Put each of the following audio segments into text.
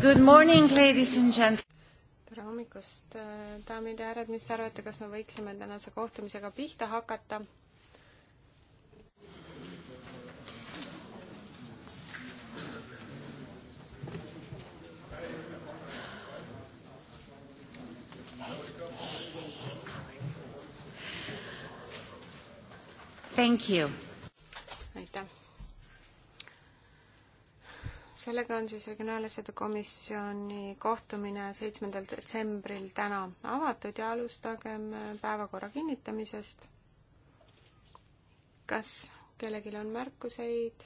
Good morning, ladies and gentlemen. tere hommikust, äh, daamid ja härrad, mis te arvate, kas me võiksime tänase kohtumisega pihta hakata? Thank you. sellega on siis Regionaalasjade Komisjoni kohtumine seitsmendal detsembril täna avatud ja alustagem päevakorra kinnitamisest. kas kellelgi on märkuseid,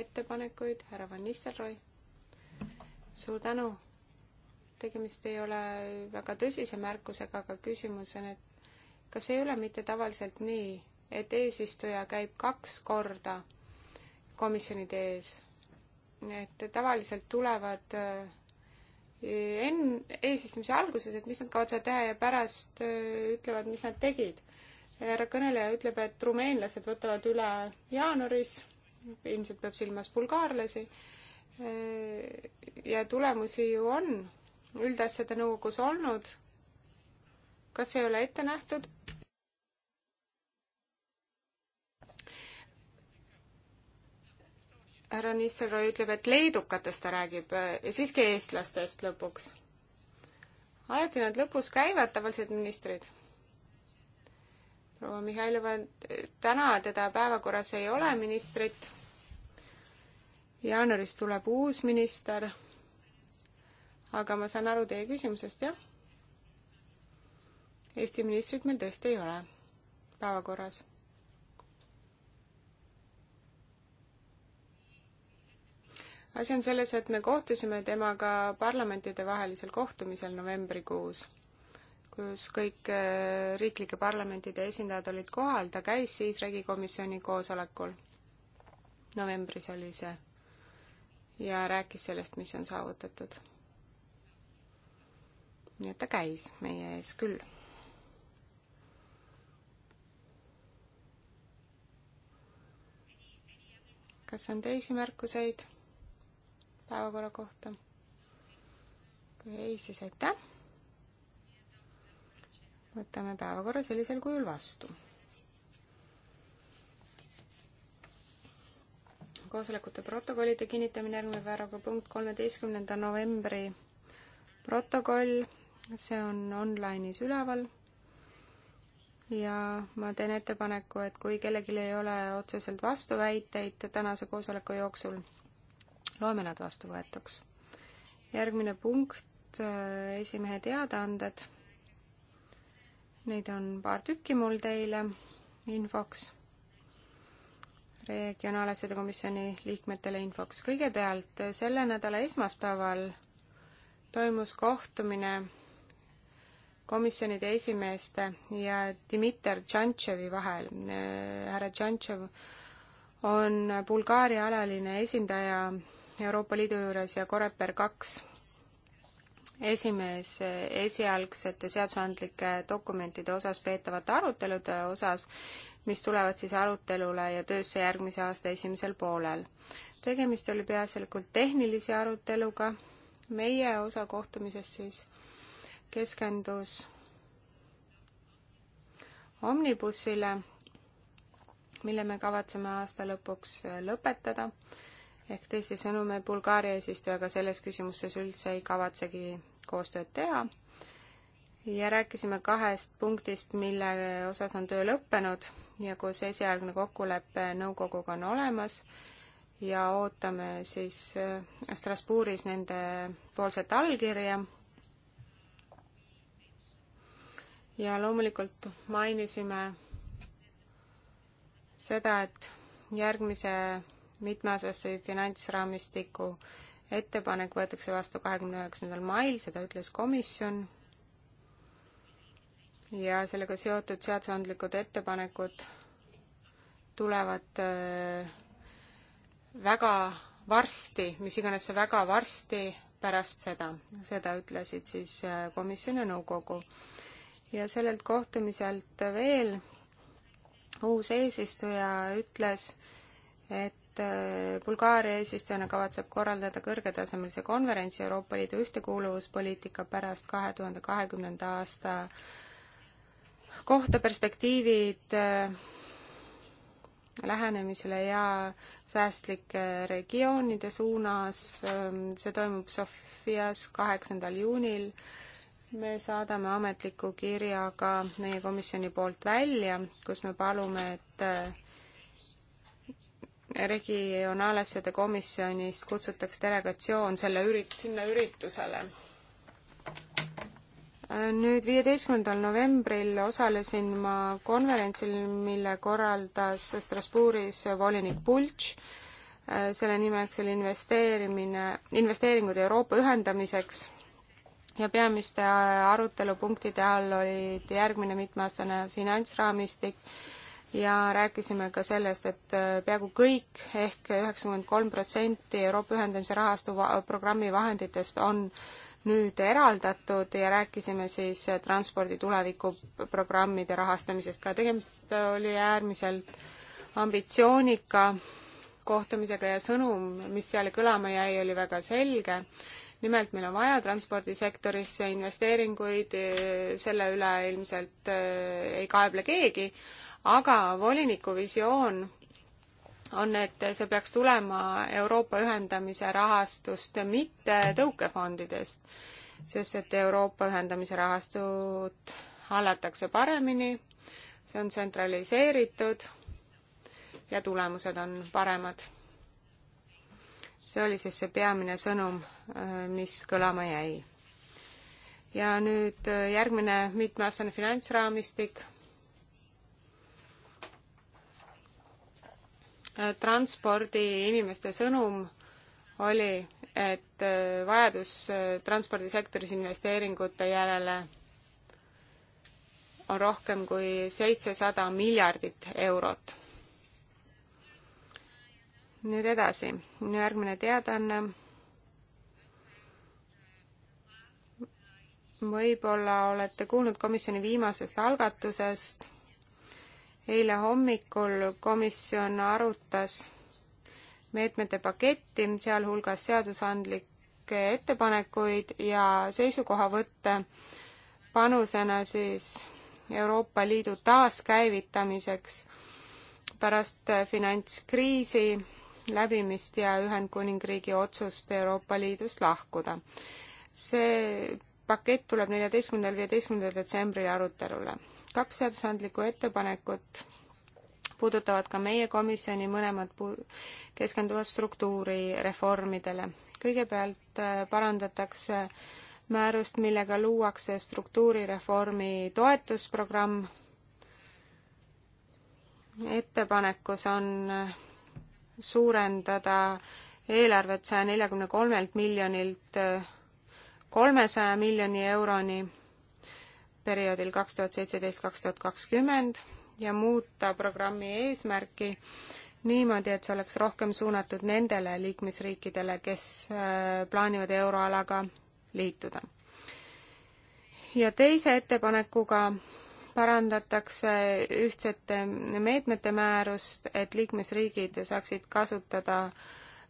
ettepanekuid, härra Van Nistelrooy? suur tänu. tegemist ei ole väga tõsise märkusega, aga küsimus on, et kas ei ole mitte tavaliselt nii, et eesistuja käib kaks korda komisjonide ees et tavaliselt tulevad äh, enn-, eesistumise alguses, et mis nad kavatsevad teha ja pärast äh, ütlevad, mis nad tegid. härra kõneleja ütleb, et rumeenlased võtavad üle jaanuaris, ilmselt peab silmas bulgaarlasi, äh, ja tulemusi ju on üldasjade nõukogus olnud. kas ei ole ette nähtud härra Nistelrooy ütleb, et leedukatest ta räägib äh, ja siiski eestlastest lõpuks. alati nad lõpus käivad, tavaliselt ministrid. proua Mihhailova, täna teda päevakorras ei ole ministrit. jaanuaris tuleb uus minister. aga ma saan aru teie küsimusest, jah. Eesti ministrit meil tõesti ei ole päevakorras asi on selles, et me kohtusime temaga parlamentidevahelisel kohtumisel novembrikuus, kus kõik äh, riiklike parlamentide esindajad olid kohal, ta käis siis regikomisjoni koosolekul. novembris oli see. ja rääkis sellest, mis on saavutatud. nii et ta käis meie ees küll kas on teisi märkuseid? päevakorra kohta? kui ei, siis aitäh. võtame päevakorra sellisel kujul vastu. koosolekute protokollide kinnitamine järgneb ära ka punkt kolmeteistkümnenda novembri protokoll, see on online'is üleval ja ma teen ettepaneku, et kui kellelgi ei ole otseselt vastuväiteid tänase koosoleku jooksul, loeme nad vastuvõetuks. järgmine punkt, äh, esimehe teadaanded. Neid on paar tükki mul teile infoks, regionaalasjade komisjoni liikmetele infoks. kõigepealt äh, selle nädala esmaspäeval toimus kohtumine komisjonide esimeeste ja Dmitr Tšantševi vahel. Äh, härra Tšantšev on Bulgaaria alaline esindaja Euroopa Liidu juures ja Coreper kaks esimees esialgsete seadusandlike dokumentide osas peetavate arutelude osas, mis tulevad siis arutelule ja töösse järgmise aasta esimesel poolel. tegemist oli peaasjalikult tehnilise aruteluga, meie osa kohtumisest siis keskendus omnibussile, mille me kavatseme aasta lõpuks lõpetada ehk teisisõnu, me Bulgaaria eesistujaga selles küsimuses üldse ei kavatsegi koostööd teha ja rääkisime kahest punktist, mille osas on töö lõppenud ja kus esialgne kokkulepe nõukoguga on olemas ja ootame siis äh, Strasbourgis nende poolset allkirja. ja loomulikult mainisime seda, et järgmise mitmeaastase finantsraamistiku ettepanek võetakse vastu kahekümne üheksandal mail, seda ütles komisjon, ja sellega seotud seadusandlikud ettepanekud tulevad äh, väga varsti, mis iganes see väga varsti pärast seda, seda ütlesid siis äh, komisjon ja nõukogu. ja sellelt kohtumiselt veel uus eesistuja ütles, et et äh, Bulgaaria eesistujana kavatseb korraldada kõrgetasemelise konverentsi Euroopa Liidu ühtekuuluvuspoliitika pärast kahe tuhande kahekümnenda aasta kohta perspektiivid äh, lähenemisele ja säästlike äh, regioonide suunas, ähm, see toimub Sofias kaheksandal juunil me saadame ametliku kirja ka meie komisjoni poolt välja, kus me palume, et regionaalasjade komisjonist kutsutakse delegatsioon selle ürit-, sinna üritusele. nüüd viieteistkümnendal novembril osalesin ma konverentsil, mille korraldas Strasbourgis volinik Pultš, selle nimeks oli investeerimine, investeeringud Euroopa ühendamiseks ja peamiste arutelupunktide all olid järgmine mitmeaastane finantsraamistik, ja rääkisime ka sellest, et äh, peaaegu kõik ehk üheksakümmend kolm protsenti Euroopa ühendamise rahastu va programmi vahenditest on nüüd eraldatud ja rääkisime siis äh, transpordi tulevikuprogrammide rahastamisest ka. tegemist äh, oli äärmiselt ambitsioonika kohtumisega ja sõnum, mis seal kõlama jäi, oli väga selge. nimelt meil on vaja transpordisektorisse investeeringuid, selle üle ilmselt ei kaeble keegi, aga voliniku visioon on, et see peaks tulema Euroopa ühendamise rahastust, mitte tõukefondidest, sest et Euroopa ühendamise rahastut hallatakse paremini, see on tsentraliseeritud ja tulemused on paremad. see oli siis see peamine sõnum, äh, mis kõlama jäi. ja nüüd äh, järgmine mitmeaastane finantsraamistik Äh, transpordiinimeste sõnum oli, et äh, vajadus äh, transpordisektoris investeeringute järele on rohkem kui seitsesada miljardit eurot. nüüd edasi, minu järgmine teadaanne. võib-olla olete kuulnud komisjoni viimasest algatusest eile hommikul komisjon arutas meetmete paketti, sealhulgas seadusandlikke ettepanekuid ja seisukohavõtte panusena siis Euroopa Liidu taaskäivitamiseks pärast finantskriisi läbimist ja Ühendkuningriigi otsust Euroopa Liidust lahkuda. see pakett tuleb neljateistkümnendal, viieteistkümnendal detsembril arutelule kaks seadusandlikku ettepanekut puudutavad ka meie komisjoni mõlemad pu-, keskenduvad struktuurireformidele. kõigepealt äh, parandatakse määrust, millega luuakse struktuurireformi toetusprogramm. ettepanekus on äh, suurendada eelarvet saja neljakümne kolmelt miljonilt äh, kolmesaja miljoni euroni perioodil kaks tuhat seitseteist, kaks tuhat kakskümmend ja muuta programmi eesmärki niimoodi, et see oleks rohkem suunatud nendele liikmesriikidele, kes äh, plaanivad euroalaga liituda. ja teise ettepanekuga parandatakse ühtsete meetmete määrust, et liikmesriigid saaksid kasutada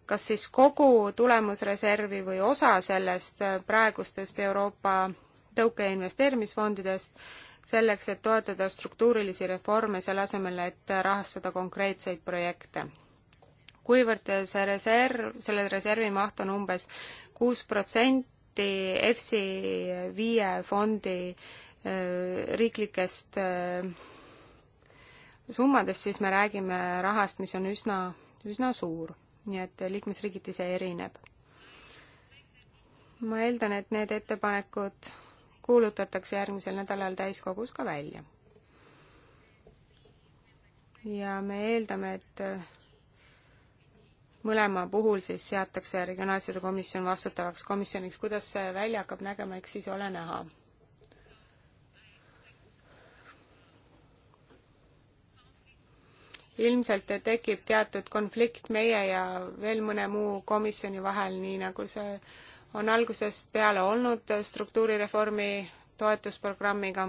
kas siis kogu tulemusreservi või osa sellest äh, praegustest Euroopa tõuke investeerimisfondidest, selleks, et toetada struktuurilisi reforme, selle asemel, et rahastada konkreetseid projekte. kuivõrd see reserv, selle reservi maht on umbes kuus protsenti EFSI viie fondi äh, riiklikest äh, summadest, siis me räägime rahast, mis on üsna, üsna suur. nii et liikmesriigiti see erineb. ma eeldan, et need ettepanekud kuulutatakse järgmisel nädalal täiskogus ka välja. ja me eeldame, et mõlema puhul siis seatakse Regionaalsete Komisjon vastutavaks komisjoniks, kuidas see välja hakkab nägema, eks siis ole näha ilmselt tekib teatud konflikt meie ja veel mõne muu komisjoni vahel, nii nagu see on algusest peale olnud struktuurireformi toetusprogrammiga,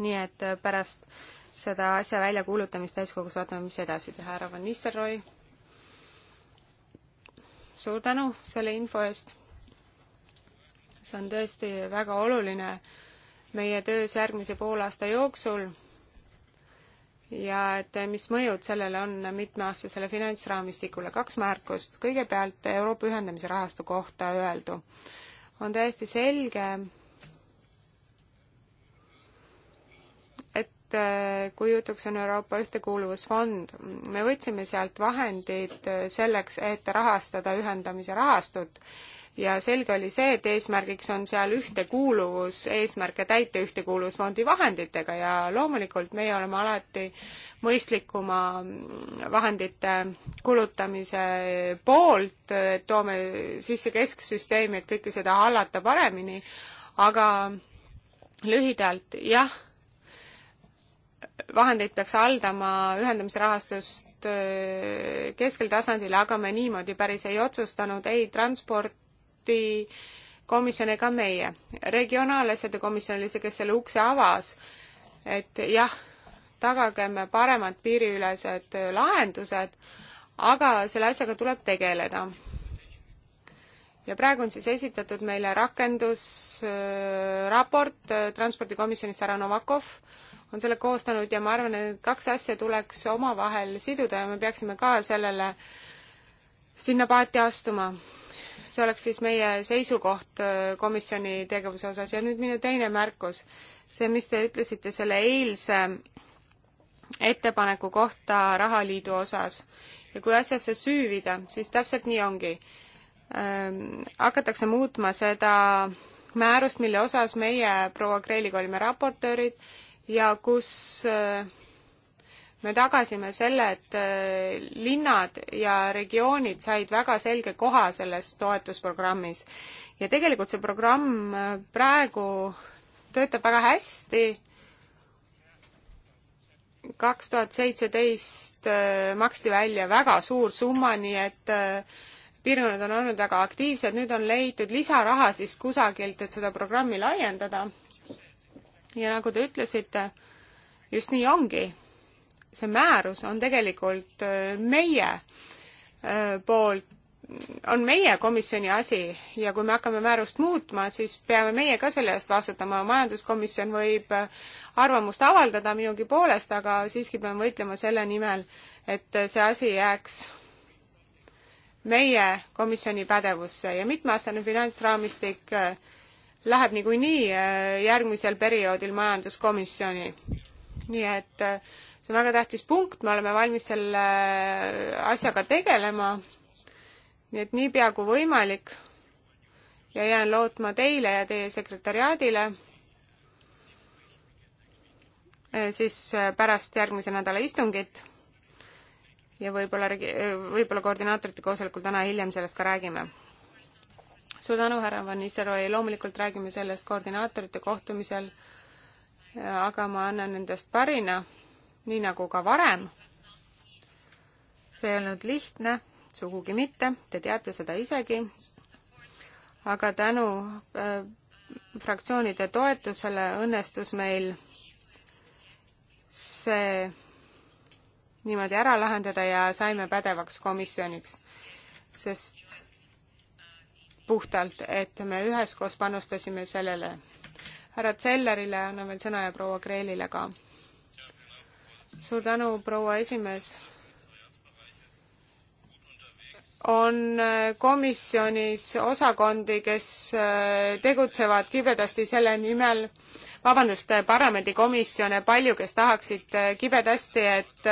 nii et äh, pärast seda asja väljakuulutamist täiskogus vaatame, mis edasi teha. härra Van Nistelrooy, suur tänu selle info eest. see on tõesti väga oluline meie töös järgmise poolaasta jooksul ja et eh, mis mõjud sellel on mitmeaastasele finantsraamistikule. kaks märkust. kõigepealt Euroopa ühendamise rahastu kohta öeldu. on täiesti selge, et eh, kui jutuks on Euroopa Ühtekuuluvusfond, me võtsime sealt vahendid eh, selleks, et rahastada ühendamise rahastut ja selge oli see, et eesmärgiks on seal ühtekuuluvus, eesmärke täita Ühtekuuluvusfondi vahenditega ja loomulikult meie oleme alati mõistlikuma vahendite kulutamise poolt, toome sisse kesksüsteemi, et kõike seda hallata paremini, aga lühidalt, jah, vahendeid peaks haldama ühendamisrahastust äh, keskel tasandil, aga me niimoodi päris ei otsustanud, ei transport, samuti komisjon ega meie. regionaalasjade komisjon oli see, kes selle ukse avas, et jah, tagagem paremad piiriülesed lahendused, aga selle asjaga tuleb tegeleda. ja praegu on siis esitatud meile rakendusraport äh, transpordikomisjonist, härra Novakov on selle koostanud ja ma arvan, et kaks asja tuleks omavahel siduda ja me peaksime ka sellele sinna paati astuma see oleks siis meie seisukoht äh, komisjoni tegevuse osas ja nüüd minu teine märkus. see, mis te ütlesite selle eilse ettepaneku kohta rahaliidu osas ja kui asjasse süüvida, siis täpselt nii ongi ähm,. hakatakse muutma seda määrust, mille osas meie proua Kreeliga olime raportöörid ja kus äh, me tagasime selle, et äh, linnad ja regioonid said väga selge koha selles toetusprogrammis. ja tegelikult see programm äh, praegu töötab väga hästi, kaks tuhat seitseteist äh, maksti välja väga suur summa, nii et piirkonnad on olnud väga aktiivsed, nüüd on leitud lisaraha siis kusagilt, et seda programmi laiendada. ja nagu te ütlesite, just nii ongi see määrus on tegelikult äh, meie äh, poolt on meie komisjoni asi ja kui me hakkame määrust muutma, siis peame meie ka selle eest vastutama. majanduskomisjon võib äh, arvamust avaldada minugi poolest, aga siiski peame võitlema selle nimel, et see asi jääks meie komisjoni pädevusse ja mitmeaastane finantsraamistik läheb niikuinii järgmisel perioodil majanduskomisjoni. nii et see on väga tähtis punkt, me oleme valmis selle äh, asjaga tegelema. nii et niipea kui võimalik ja jään lootma teile ja teie sekretäriaadile, äh, siis äh, pärast järgmise nädala istungit ja võib-olla, võib-olla koordinaatorite koosolekul täna hiljem sellest ka räägime. suur tänu, härra Van Nistelrooy, loomulikult räägime sellest koordinaatorite kohtumisel, aga ma annan endast parina nii nagu ka varem. see ei olnud lihtne, sugugi mitte, te teate seda isegi, aga tänu äh, fraktsioonide toetusele õnnestus meil see niimoodi ära lahendada ja saime pädevaks komisjoniks, sest puhtalt, et me üheskoos panustasime sellele. härra Zellerile annan veel sõna ja proua Kreelile ka suur tänu, proua esimees. on äh, komisjonis osakondi, kes äh, tegutsevad kibedasti selle nimel, vabandust, äh, parlamendikomisjone palju, kes tahaksid kibedasti, et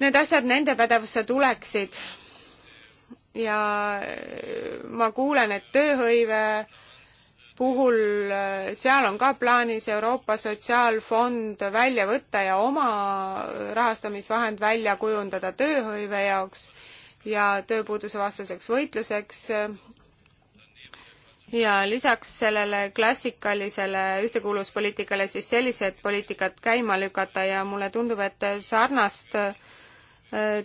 need asjad nende pädevusse tuleksid. ja ma kuulen, et tööhõive puhul, äh, seal on ka plaanis Euroopa Sotsiaalfond välja võtta ja oma rahastamisvahend välja kujundada tööhõive jaoks ja tööpuuduse vastaseks võitluseks. ja lisaks sellele klassikalisele ühtekuuluvuspoliitikale siis sellised poliitikad käima lükata ja mulle tundub, et sarnast äh,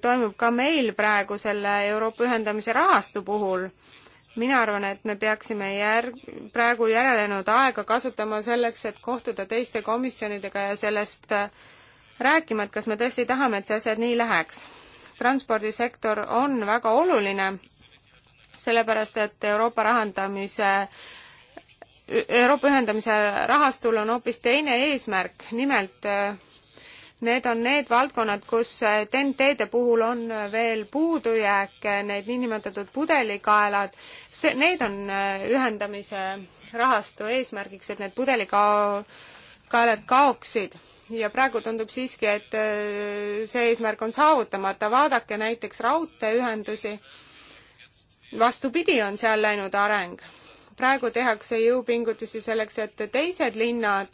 toimub ka meil praegu selle Euroopa ühendamise rahastu puhul mina arvan, et me peaksime järg, praegu järelenud aega kasutama selleks, et kohtuda teiste komisjonidega ja sellest äh, rääkima, et kas me tõesti tahame, et see asjad nii läheks. transpordisektor on väga oluline, sellepärast et Euroopa rahandamise Euroopa ühendamise rahastul on hoopis teine eesmärk, nimelt äh, Need on need valdkonnad, kus äh, TNT-de puhul on äh, veel puudujääke, äh, need niinimetatud pudelikaelad, see, need on ühendamise rahastu eesmärgiks, et need pudelikaelad kaoksid ja praegu tundub siiski, et see eesmärk on saavutamata, vaadake näiteks raudteeühendusi, vastupidi, on seal läinud areng. praegu tehakse jõupingutusi selleks, et teised linnad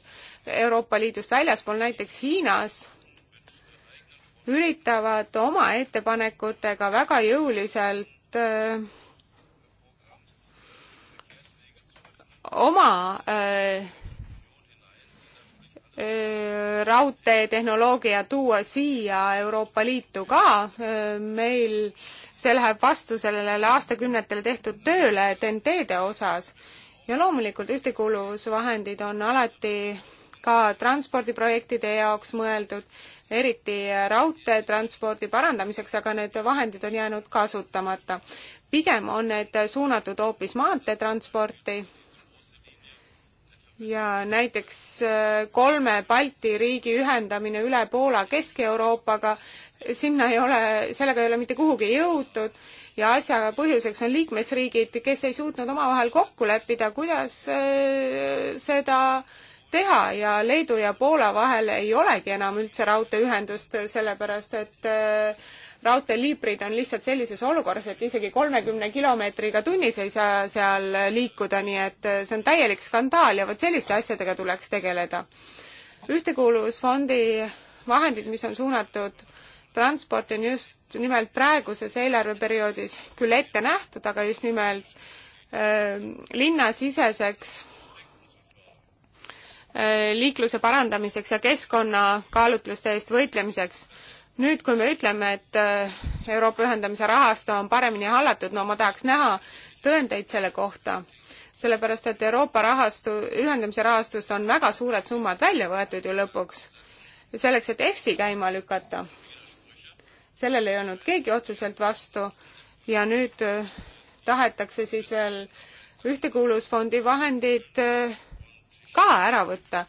Euroopa Liidust väljaspool, näiteks Hiinas, üritavad oma ettepanekutega väga jõuliselt öö, äh, oma öö, äh, äh, raudteetehnoloogia tuua siia Euroopa Liitu ka. meil, see läheb vastu sellele aastakümnetele tehtud tööle TNT-de osas ja loomulikult ühtekuuluvusvahendid on alati ka transpordiprojektide jaoks mõeldud, eriti raudteetranspordi parandamiseks, aga need vahendid on jäänud kasutamata. pigem on need suunatud hoopis maanteetransporti ja näiteks äh, kolme Balti riigi ühendamine üle Poola Kesk-Euroopaga, sinna ei ole, sellega ei ole mitte kuhugi jõutud ja asja põhjuseks on liikmesriigid, kes ei suutnud omavahel kokku leppida, kuidas äh, seda äh, teha ja Leedu ja Poola vahel ei olegi enam üldse raudteeühendust, sellepärast et äh, raudteeliibrid on lihtsalt sellises olukorras, et isegi kolmekümne kilomeetriga tunnis ei saa seal liikuda, nii et äh, see on täielik skandaal ja vot selliste asjadega tuleks tegeleda. ühtekuuluvusfondi vahendid, mis on suunatud transporti, on just nimelt praeguses eelarveperioodis küll ette nähtud, aga just nimelt öö, äh, linnasiseseks Äh, liikluse parandamiseks ja keskkonnakaalutluste eest võitlemiseks. nüüd, kui me ütleme, et äh, Euroopa ühendamise rahastu on paremini hallatud, no ma tahaks näha tõendeid selle kohta, sellepärast et Euroopa rahastu, ühendamise rahastust on väga suured summad välja võetud ju lõpuks, selleks, et EFSI käima lükata. sellele ei olnud keegi otseselt vastu ja nüüd äh, tahetakse siis veel ühtekuuluvusfondi vahendid äh, ka ära võtta.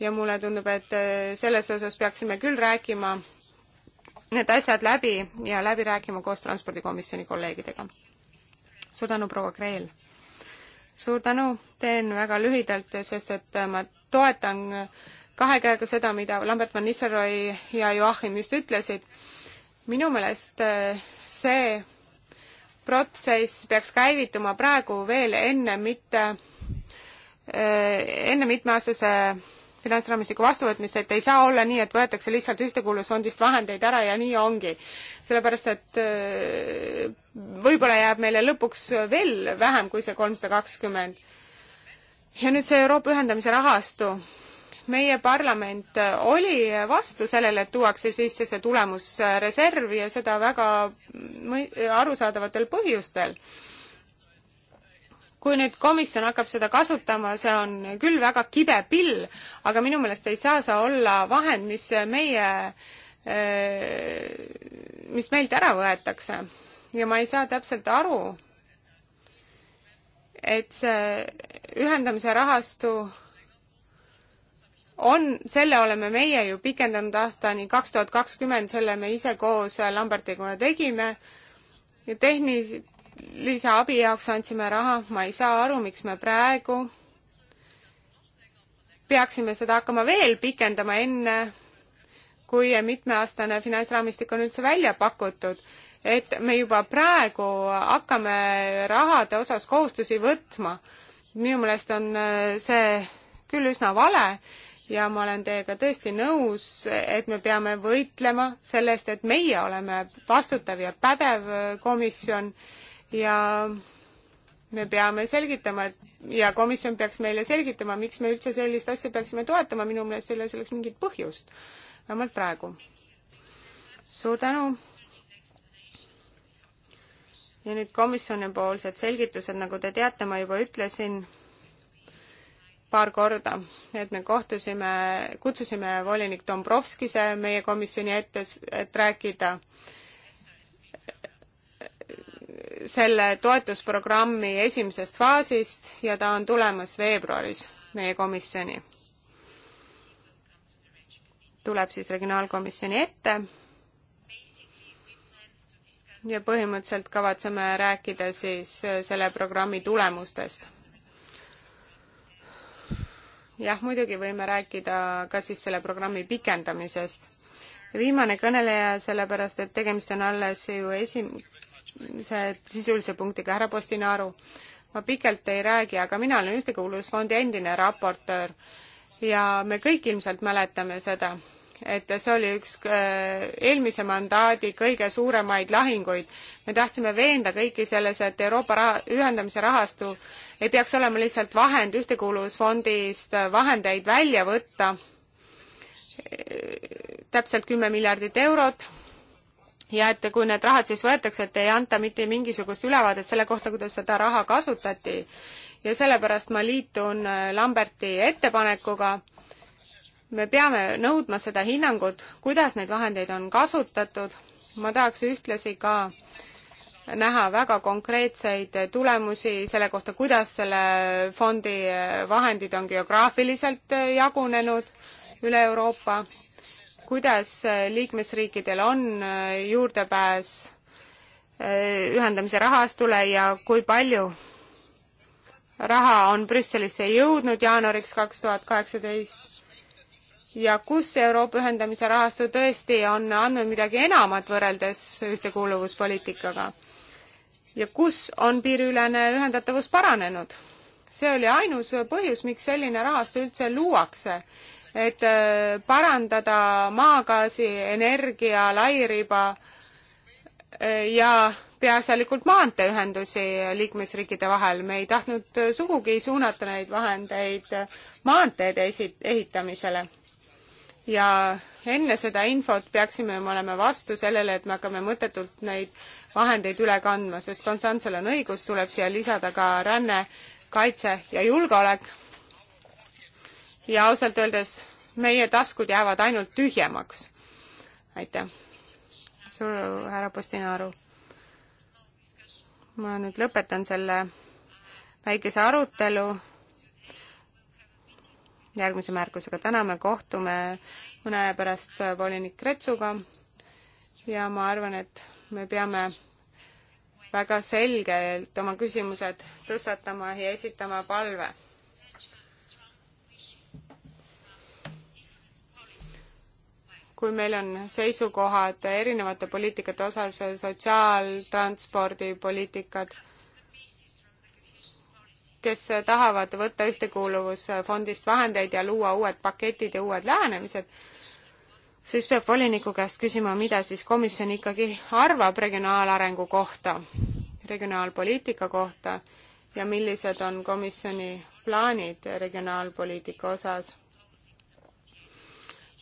ja mulle tundub, et äh, selles osas peaksime küll rääkima need asjad läbi ja läbi rääkima koos Transpordikomisjoni kolleegidega. suur tänu, proua Kreel! suur tänu, teen väga lühidalt, sest et äh, ma toetan kahe käega seda, mida Lambert van Nistelrooy ja Joachim just ütlesid. minu meelest äh, see protsess peaks käivituma praegu veel enne, mitte Äh, enne mitmeaastase finantsraamistiku vastuvõtmist, et ei saa olla nii, et võetakse lihtsalt ühtekuuluvusfondist vahendeid ära ja nii ongi. sellepärast, et äh, võib-olla jääb meile lõpuks veel vähem kui see kolmsada kakskümmend. ja nüüd see Euroopa ühendamise rahastu. meie parlament oli vastu sellele, et tuuakse sisse see tulemusreserv ja seda väga arusaadavatel põhjustel kui nüüd komisjon hakkab seda kasutama, see on küll väga kibe pill, aga minu meelest ei saa see olla vahend, mis meie, eh, mis meilt ära võetakse. ja ma ei saa täpselt aru, et see ühendamise rahastu on, selle oleme meie ju pikendanud aastani kaks tuhat kakskümmend, selle me ise koos Lambertiga tegime, tehni-, lisaabi jaoks andsime raha, ma ei saa aru, miks me praegu peaksime seda hakkama veel pikendama, enne kui mitmeaastane finantsraamistik on üldse välja pakutud. et me juba praegu hakkame rahade osas kohustusi võtma. minu meelest on äh, see küll üsna vale ja ma olen teiega tõesti nõus, et me peame võitlema selle eest, et meie oleme vastutav ja pädev äh, komisjon ja me peame selgitama, et ja komisjon peaks meile selgitama, miks me üldse sellist asja peaksime toetama, minu meelest ei ole selleks mingit põhjust, vähemalt praegu. suur tänu. ja nüüd komisjonipoolsed selgitused, nagu te teate, ma juba ütlesin paar korda, et me kohtusime, kutsusime volinik Dombrovskise meie komisjoni ette, et rääkida äh, selle toetusprogrammi esimesest faasist ja ta on tulemas veebruaris meie komisjoni. tuleb siis regionaalkomisjoni ette ja põhimõtteliselt kavatseme rääkida siis äh, selle programmi tulemustest. jah, muidugi võime rääkida ka siis selle programmi pikendamisest. viimane kõneleja, sellepärast et tegemist on alles ju esim-, see sisulise punktiga, härra Postinaru, ma pikalt ei räägi, aga mina olen Ühtekuuluvusfondi endine raportöör ja me kõik ilmselt mäletame seda, et see oli üks äh, eelmise mandaadi kõige suuremaid lahinguid. me tahtsime veenda kõiki selles, et Euroopa raha, ühendamise rahastu ei peaks olema lihtsalt vahend Ühtekuuluvusfondist äh, vahendeid välja võtta, äh, täpselt kümme miljardit eurot ja et kui need rahad siis võetakse, et ei anta mitte mingisugust ülevaadet selle kohta, kuidas seda raha kasutati. ja sellepärast ma liitun äh, Lamberti ettepanekuga, me peame nõudma seda hinnangut, kuidas neid vahendeid on kasutatud, ma tahaks ühtlasi ka näha väga konkreetseid tulemusi selle kohta, kuidas selle fondi äh, vahendid on geograafiliselt äh, jagunenud üle Euroopa kuidas äh, liikmesriikidel on äh, juurdepääs äh, ühendamise rahastule ja kui palju raha on Brüsselisse jõudnud jaanuariks kaks tuhat kaheksateist ja kus Euroopa ühendamise rahastu tõesti on andnud midagi enamat võrreldes ühtekuuluvuspoliitikaga ja kus on piiriülene ühendatavus paranenud. see oli ainus põhjus, miks selline rahastu üldse luuakse et äh, parandada maagaasi, energia, lairiba äh, ja peaasjalikult maanteeühendusi liikmesriikide vahel. me ei tahtnud äh, sugugi suunata neid vahendeid maanteede esi-, ehitamisele. ja enne seda infot peaksime me olema vastu sellele, et me hakkame mõttetult neid vahendeid üle kandma, sest Konstantsel on õigus, tuleb siia lisada ka ränne, kaitse ja julgeolek ja ausalt öeldes meie taskud jäävad ainult tühjemaks. aitäh. suur, härra Postinaru. ma nüüd lõpetan selle väikese arutelu järgmise märkusega. täna me kohtume mõne aja pärast volinik Kretsuga ja ma arvan, et me peame väga selgelt oma küsimused tõstatama ja esitama palve kui meil on seisukohad erinevate poliitikate osas, sotsiaaltranspordipoliitikad, kes tahavad võtta ühtekuuluvusfondist vahendeid ja luua uued paketid ja uued lähenemised, siis peab voliniku käest küsima, mida siis komisjon ikkagi arvab regionaalarengu kohta, regionaalpoliitika kohta ja millised on komisjoni plaanid regionaalpoliitika osas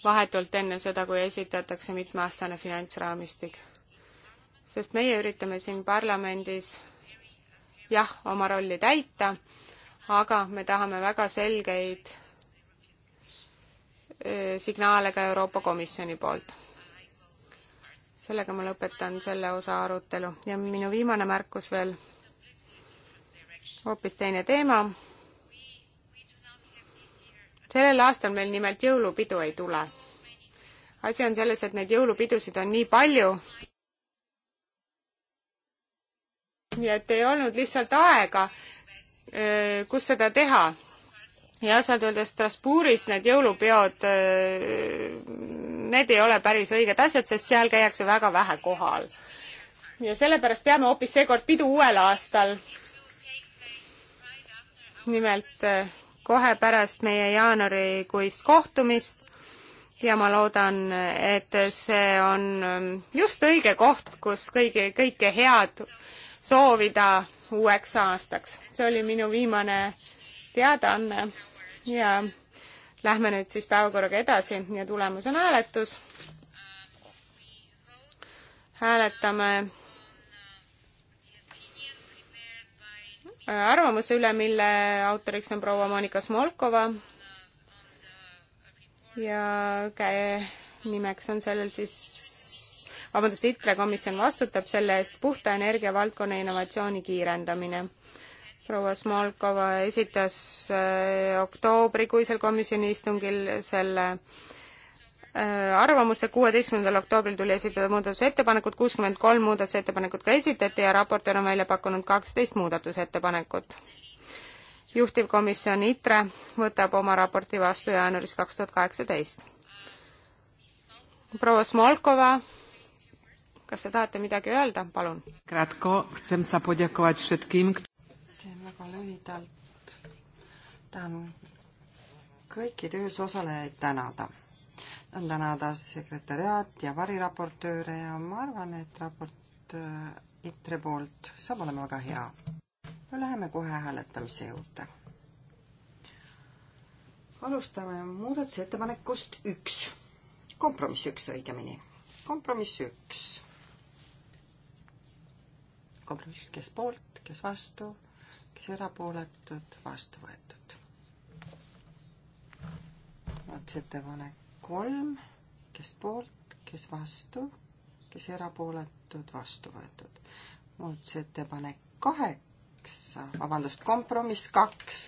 vahetult enne seda, kui esitatakse mitmeaastane finantsraamistik. sest meie üritame siin parlamendis jah, oma rolli täita, aga me tahame väga selgeid signaale ka Euroopa Komisjoni poolt. sellega ma lõpetan selle osa arutelu ja minu viimane märkus veel, hoopis teine teema sellel aastal meil nimelt jõulupidu ei tule. asi on selles, et neid jõulupidusid on nii palju, nii et ei olnud lihtsalt aega, kus seda teha. ja ausalt öeldes Strasbourgis need jõulupeod, need ei ole päris õiged asjad, sest seal käiakse väga vähe kohal. ja sellepärast peame hoopis seekord pidu uuel aastal. nimelt kohe pärast meie jaanuarikuist kohtumist ja ma loodan, et see on ähm, just õige koht, kus kõigi, kõike head soovida uueks aastaks. see oli minu viimane teadaanne ja lähme nüüd siis päevakorraga edasi ja tulemus on hääletus. hääletame arvamuse üle, mille autoriks on proua Monika Smolkova ja käe nimeks on sellel siis vabandust, ITRE komisjon vastutab selle eest puhta energia valdkonna innovatsiooni kiirendamine. proua Smolkova esitas äh, oktoobrikuisel komisjoni istungil selle äh, Äh, arvamuse, kuueteistkümnendal oktoobril tuli esitada muudatusettepanekud, kuuskümmend kolm muudatusettepanekut ka esitati ja raportöör on välja pakkunud kaksteist muudatusettepanekut. juhtivkomisjon ITRE võtab oma raporti vastu jaanuaris kaks tuhat kaheksateist. proua Smolkova, kas te tahate midagi öelda, palun? teen väga lühidalt, tahan kõiki töös osalejaid tänada tänada sekretäriaat ja variraportööre ja ma arvan, et raport äh, ITRE poolt saab olema väga hea. no läheme kohe hääletamise juurde. alustame muudatusettepanekust üks, kompromiss üks õigemini, kompromiss üks. kompromiss üks, kes poolt, kes vastu, kes erapooletud, vastu võetud. muudatusettepanek kolm, kes poolt, kes vastu, kes erapooletud, vastu võetud. muudatusettepanek kaheksa, vabandust, kompromiss kaks.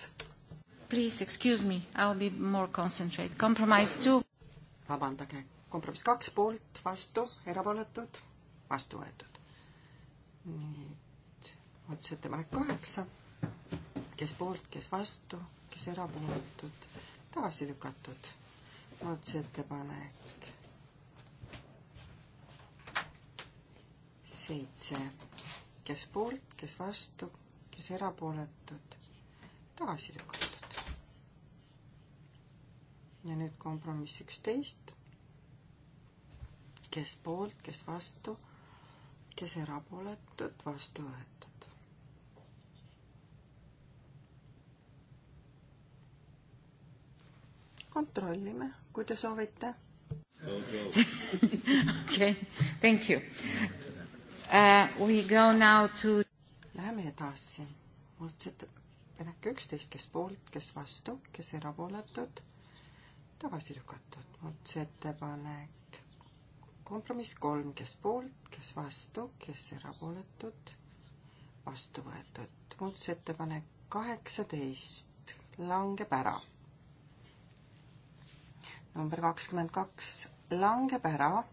Please excuse me, I will be more concentrate. Compromise two. vabandage, kompromiss kaks poolt, vastu, erapooletud, vastu võetud. nüüd muudatusettepanek kaheksa, kes poolt, kes vastu, kes erapooletud, tagasi lükatud muudatusettepanek seitse, kes poolt, kes vastu, kes erapooletud, tagasi lükatud. ja nüüd kompromiss üksteist, kes poolt, kes vastu, kes erapooletud, vastu võetud kontrollime, kui te soovite. okei, thank you uh,. We go now to. Läheme edasi. muudatusettepanek üksteist, kes poolt, kes vastu, kes erapooletud, tagasi lükatud. muudatusettepanek kompromiss kolm, kes poolt, kes vastu, kes erapooletud, vastu võetud. muudatusettepanek kaheksateist langeb ära number kakskümmend kaks langeb ära.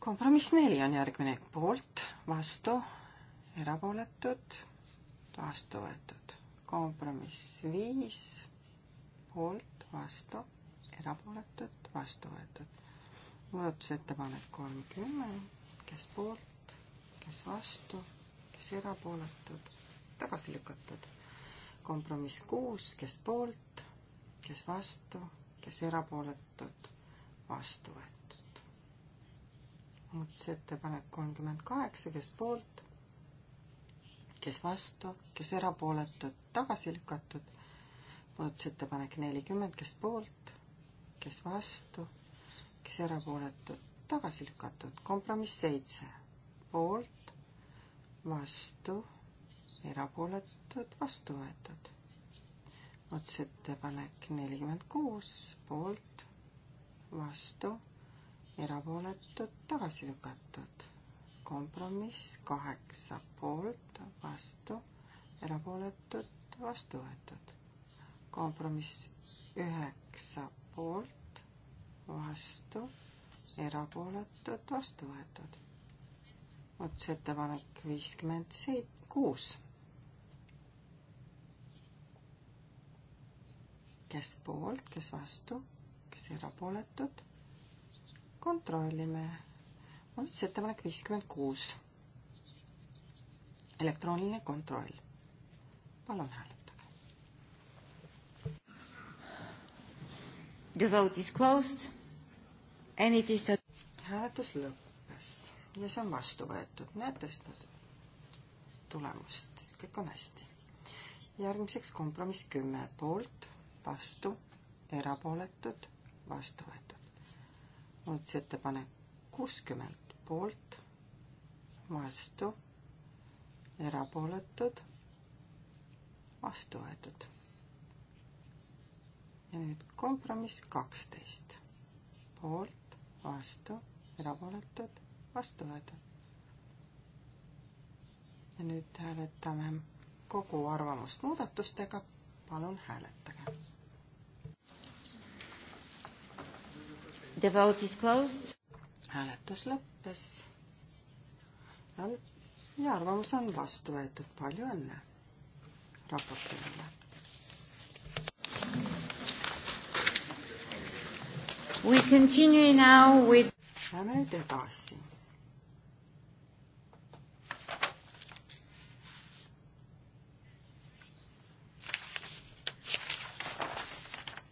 kompromiss neli on järgmine, poolt, vastu, erapooletud, vastu võetud. kompromiss viis, poolt, vastu, erapooletud, vastu võetud. muudatusettepanek kolmkümmend, kes poolt, kes vastu, kes erapooletud, tagasi lükatud. kompromiss kuus, kes poolt, kes vastu kes erapooletud, vastu võetud. muudatusettepanek kolmkümmend kaheksa, kes poolt, kes vastu, kes erapooletud, tagasi lükatud. muudatusettepanek nelikümmend, kes poolt, kes vastu, kes erapooletud, tagasi lükatud. kompromiss seitse, poolt, vastu, erapooletud, vastu võetud muudatusettepanek nelikümmend kuus poolt, vastu, erapooletud, tagasi lükatud. kompromiss kaheksa poolt, vastu, erapooletud, vastu võetud. kompromiss üheksa poolt, vastu, erapooletud, vastu võetud. muudatusettepanek viiskümmend seit-, kuus kes poolt, kes vastu, kes erapooletud. kontrollime. muudatusettepanek viiskümmend kuus. elektrooniline kontroll. palun hääletage. The vote is closed and it is the hääletus lõppes ja see on vastu võetud. näete seda tulemust, kõik on hästi. järgmiseks kompromiss kümme poolt vastu, erapooletud, vastu võetud. muudatusettepanek kuuskümmend poolt, vastu, erapooletud, vastu võetud. ja nüüd kompromiss kaksteist, poolt, vastu, erapooletud, vastu võetud. ja nüüd hääletame kogu arvamust muudatustega palun hääletage. The vote is closed. hääletus lõppes. ja arvamus on vastu võetud, palju õnne raportöörile. We continue now with. Lähme nüüd edasi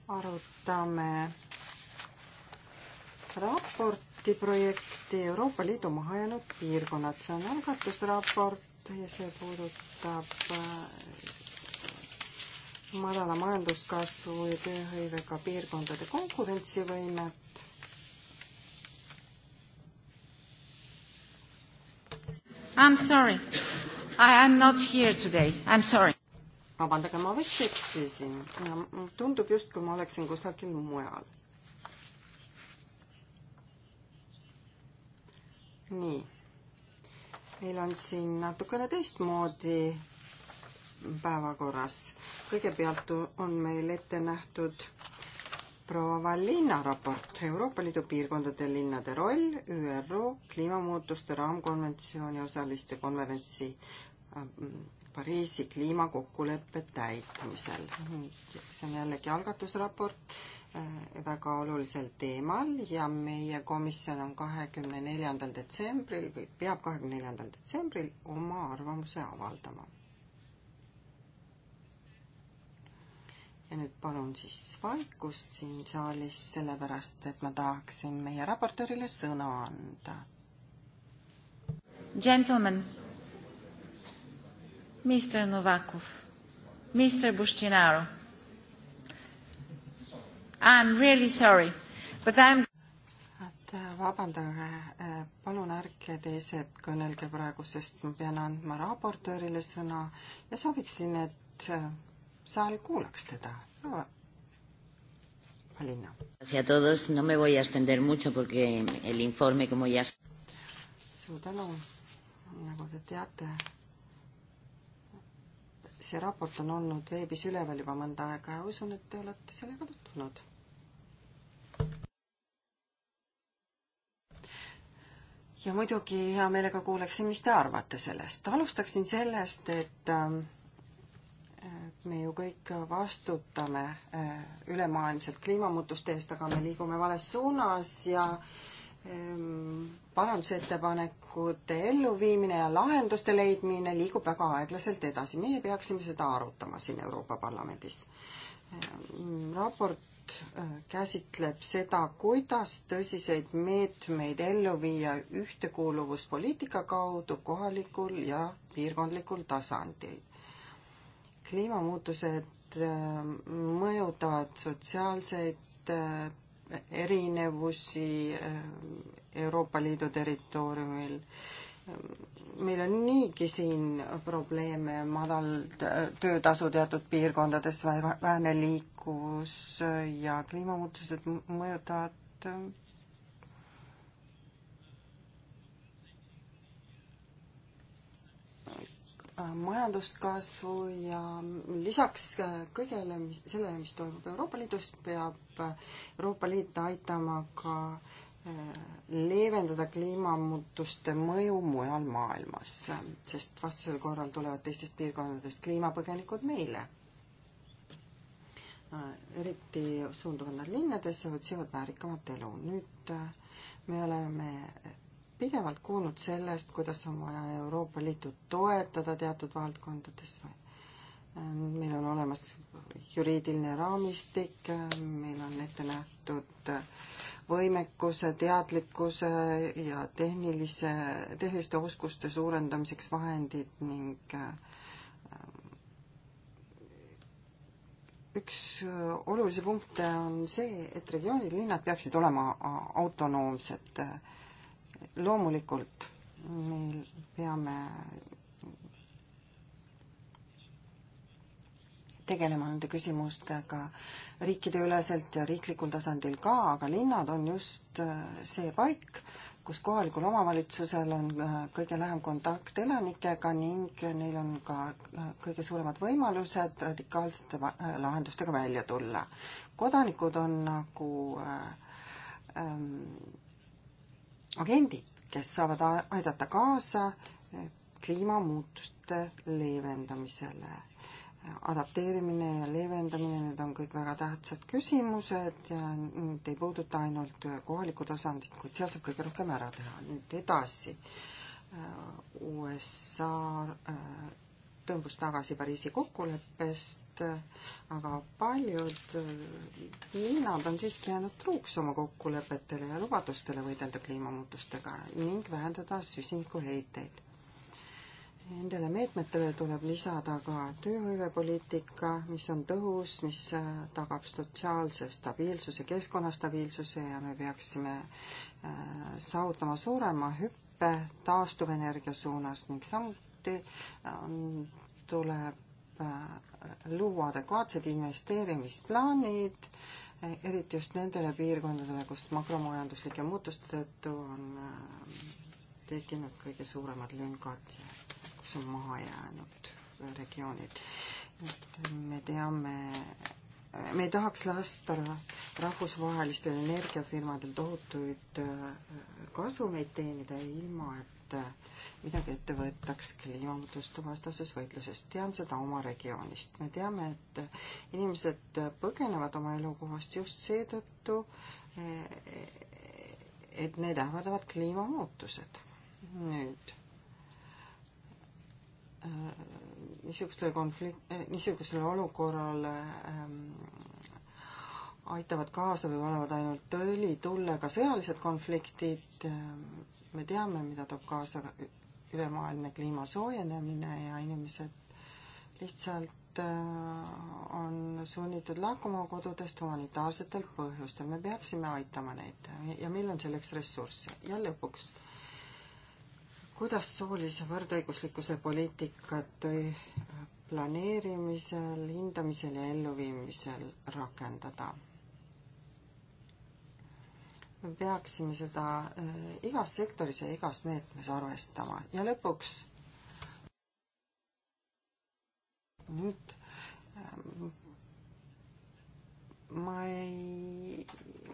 arutame raporti projekti Euroopa Liidu mahajäänud piirkonnad. see on algatusraport ja see puudutab äh, madala majanduskasvu ja tööhõivega piirkondade konkurentsivõimet. I am sorry, I am not here today, I am sorry vabandage, ma vist eksisin. tundub justkui ma oleksin kusagil mujal. nii, meil on siin natukene teistmoodi päevakorras. kõigepealt on meil ette nähtud proua Vallina raport Euroopa Liidu piirkondade linnade roll ÜRO kliimamuutuste raamkonventsiooni osaliste konverentsi Pariisi kliimakokkuleppe täitmisel. see on jällegi algatusraport äh, väga olulisel teemal ja meie komisjon on kahekümne neljandal detsembril või peab kahekümne neljandal detsembril oma arvamuse avaldama. ja nüüd palun siis vaikust siin saalis, sellepärast et ma tahaksin meie raportöörile sõna anda. Gentlemen Mr. Novakov, Mr. Bustinaro. I am really sorry, but I am et äh, vabandage, äh, äh, palun ärge teised kõnelge praegu, sest ma pean andma raportöörile sõna ja sooviksin, et saal kuulaks teda no,. Alina. suur tänu, nagu te teate see raport on olnud veebis üleval juba mõnda aega ja usun, et te olete sellega tutvunud. ja muidugi hea meelega kuuleksin, mis te arvate sellest. alustaksin sellest, et ähm, me ju kõik vastutame äh, ülemaailmselt kliimamuutuste eest, aga me liigume vales suunas ja äh, Ehm, parandusettepanekute elluviimine ja lahenduste leidmine liigub väga aeglaselt edasi. meie peaksime seda arutama siin Euroopa Parlamendis. Ehm, raport äh, käsitleb seda, kuidas tõsiseid meetmeid ellu viia ühtekuuluvuspoliitika kaudu kohalikul ja piirkondlikul tasandil. kliimamuutused äh, mõjutavad sotsiaalseid äh, erinevusi äh, Euroopa Liidu territooriumil. meil on niigi siin probleeme, madal äh, töötasu teatud piirkondades, vähene liikuvus äh, ja kliimamuutused mõjutavad Äh, majanduskasvu ja lisaks äh, kõigele sellele, mis toimub Euroopa Liidus, peab äh, Euroopa Liit aitama ka leevendada kliimamuutuste mõju mujal maailmas, sest vastasel korral tulevad teistest piirkondadest kliimapõgenikud meile. eriti suunduvad nad linnadesse, otsivad väärikamat elu. nüüd me oleme pidevalt kuulnud sellest, kuidas on vaja Euroopa Liitu toetada teatud valdkondades. Ähm, meil on olemas juriidiline raamistik, äh, meil on ette nähtud äh, võimekuse, teadlikkuse ja tehnilise, tehniliste oskuste suurendamiseks vahendid ning äh, üks olulisi punkte on see, et regioonid, linnad peaksid olema autonoomsed äh, loomulikult meil peame tegelema nende küsimustega riikideüleselt ja riiklikul tasandil ka, aga linnad on just äh, see paik, kus kohalikul omavalitsusel on äh, kõige lähem kontakt elanikega ning neil on ka äh, kõige suuremad võimalused radikaalsete lahendustega välja tulla. kodanikud on nagu ähm, agendid, kes saavad aidata kaasa kliimamuutuste leevendamisele. adapteerimine ja leevendamine, need on kõik väga tähtsad küsimused ja need ei puuduta ainult kohalikku tasandit, kuid seal saab kõige rohkem ära teha. nüüd edasi. Äh, USA äh, tõmbus tagasi Pariisi kokkuleppest, aga paljud linnad on siiski jäänud truuks oma kokkulepetele ja lubadustele võidelda kliimamuutustega ning vähendada süsinikuheiteid. Nendele meetmetele tuleb lisada ka tööhõivepoliitika, mis on tõhus, mis tagab sotsiaalse stabiilsuse, keskkonnastabiilsuse ja me peaksime äh, saavutama suurema hüppe taastuvenergia suunas ning samuti samuti ähm, tuleb äh, luua adekvaatsed investeerimisplaanid, äh, eriti just nendele piirkondadele, kus makromajanduslike muutuste tõttu on äh, tekkinud kõige suuremad lüngad ja kus on maha jäänud regioonid. et me teame, me ei tahaks lasta rahvusvahelistel energiafirmadel tohutuid kasumeid teenida ilma, et midagi ette võetaks kliimamuutuste vastases võitluses. tean seda oma regioonist. me teame, et inimesed põgenevad oma elukohast just seetõttu, et need ähvardavad kliimamuutused. nüüd niisugustele konflikt-, niisugusele olukorrale ähm, aitavad kaasa või panevad ainult õli tulle ka sõjalised konfliktid, ähm, me teame, mida toob kaasa ülemaailmne kliima soojenemine ja inimesed lihtsalt äh, on sunnitud lahkuma kodudest humanitaarsetel põhjustel. me peaksime aitama neid ja meil on selleks ressursse. ja lõpuks, kuidas soolise võrdõiguslikkuse poliitikat planeerimisel, hindamisel ja elluviimisel rakendada? me peaksime seda äh, igas sektoris ja igas meetmes arvestama ja lõpuks nüüd ähm, ma ei,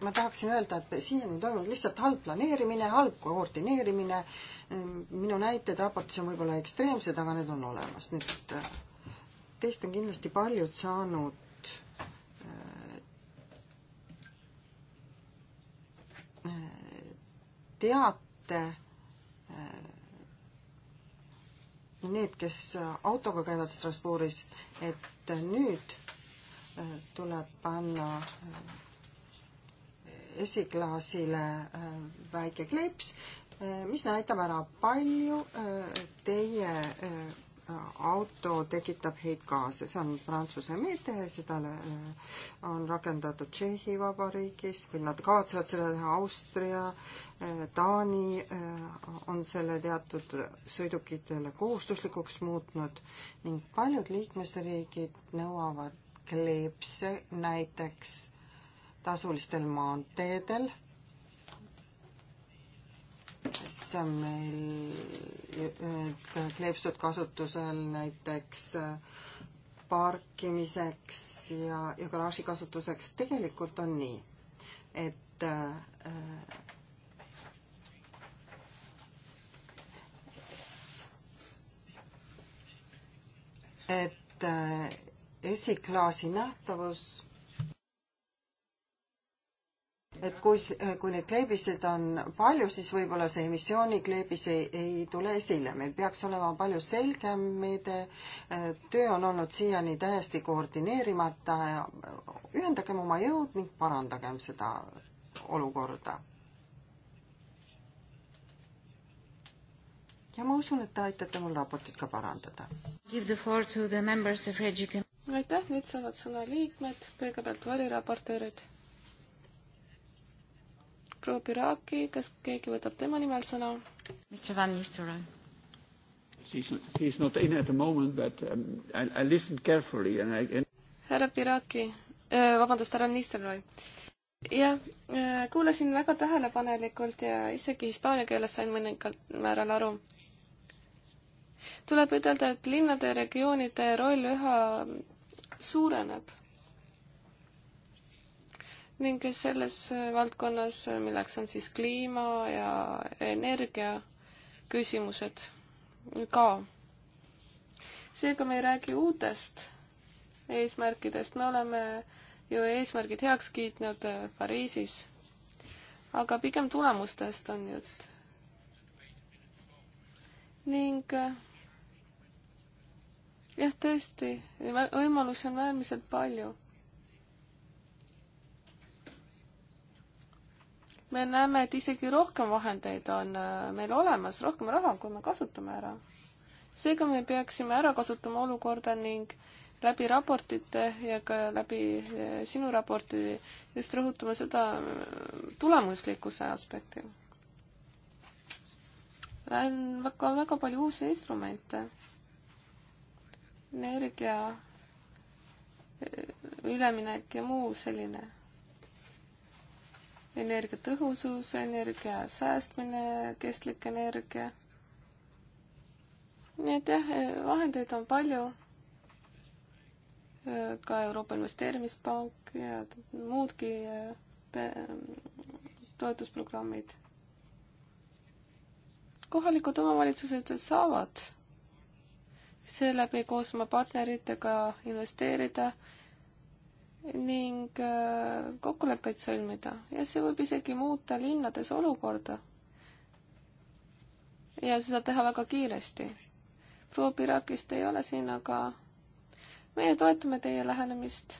ma tahaksin öelda, et siiani toimub lihtsalt halb planeerimine, halb koordineerimine, minu näited raportis on võib-olla ekstreemsed, aga need on olemas. nüüd äh, teist on kindlasti paljud saanud teate, äh, need, kes autoga käivad Strasbourgis, et nüüd äh, tuleb panna äh, esiklaasile väike kleeps, mis näitab ära palju teie auto tekitab heitgaase, see on Prantsuse meede, seda äh, on rakendatud Tšehhi Vabariigis, küll nad kavatsevad seda teha Austria, äh, Taani äh, on selle teatud sõidukitele kohustuslikuks muutnud ning paljud liikmesriigid nõuavad kleepse näiteks tasulistel maanteedel on meil need kleepsud kasutusel näiteks äh, parkimiseks ja, ja garaaži kasutuseks. tegelikult on nii, et äh, et äh, esiklaasi nähtavus et kui, kui neid kleebiseid on palju, siis võib-olla see emissioonikleebis ei, ei tule esile. meil peaks olema palju selgem meede, äh, töö on olnud siiani täiesti koordineerimata ja ühendagem oma jõud ning parandagem seda olukorda. ja ma usun, et te aitate mul raportit ka parandada. aitäh, nüüd saavad sõna liikmed, kõigepealt variraportöörid proua Piraki, kas keegi võtab tema nimel sõna? Mr Van Nistelrooy. She's, she's not in at the moment, but um, I, I listened carefully and I and.... härra Piraki, äh, vabandust, härra Nistelrooy. jah, äh, kuulasin väga tähelepanelikult ja isegi hispaania keeles sain mõningalt määral aru tuleb ütelda, et linnade ja regioonide roll üha suureneb ning selles valdkonnas, milleks on siis kliima ja energia küsimused ka. seega me ei räägi uutest eesmärkidest, me oleme ju eesmärgid heaks kiitnud äh, Pariisis. aga pigem tulemustest on jutt. ning äh, jah, tõesti, võimalusi on äärmiselt palju me näeme, et isegi rohkem vahendeid on äh, meil olemas, rohkem raha, kui me kasutame ära. seega me peaksime ära kasutama olukorda ning läbi raportite ja ka läbi äh, sinu raporti just rõhutama seda äh, tulemuslikkuse aspekti. on väga, väga palju uusi instrumente. energia, üleminek ja muu selline energiatõhusus, energia säästmine, kestlik energia. nii et jah, vahendeid on palju. ka Euroopa Investeerimispank ja muudki toetusprogrammid. kohalikud omavalitsused saavad seeläbi koos oma partneritega investeerida ning äh, kokkuleppeid sõlmida ja see võib isegi muuta linnades olukorda. ja seda teha väga kiiresti. proua Pirakist ei ole siin, aga meie toetame teie lähenemist.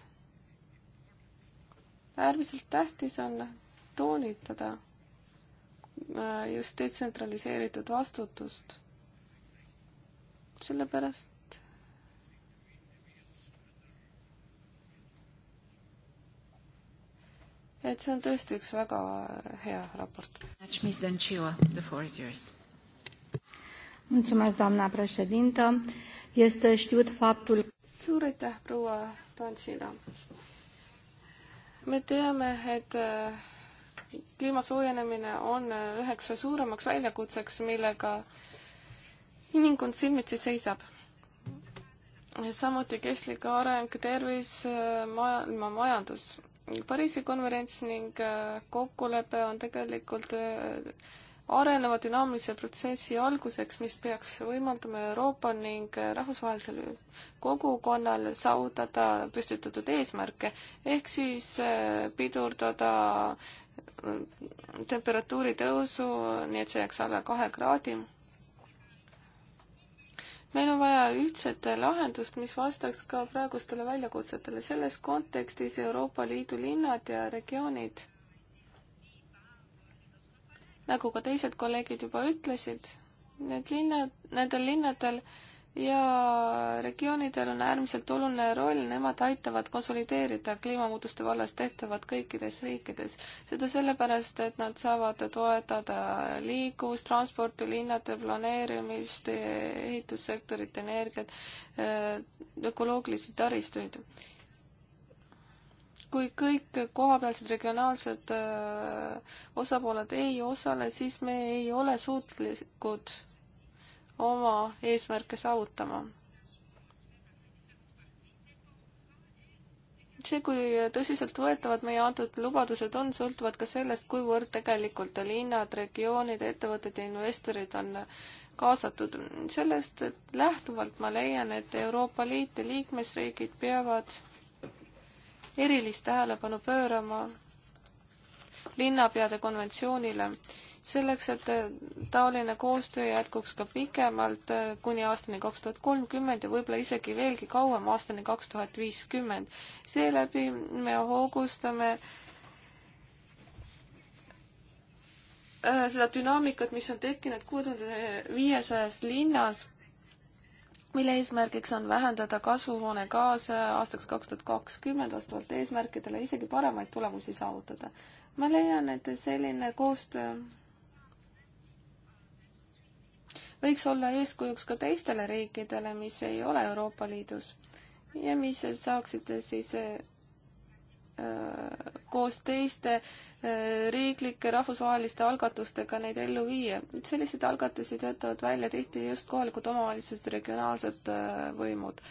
äärmiselt tähtis on toonitada äh, just detsentraliseeritud vastutust. sellepärast et see on tõesti üks väga hea raport. Mulțumesc, doamna președintă. Este știut faptul... Suur aitäh, proua Tonsila. me teame, et äh, kliima soojenemine on äh, üheks suuremaks väljakutseks, millega inimkond silmitsi seisab samuti kestlik areng, tervis, äh, maailma majandus. Pariisi konverents ning äh, kokkulepe on tegelikult äh, areneva dünaamilise protsessi alguseks, mis peaks võimaldama Euroopa ning äh, rahvusvahelisel kogukonnal saavutada püstitatud eesmärke, ehk siis pidurdada temperatuuri tõusu, nii et see jääks alla kahe kraadi meil on vaja ühtset lahendust, mis vastaks ka praegustele väljakutsetele. selles kontekstis Euroopa Liidu linnad ja regioonid, nagu ka teised kolleegid juba ütlesid, need linnad, nendel linnadel ja regioonidel on äärmiselt oluline roll, nemad aitavad konsolideerida kliimamuutuste vallas tehtavat kõikides riikides. seda sellepärast, et nad saavad toetada liiklust, transporti, linnade planeerimist, ehitussektorit, energiat, äh, ökoloogilisi taristuid. kui kõik kohapealsed regionaalsed äh, osapooled ei osale, siis me ei ole suutlikud oma eesmärke saavutama. see, kui tõsiseltvõetavad meie antud lubadused on, sõltuvad ka sellest, kuivõrd tegelikult linnad, regioonid, ettevõtted ja investorid on kaasatud. sellest lähtuvalt ma leian, et Euroopa Liit ja liikmesriigid peavad erilist tähelepanu pöörama linnapeade konventsioonile selleks, et taoline koostöö jätkuks ka pikemalt, äh, kuni aastani kaks tuhat kolmkümmend ja võib-olla isegi veelgi kauem, aastani kaks tuhat viiskümmend. seeläbi me hoogustame äh, seda dünaamikat, mis on tekkinud kuue tuhande viiesajas linnas, mille eesmärgiks on vähendada kasvuhoonegaase aastaks kaks tuhat kakskümmend vastavalt eesmärkidele isegi paremaid tulemusi saavutada. ma leian, et selline koostöö võiks olla eeskujuks ka teistele riikidele, mis ei ole Euroopa Liidus ja mis saaksid siis äh, koos teiste äh, riiklike rahvusvaheliste algatustega neid ellu viia. selliseid algatusi töötavad välja tihti just kohalikud omavalitsused, regionaalsed äh, võimud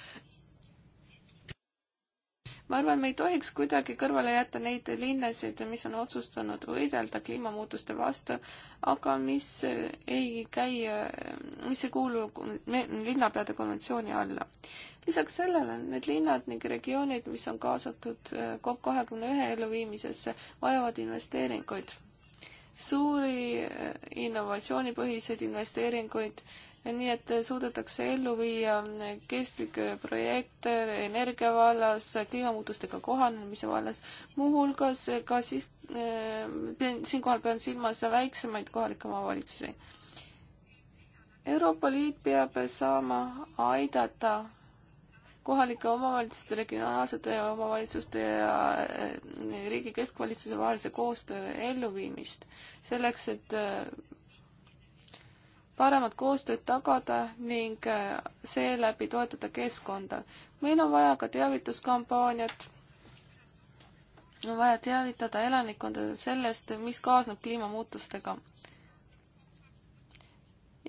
ma arvan, me ei tohiks kuidagi kõrvale jätta neid linnasid, mis on otsustanud võidelda kliimamuutuste vastu, aga mis ei käi, mis ei kuulu linnapeade konventsiooni alla. lisaks sellele need linnad ning regioonid, mis on kaasatud eh, COP kahekümne ühe elluviimisesse, vajavad investeeringuid suuri eh, innovatsioonipõhiseid investeeringuid nii et suudetakse ellu viia kestlikke projekte energia vallas, kliimamuutustega kohanemise vallas, muuhulgas ka siis äh,, siinkohal pean silmas väiksemaid kohalikke omavalitsusi. Euroopa Liit peab saama aidata kohalike omavalitsuste, regionaalsete omavalitsuste ja äh, riigi keskvalitsuse vahelise koostöö elluviimist selleks, et äh, paremat koostööd tagada ning äh, seeläbi toetada keskkonda. meil on vaja ka teavituskampaaniat, on vaja teavitada elanikkonda sellest, mis kaasneb kliimamuutustega.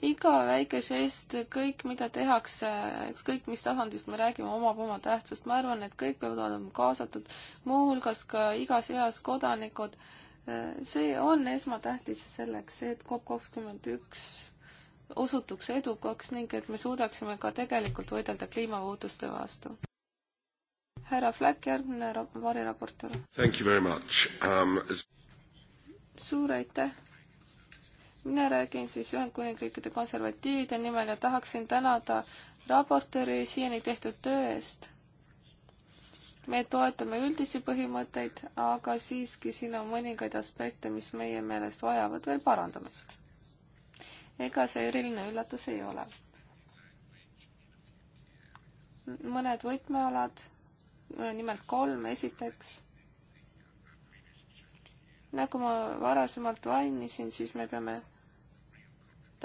iga väike žest, kõik, mida tehakse, ükskõik mis tasandist me räägime, omab oma tähtsust. ma arvan, et kõik peavad olema kaasatud, muuhulgas ka igas eas kodanikud. Äh, see on esmatähtis selleks, et COP kakskümmend üks osutuks edukaks ning et me suudaksime ka tegelikult võidelda kliimamuutuste vastu. härra Flack, järgmine variraportor. Um... suur aitäh! mina räägin siis Ühendkuningriikide konservatiivide nimel ja tahaksin tänada raportööri siiani tehtud töö eest. me toetame üldisi põhimõtteid, aga siiski siin on mõningaid aspekte, mis meie meelest vajavad veel parandamist ega see eriline üllatus ei ole. mõned võtmealad, nimelt kolm, esiteks, nagu ma varasemalt mainisin, siis me peame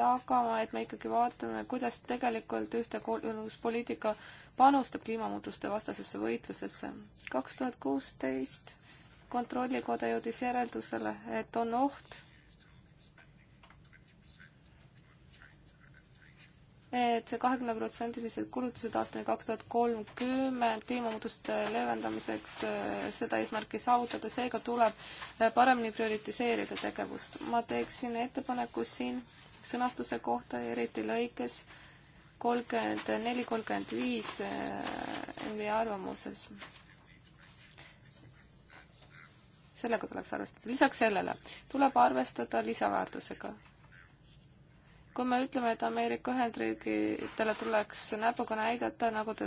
tagama, et me ikkagi vaatame, kuidas tegelikult ühtekuuluvuspoliitika panustab kliimamuutuste vastasesse võitlusesse. kaks tuhat kuusteist Kontrollikoda jõudis järeldusele, et on oht, et kahekümneprotsendilised kulutused aastani kaks tuhat kolmkümmend kliimamuutuste leevendamiseks eh, seda eesmärki saavutada, seega tuleb eh, paremini prioritiseerida tegevust. ma teeksin ettepaneku siin sõnastuse kohta, eriti lõikes kolmkümmend neli, kolmkümmend viis eh, meie arvamuses. sellega tuleks arvestada. lisaks sellele tuleb arvestada lisaväärtusega kui me ütleme, et Ameerika Ühendriigidele tuleks näpuga näidata, nagu te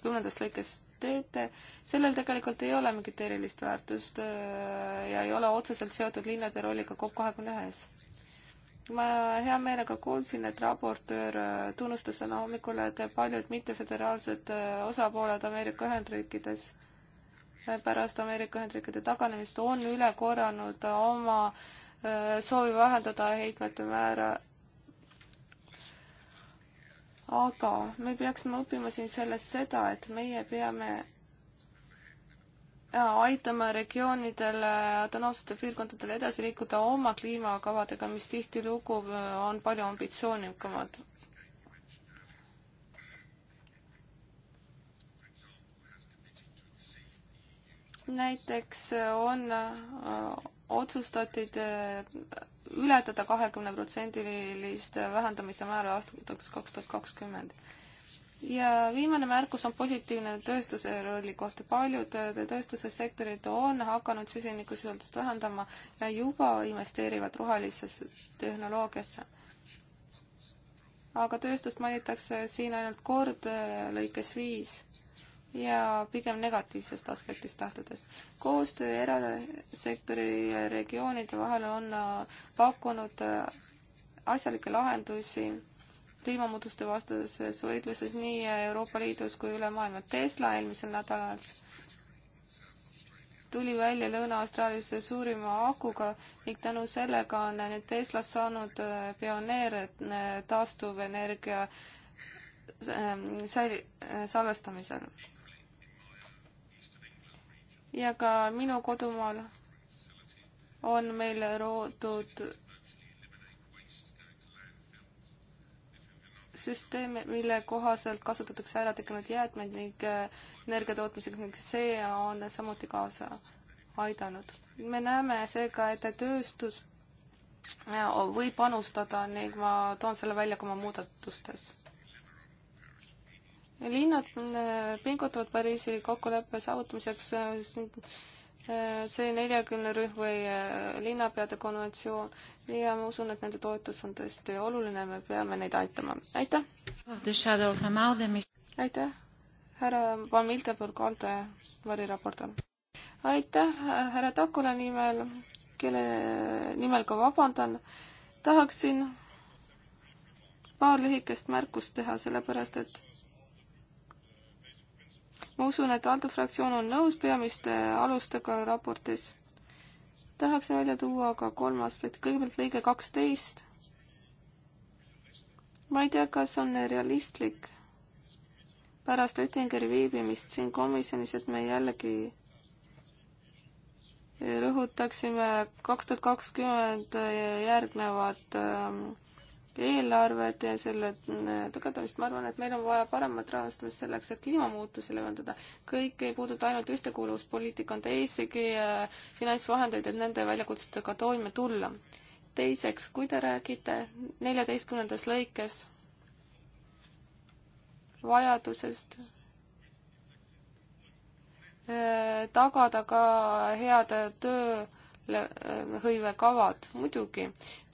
kümnendas lõikes teete, sellel tegelikult ei ole mingit erilist väärtust äh, ja ei ole otseselt seotud linnade rolliga COP kahekümne ühes. ma hea meelega kuulsin, et raportöör äh, tunnustas täna hommikul, et paljud mitteföderaalsed äh, osapooled Ameerika Ühendriikides pärast Ameerika Ühendriikide taganemist on üle korranud oma soovi vähendada heitmete määra aga me peaksime õppima siin sellest seda, et meie peame äh, aitama regioonidel, äh, autonoomsetel piirkondadel edasi liikuda oma kliimakavadega, mis tihtilugu äh, on palju ambitsioonikamad näiteks on otsustatud ületada kahekümne protsendilist vähendamise määra aastateks kaks tuhat kakskümmend. ja viimane märkus on positiivne tööstuse rolli kohta. paljud äh, tööstuse sektorid on hakanud süsinikusisaldust vähendama ja juba investeerivad rohelisesse tehnoloogiasse. aga tööstust mainitakse siin ainult kord äh, lõikes viis ja pigem negatiivsest aspektist lähtudes. koostöö erasektori regioonide vahel on äh, pakkunud äh, asjalikke lahendusi kliimamuutuste vastases võitluses nii Euroopa Liidus kui üle maailma. Tesla eelmisel nädalal tuli välja Lõuna-Austraaliasse suurima akuga ning tänu sellega on nüüd Teslast saanud äh, pioneer taastuvenergia säil-, salvestamisel ja ka minu kodumaal on meil loodud süsteeme, mille kohaselt kasutatakse ära tekkinud jäätmeid ning äh, energia tootmiseks ning see on samuti kaasa aidanud. me näeme seega, et tööstus äh, võib panustada ning ma toon selle välja ka oma muudatustes linnad äh, pingutavad Pariisi kokkuleppe saavutamiseks äh, see neljakümne rühm või äh, linnapeade konventsioon ja ma usun, et nende toetus on tõesti oluline, me peame neid aitama. aitäh! aitäh, härra Van Miltenburg, Alde variraportor. aitäh härra Takula nimel, kelle nimel ka vabandan. tahaksin paar lühikest märkust teha, sellepärast et ma usun, et Aldo fraktsioon on nõus peamiste alustega raportis. tahaksin välja tuua aga kolm aspekti, kõigepealt lõige kaksteist. ma ei tea, kas on realistlik pärast Oettingeri viibimist siin komisjonis, et me jällegi rõhutaksime kaks tuhat kakskümmend järgnevat ähm, eelarved ja selle äh, tugevdamist, ma arvan, et meil on vaja paremat rahastamist selleks, et kliimamuutusi leevendada. kõik ei puuduta ainult ühtekuuluvuspoliitika, on teisigi äh, finantsvahendeid, et nende väljakutsetega toime tulla. teiseks, kui te räägite neljateistkümnendas lõikes vajadusest äh, tagada ka head töö tööhõivekavad, äh, muidugi.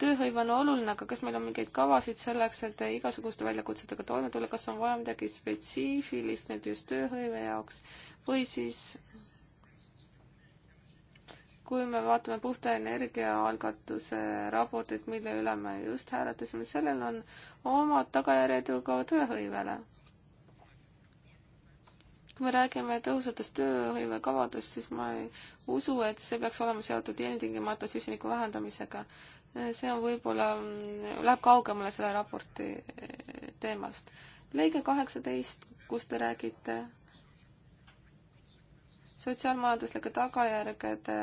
tööhõive on oluline, aga kas meil on mingeid kavasid selleks, et igasuguste väljakutsetega toime tulla, kas on vaja midagi spetsiifilist nüüd just tööhõive jaoks või siis kui me vaatame puhta energia algatuse raportit, mille üle me just hääletasime, sellel on omad tagajärjed ju ka tööhõivele kui me räägime tõhusatest tööhõivekavadest, siis ma ei usu, et see peaks olema seotud ilmtingimata süsiniku vähendamisega. see on võib-olla, mm, läheb kaugemale selle raporti eh, teemast. lõige kaheksateist, kus te räägite sotsiaalmajanduslike tagajärgede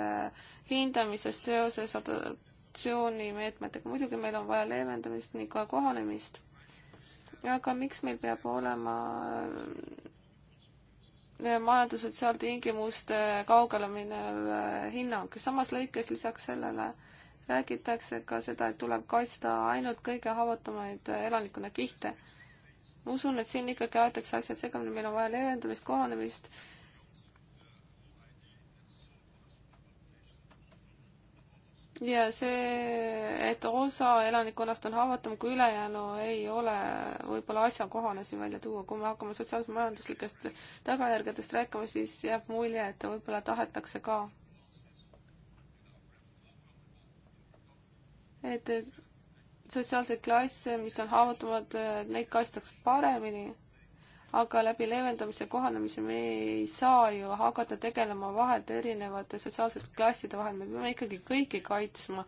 hindamisest seoses adoptsioonimeetmetega. muidugi meil on vaja leevendamist ning ka kohanemist. aga miks meil peab olema majandussotsiaaltingimuste kaugele minev äh, hinnang. samas lõikes lisaks sellele räägitakse ka seda, et tuleb kaitsta ainult kõige haavatavamaid äh, elanikkonna kihte. ma usun, et siin ikkagi aetakse asjad segamini, meil on vaja leevendamist, kohanemist ja see, et osa elanikkonnast on haavatav kui ülejäänu no,, ei ole võib-olla asjakohane siin välja tuua, kui me hakkame sotsiaalmajanduslikest tagajärgedest rääkima, siis jääb mulje, et võib-olla tahetakse ka. et sotsiaalseid klasse, mis on haavatavad, neid kaitstakse paremini aga läbi leevendamise kohanemise me ei saa ju hakata tegelema vahet erinevate sotsiaalsete klasside vahel, me peame ikkagi kõiki kaitsma,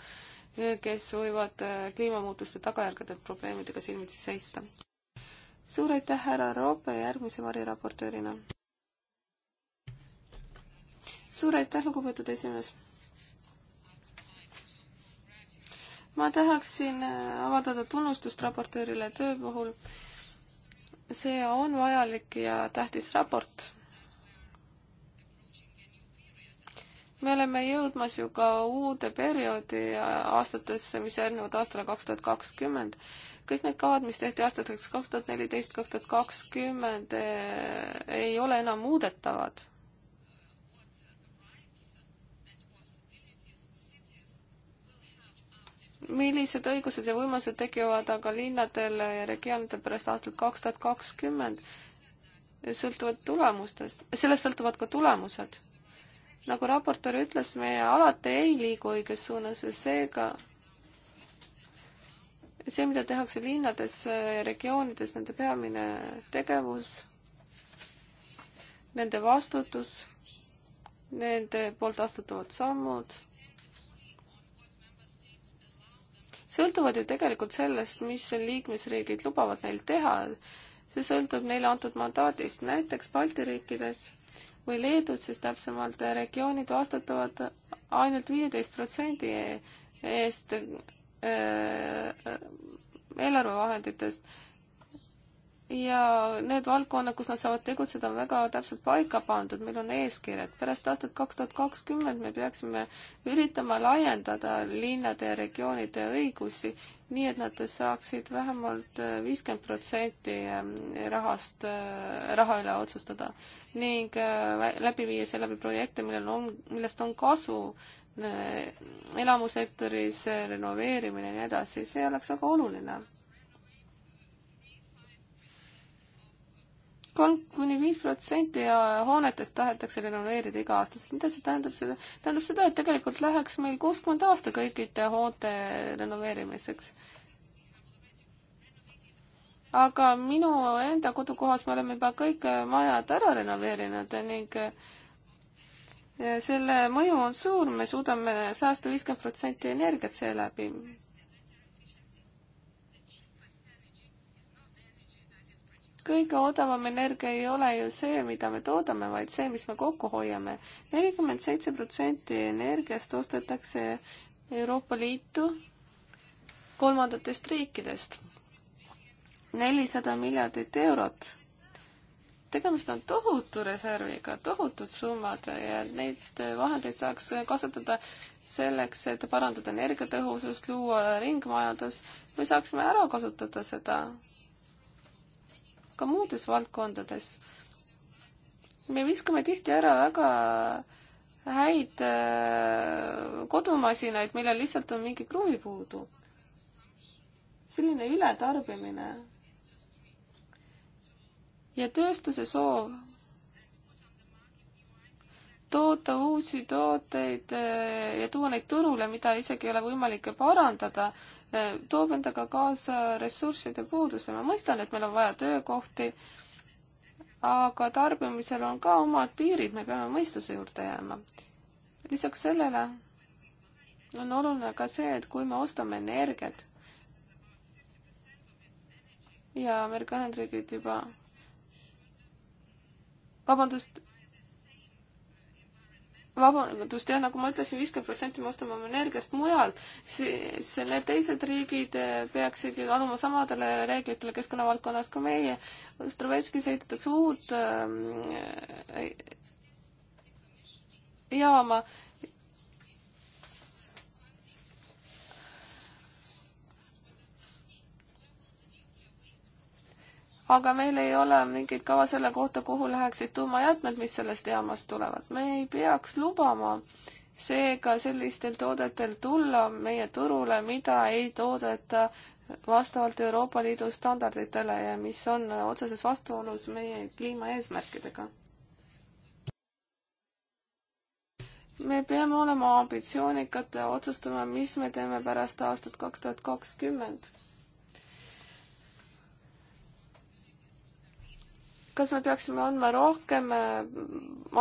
kes võivad äh, kliimamuutuste tagajärgedel probleemidega silmitsi seista. suur aitäh, härra Roope, järgmise variraportöörina. suur aitäh, lugupeetud esimees. ma tahaksin äh, avaldada tunnustust raportöörile töö puhul see on vajalik ja tähtis raport. me oleme jõudmas ju ka uude perioodi aastatesse, mis järgnevad aastale kaks tuhat kakskümmend. kõik need kavad, mis tehti aastateks kaks tuhat neliteist, kaks tuhat kakskümmend, eh, ei ole enam muudetavad millised õigused ja võimalused tekivad aga linnadel ja regioonidel pärast aastat kaks tuhat kakskümmend, sõltuvad tulemustest, sellest sõltuvad ka tulemused. nagu raportöör ütles, me alati ei liigu õiges suunas ja seega see, mida tehakse linnades ja regioonides, nende peamine tegevus, nende vastutus, nende poolt astutavad sammud sõltuvad ju tegelikult sellest, mis liikmesriigid lubavad neil teha. see sõltub neile antud mandaadist, näiteks Balti riikides või Leedus siis täpsemalt regioonid vastutavad ainult viieteist protsendi eest äh, äh, eelarvevahenditest ja need valdkonnad, kus nad saavad tegutseda, on väga täpselt paika pandud, meil on eeskirjad. pärast aastat kaks tuhat kakskümmend me peaksime üritama laiendada linnade ja regioonide õigusi, nii et nad saaksid vähemalt äh, viiskümmend protsenti äh, rahast, äh, raha üle otsustada ning läbi viia seeläbi projekte, millel on, millest on kasu elamusektoris, renoveerimine ja nii edasi, see oleks väga oluline kolm kuni viis protsenti hoonetest tahetakse renoveerida iga-aastaselt. mida see tähendab, seda, tähendab seda, et tegelikult läheks meil kuuskümmend aasta kõikide hoonte renoveerimiseks. aga minu enda kodukohas me oleme juba kõik majad ära renoveerinud ning selle mõju on suur, me suudame säästa viiskümmend protsenti energiat seeläbi kõige odavam energia ei ole ju see, mida me toodame, vaid see, mis me kokku hoiame. nelikümmend seitse protsenti energiast ostetakse Euroopa Liitu kolmandatest riikidest. nelisada miljardit eurot. tegemist on tohutu reserviga, tohutud summad ja neid vahendeid saaks kasutada selleks, et parandada energiatõhusust, luua ringmajandus, me saaksime ära kasutada seda ka muudes valdkondades. me viskame tihti ära väga häid äh, kodumasinaid, millel lihtsalt on mingi kruvi puudu. selline ületarbimine ja tööstuse soov toota uusi tooteid eh, ja tuua neid turule, mida isegi ei ole võimalik parandada, eh, toob endaga kaasa ressursside puuduse. ma mõistan, et meil on vaja töökohti, aga tarbimisel on ka omad piirid, me peame mõistuse juurde jääma. lisaks sellele on oluline ka see, et kui me ostame energiat ja Ameerika Ühendriigid juba vabandust, vabandust, jah, nagu ma ütlesin, viiskümmend protsenti me ostame oma energiast mujalt, siis need teised riigid peaksid ju alluma samadele reeglitele keskkonnavaldkonnas kui meie. Ostrovetskis ehitatakse uut äh, jaama aga meil ei ole mingit kava selle kohta, kuhu läheksid tuumajäätmed, mis sellest jaamast tulevad. me ei peaks lubama seega sellistel toodetel tulla meie turule, mida ei toodeta vastavalt Euroopa Liidu standarditele ja mis on otseses vastuolus meie kliimaeesmärkidega. me peame olema ambitsioonikad ja otsustama, mis me teeme pärast aastat kaks tuhat kakskümmend kas me peaksime andma rohkem äh,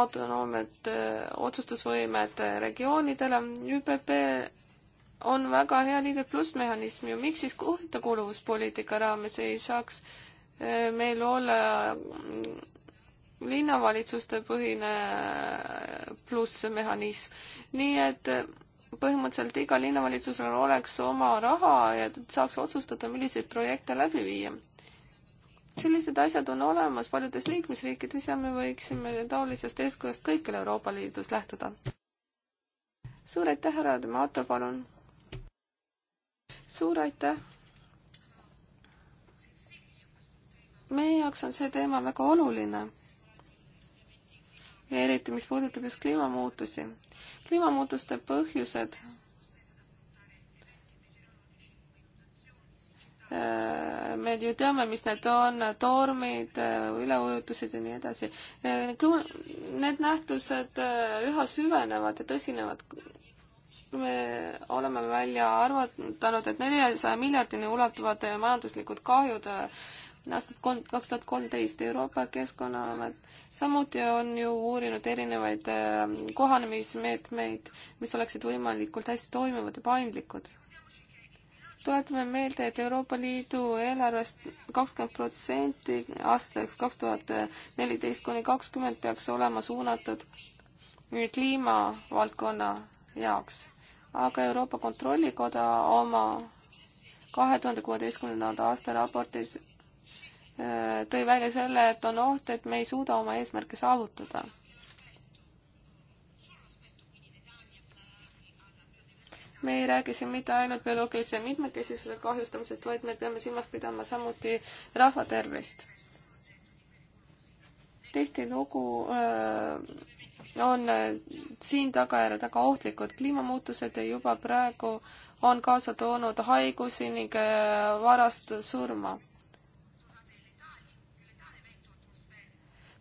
autonoomiat, äh, otsustusvõimet äh, regioonidele, ÜPP on väga hea liider pluss mehhanism ju, miks siis ühtekuuluvuspoliitika raames ei saaks meil olla mm, linnavalitsuste põhine plussmehhanism, nii et põhimõtteliselt igal linnavalitsusel oleks oma raha ja saaks otsustada, milliseid projekte läbi viia sellised asjad on olemas paljudes liikmesriikides ja me võiksime taolisest eeskujust kõikjal Euroopa Liidus lähtuda. suur aitäh, härra Demato, palun. suur aitäh. meie jaoks on see teema väga oluline. eriti, mis puudutab just kliimamuutusi. kliimamuutuste põhjused me ju teame, mis need on, tormid, üleujutused ja nii edasi. Need nähtused äh, üha süvenevad ja tõsinevad. me oleme välja arvutanud, et neljasaja miljardini ulatuvad majanduslikud kahjud äh, aastast kaks tuhat kolmteist Euroopa Keskkonnaamet samuti on ju uurinud erinevaid äh, kohanemismeetmeid, mis oleksid võimalikult hästi toimivad ja paindlikud tuletame meelde, et Euroopa Liidu eelarvest kakskümmend protsenti aastaks kaks tuhat neliteist kuni kakskümmend peaks olema suunatud kliimavaldkonna jaoks. aga Euroopa Kontrollikoda oma kahe tuhande kuueteistkümnenda aasta raportis äh, tõi välja selle, et on oht, et me ei suuda oma eesmärke saavutada me ei räägi siin mitte ainult bioloogilise mitmekesisuse kahjustamisest, vaid me peame silmas pidama samuti rahva tervist. tihtilugu äh, on äh, siin tagajärjed väga ohtlikud, kliimamuutused juba praegu on kaasa toonud haigusi ning äh, varast surma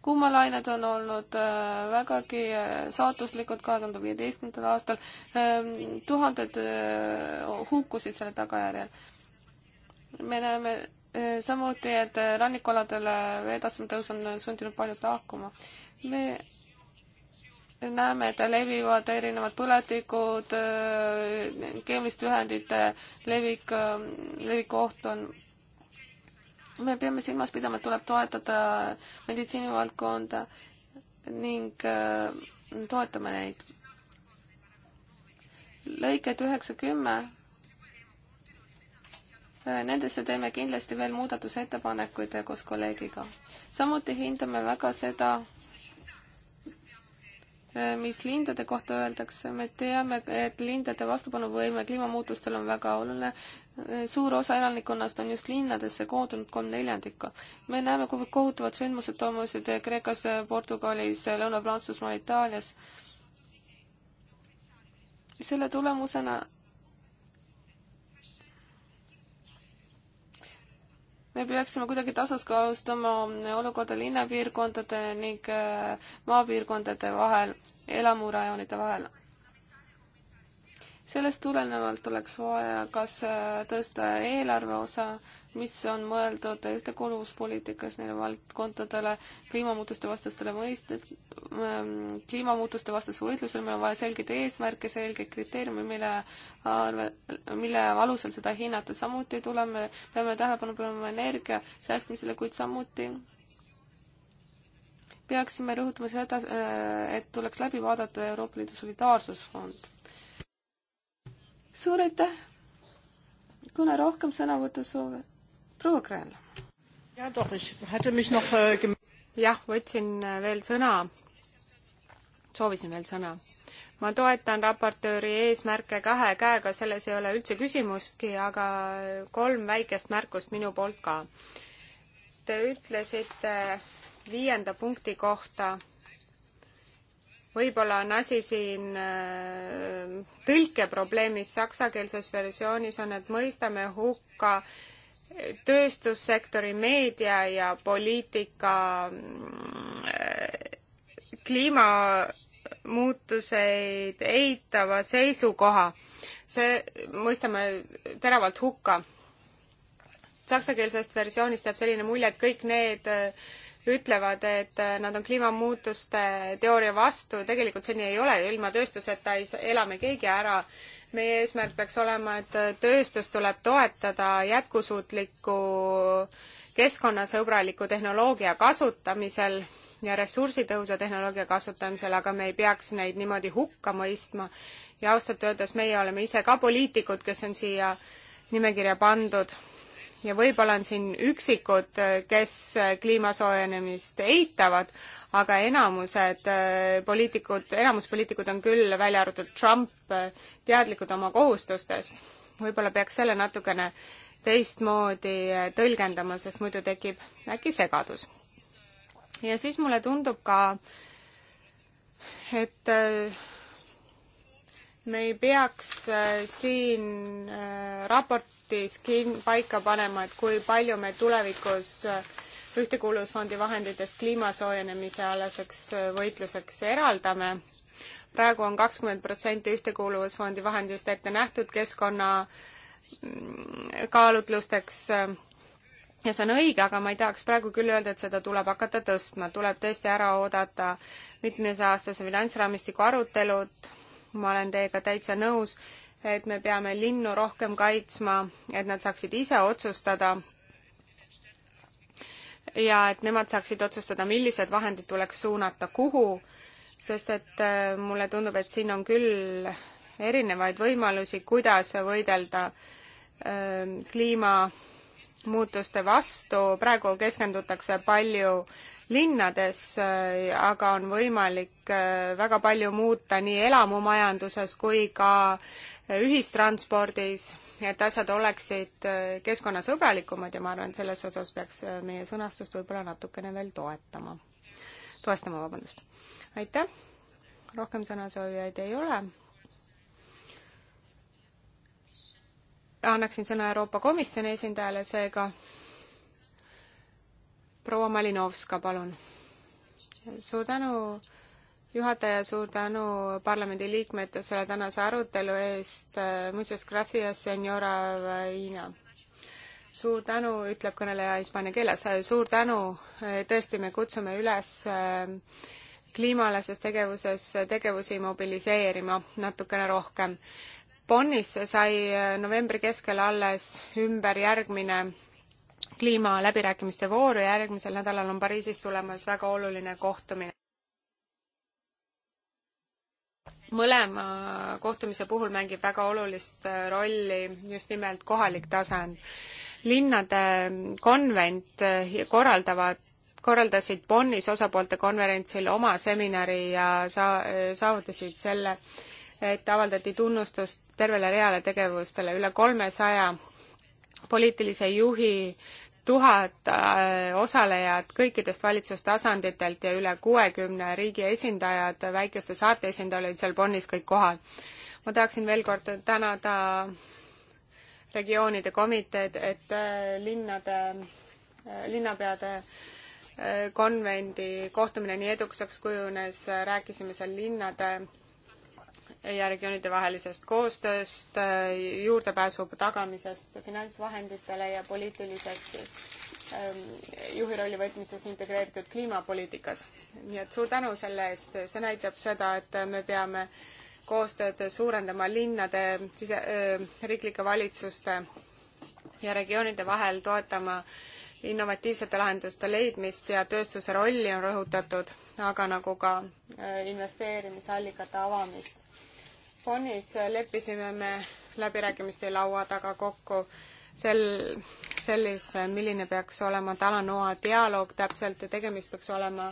kuumalained on olnud äh, vägagi äh, saatuslikud kahe tuhande viieteistkümnendal aastal. Ähm, tuhanded äh, hukkusid selle tagajärjel. me näeme samuti, et rannikualadele veetasmetõus on sundinud paljud lahkuma. me näeme, et levivad erinevad põletikud, keemiliste ühendite levik, leviku oht on me peame silmas pidama, et tuleb toetada meditsiinivaldkonda ning äh, toetame neid. lõiked üheksa, kümme. Äh, nendesse teeme kindlasti veel muudatusettepanekuid koos kolleegiga. samuti hindame väga seda, äh, mis lindade kohta öeldakse, me teame, et lindade vastupanuvõime kliimamuutustele on väga oluline suur osa elanikkonnast on just linnadesse koondunud kolm neljandikku. me näeme, kui kohutavad sündmused toimusid Kreekas, Portugalis, Lõuna-Prantsusmaa, Itaalias. selle tulemusena me peaksime kuidagi tasakaalustama olukorda linnapiirkondade ning äh, maapiirkondade vahel, elamurajoonide vahel sellest tulenevalt oleks vaja kas äh, tõsta eelarve osa, mis on mõeldud ühtekuuluvuspoliitikas neile valdkondadele, kliimamuutuste vastastele mõistet-, ähm, kliimamuutuste vastasel võitlusel meil on vaja selgeid eesmärke, selgeid kriteeriume, mille arve, mille alusel seda hinnata, samuti tuleme, peame tähelepanu pöörama energia säästmisele, kuid samuti peaksime rõhutama seda, äh, et tuleks läbi vaadata Euroopa Liidu solidaarsusfond suur aitäh! kuna rohkem sõnavõtusoove, proua Kreel. Äh, jah, võtsin äh, veel sõna, soovisin veel sõna. ma toetan raportööri eesmärke kahe käega, selles ei ole üldse küsimustki, aga kolm väikest märkust minu poolt ka. Te ütlesite viienda punkti kohta võib-olla on asi siin äh, tõlkeprobleemis, saksakeelses versioonis on, et mõistame hukka tööstussektori meedia ja poliitika äh, kliimamuutuseid eitava seisukoha. see mõistame teravalt hukka. saksakeelsest versioonist jääb selline mulje, et kõik need äh, ütlevad, et äh, nad on kliimamuutuste teooria vastu, tegelikult see nii ei ole ju, ilma tööstuseta ei ela me keegi ära. meie eesmärk peaks olema, et äh, tööstus tuleb toetada jätkusuutliku keskkonnasõbraliku tehnoloogia kasutamisel ja ressursitõhusa tehnoloogia kasutamisel, aga me ei peaks neid niimoodi hukka mõistma. ja ausalt öeldes meie oleme ise ka poliitikud, kes on siia nimekirja pandud ja võib-olla on siin üksikud, äh, kes äh, kliima soojenemist eitavad, aga enamused äh, poliitikud, enamus poliitikud on küll, välja arvatud Trump, teadlikud oma kohustustest. võib-olla peaks selle natukene teistmoodi tõlgendama, sest muidu tekib äkki segadus. ja siis mulle tundub ka, et me ei peaks siin raport raportis kin-, paika panema, et kui palju me tulevikus äh, ühtekuuluvusfondi vahenditest kliima soojenemise alaseks äh, võitluseks eraldame. praegu on kakskümmend protsenti ühtekuuluvusfondi vahendist ette nähtud keskkonna mm, kaalutlusteks äh, ja see on õige, aga ma ei tahaks praegu küll öelda, et seda tuleb hakata tõstma, tuleb tõesti ära oodata mitmesaastase finantsraamistiku arutelud, ma olen teiega täitsa nõus, et me peame linnu rohkem kaitsma, et nad saaksid ise otsustada ja et nemad saaksid otsustada, millised vahendid tuleks suunata kuhu, sest et äh, mulle tundub, et siin on küll erinevaid võimalusi, kuidas võidelda äh, kliima muutuste vastu, praegu keskendutakse palju linnades, aga on võimalik äh, väga palju muuta nii elamumajanduses kui ka äh, ühistranspordis, et asjad oleksid äh, keskkonnasõbralikumad ja ma arvan, et selles osas peaks meie sõnastust võib-olla natukene veel toetama, toestama, vabandust. aitäh, rohkem sõnasoovijaid ei ole annaksin sõna Euroopa Komisjoni esindajale seega. proua Malinovska, palun. suur tänu, juhataja, suur tänu parlamendiliikmete selle tänase arutelu eest. Muchas gracias, senora Hiina. suur tänu, ütleb kõneleja hispaania keeles. suur tänu, tõesti, me kutsume üles äh, kliimaalases tegevuses tegevusi mobiliseerima natukene rohkem Bonnis sai eh, novembri keskel alles ümber järgmine kliimaläbirääkimiste voor ja järgmisel nädalal on Pariisis tulemas väga oluline kohtumine. mõlema kohtumise puhul mängib väga olulist eh, rolli just nimelt kohalik tasand. linnade mm, konvent eh, korraldavad korraldasid Bonnis osapoolte konverentsil oma seminari ja sa-, saavutasid selle, et avaldati tunnustust tervele reale tegevustele, üle kolmesaja poliitilise juhi, tuhat äh, osalejat kõikidest valitsustasanditelt ja üle kuuekümne riigi esindajad, väikeste saarte esindajad olid seal Bonnis kõik kohal. ma tahaksin veel kord tänada regioonide komiteed, et äh, linnade, äh, linnapeade konvendi kohtumine nii edukaks kujunes, rääkisime seal linnade ja regioonide vahelisest koostööst, juurdepääsu tagamisest finantsvahenditele ja poliitilisest ähm, juhi rolli võtmises integreeritud kliimapoliitikas. nii et suur tänu selle eest, see näitab seda, et me peame koostööd suurendama linnade sise, äh, riiklike valitsuste ja regioonide vahel, toetama innovatiivsete lahenduste leidmist ja tööstuse rolli on rõhutatud, aga nagu ka äh, investeerimisallikate avamist Bonnis leppisime me läbirääkimiste laua taga kokku sel, selles, milline peaks olema Talanoa dialoog täpselt ja tegemist peaks olema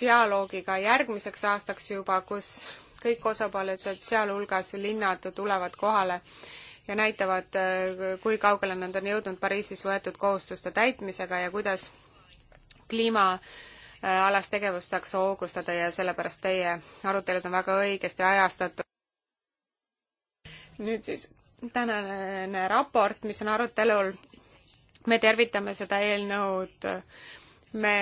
dialoogiga järgmiseks aastaks juba, kus kõik osapooled, sealhulgas linnad, tulevad kohale ja näitavad, kui kaugele nad on jõudnud Pariisis võetud kohustuste täitmisega ja kuidas kliima Äh, alast tegevust saaks hoogustada ja sellepärast teie arutelud on väga õigesti ajastatud. nüüd siis tänane raport, mis on arutelul. me tervitame seda eelnõud. me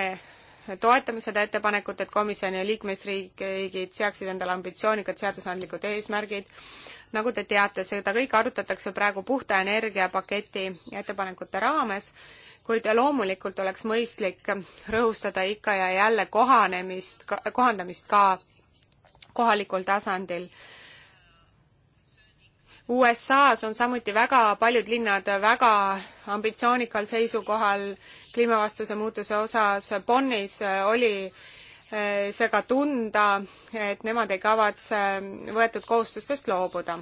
toetame seda ettepanekut, et komisjoni ja liikmesriigid seaksid endale ambitsioonikad seadusandlikud eesmärgid. nagu te teate, seda kõike arutatakse praegu puhta energiapaketi ettepanekute raames kuid loomulikult oleks mõistlik rõhustada ikka ja jälle kohanemist, kohandamist ka kohalikul tasandil. USA-s on samuti väga paljud linnad väga ambitsioonikal seisukohal kliimavastuse muutuse osas. Bonnis äh, oli äh, see ka tunda, et nemad ei kavatse võetud kohustustest loobuda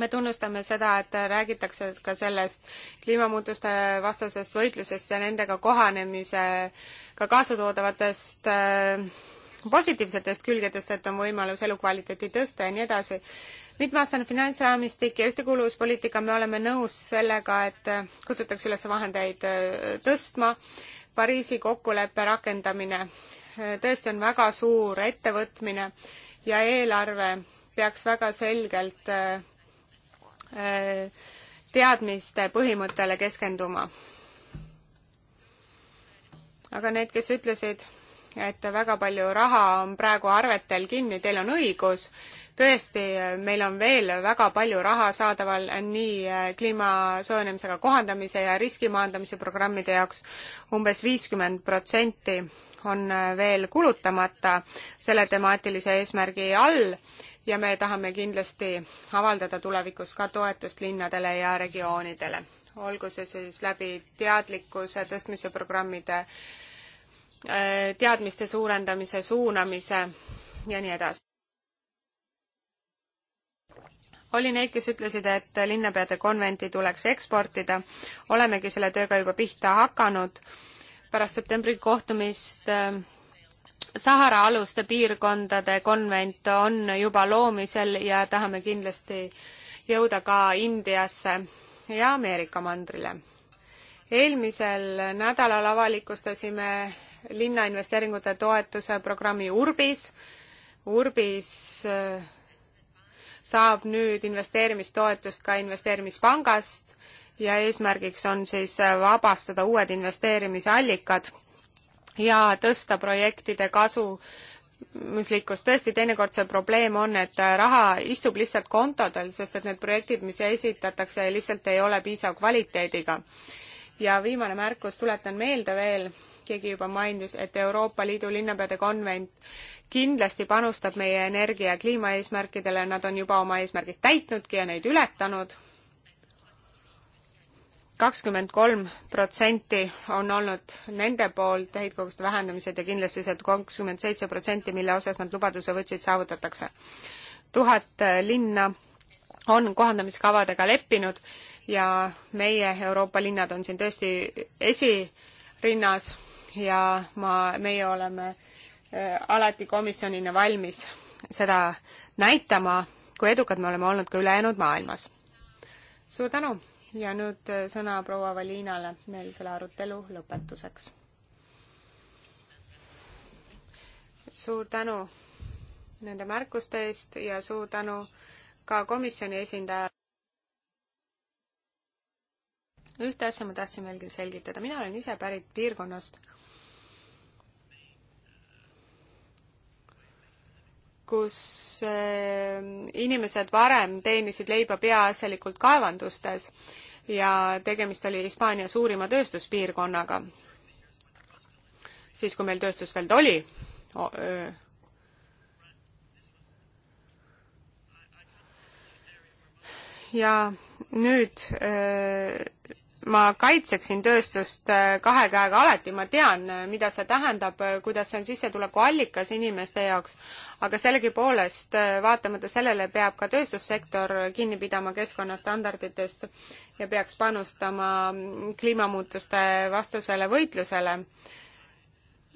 me tunnustame seda, et räägitakse ka sellest kliimamuutuste vastasest võitlusest ja nendega kohanemisega kaasa toodavatest äh, positiivsetest külgedest, et on võimalus elukvaliteeti tõsta ja nii edasi. mitmeaastane finantsraamistik ja ühtekuuluvuspoliitika, me oleme nõus sellega, et äh, kutsutakse üles vahendeid äh, tõstma, Pariisi kokkuleppe rakendamine tõesti on väga suur ettevõtmine ja eelarve peaks väga selgelt äh, Äh, teadmiste põhimõttele keskenduma. aga need, kes ütlesid, et väga palju raha on praegu arvetel kinni, teil on õigus, tõesti, meil on veel väga palju raha saadaval nii äh, kliima soojenemisega kohandamise ja riski maandamise programmide jaoks umbes viiskümmend protsenti on äh, veel kulutamata selle temaatilise eesmärgi all ja me tahame kindlasti avaldada tulevikus ka toetust linnadele ja regioonidele, olgu see siis läbi teadlikkuse tõstmise programmide, äh, teadmiste suurendamise, suunamise ja nii edasi. oli neid, kes ütlesid, et linnapeade konventi tuleks eksportida, olemegi selle tööga juba pihta hakanud, pärast septembri kohtumist äh, Sahara aluste piirkondade konvent on juba loomisel ja tahame kindlasti jõuda ka Indiasse ja Ameerika mandrile. eelmisel nädalal avalikustasime linnainvesteeringute toetuse programmi Urbis. Urbis äh, saab nüüd investeerimistoetust ka investeerimispangast ja eesmärgiks on siis äh, vabastada uued investeerimisallikad ja tõsta projektide kasu mõistlikkus, tõesti, teinekord see probleem on, et raha istub lihtsalt kontodel, sest et need projektid, mis esitatakse, lihtsalt ei ole piisava kvaliteediga. ja viimane märkus, tuletan meelde veel, keegi juba mainis, et Euroopa Liidu linnapeade konvent kindlasti panustab meie energia- ja kliimaeesmärkidele, nad on juba oma eesmärgid täitnudki ja neid ületanud kakskümmend kolm protsenti on olnud nende poolt heitkoguste vähendamised ja kindlasti see kakskümmend seitse protsenti, mille osas nad lubaduse võtsid, saavutatakse. tuhat äh, linna on kohandamiskavadega leppinud ja meie Euroopa linnad on siin tõesti esirinnas ja ma, meie oleme äh, alati komisjonina valmis seda näitama, kui edukad me oleme olnud ka ülejäänud maailmas. suur tänu! ja nüüd äh, sõna proua Valinale meil selle arutelu lõpetuseks. suur tänu nende märkuste eest ja suur tänu ka komisjoni esindajale. ühte asja ma tahtsin veelgi selgitada, mina olen ise pärit piirkonnast, kus ehm, inimesed varem teenisid leiba peaasjalikult kaevandustes ja tegemist oli Hispaania suurima tööstuspiirkonnaga. siis, kui meil tööstus veel oli oh,. ja nüüd öö, ma kaitseksin tööstust äh, kahe käega alati, ma tean, äh, mida see tähendab, äh, kuidas see on sissetulekuallikas inimeste jaoks, aga sellegipoolest, vaatamata sellele, peab ka tööstussektor kinni pidama keskkonnastandarditest ja peaks panustama mm, kliimamuutuste vastasele võitlusele.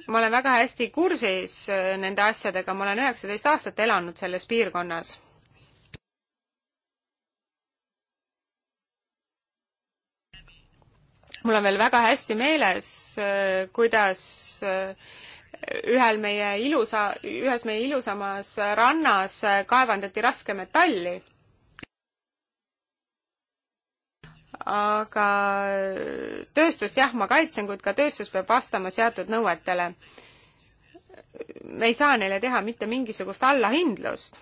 ma olen väga hästi kursis nende asjadega, ma olen üheksateist aastat elanud selles piirkonnas mul on veel väga hästi meeles, äh, kuidas äh, ühel meie ilusa, ühes meie ilusamas rannas äh, kaevandati raskemetalli. aga tööstust jah, ma kaitsen, kuid ka tööstus peab vastama seatud nõuetele. me ei saa neile teha mitte mingisugust allahindlust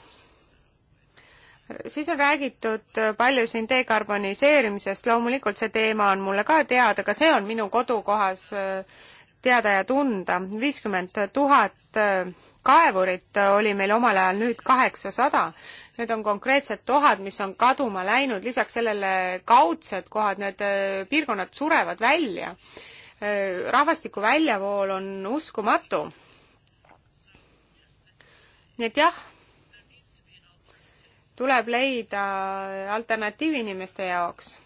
siis on räägitud äh, palju siin dekarboniseerimisest, loomulikult see teema on mulle ka teada, ka see on minu kodukohas äh, teada ja tunda. viiskümmend tuhat äh, kaevurit oli meil omal ajal nüüd kaheksasada. Need on konkreetsed tohad, mis on kaduma läinud, lisaks sellele kaudsed kohad, need piirkonnad surevad välja. rahvastiku väljavool on uskumatu. nii et jah tuleb leida alternatiiv inimeste jaoks.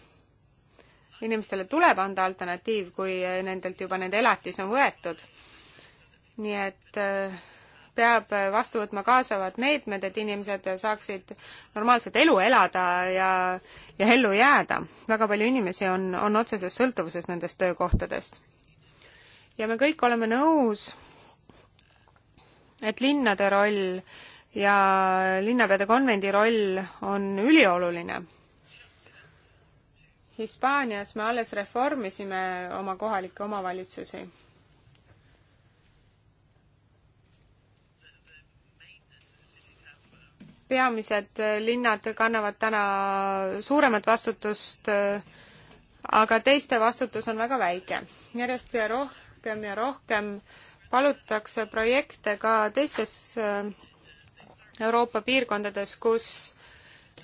inimestele tuleb anda alternatiiv, kui nendelt juba nende elatis on võetud. nii et äh, peab vastu võtma kaasavad meetmed, et inimesed saaksid normaalset elu elada ja, ja ellu jääda. väga palju inimesi on, on otseses sõltuvuses nendest töökohtadest. ja me kõik oleme nõus, et linnade roll ja linnapeade konvendi roll on ülioluline. Hispaanias me alles reformisime oma kohalikke omavalitsusi. peamised linnad kannavad täna suuremat vastutust, aga teiste vastutus on väga väike. järjest ja rohkem ja rohkem palutakse projekte ka teistes Euroopa piirkondades, kus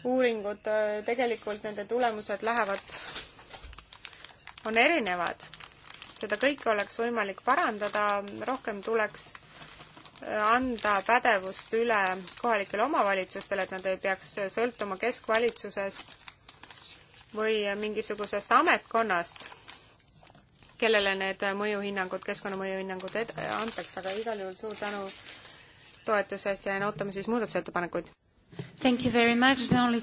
uuringud, äh, tegelikult nende tulemused lähevad, on erinevad. seda kõike oleks võimalik parandada, rohkem tuleks äh, anda pädevust üle kohalikele omavalitsustele, et nad ei peaks sõltuma keskvalitsusest või mingisugusest ametkonnast, kellele need mõjuhinnangud, keskkonnamõjuhinnangud antakse, aga igal juhul suur tänu toetuse eest ja ootame siis muudatusettepanekuid. Thank you very much, only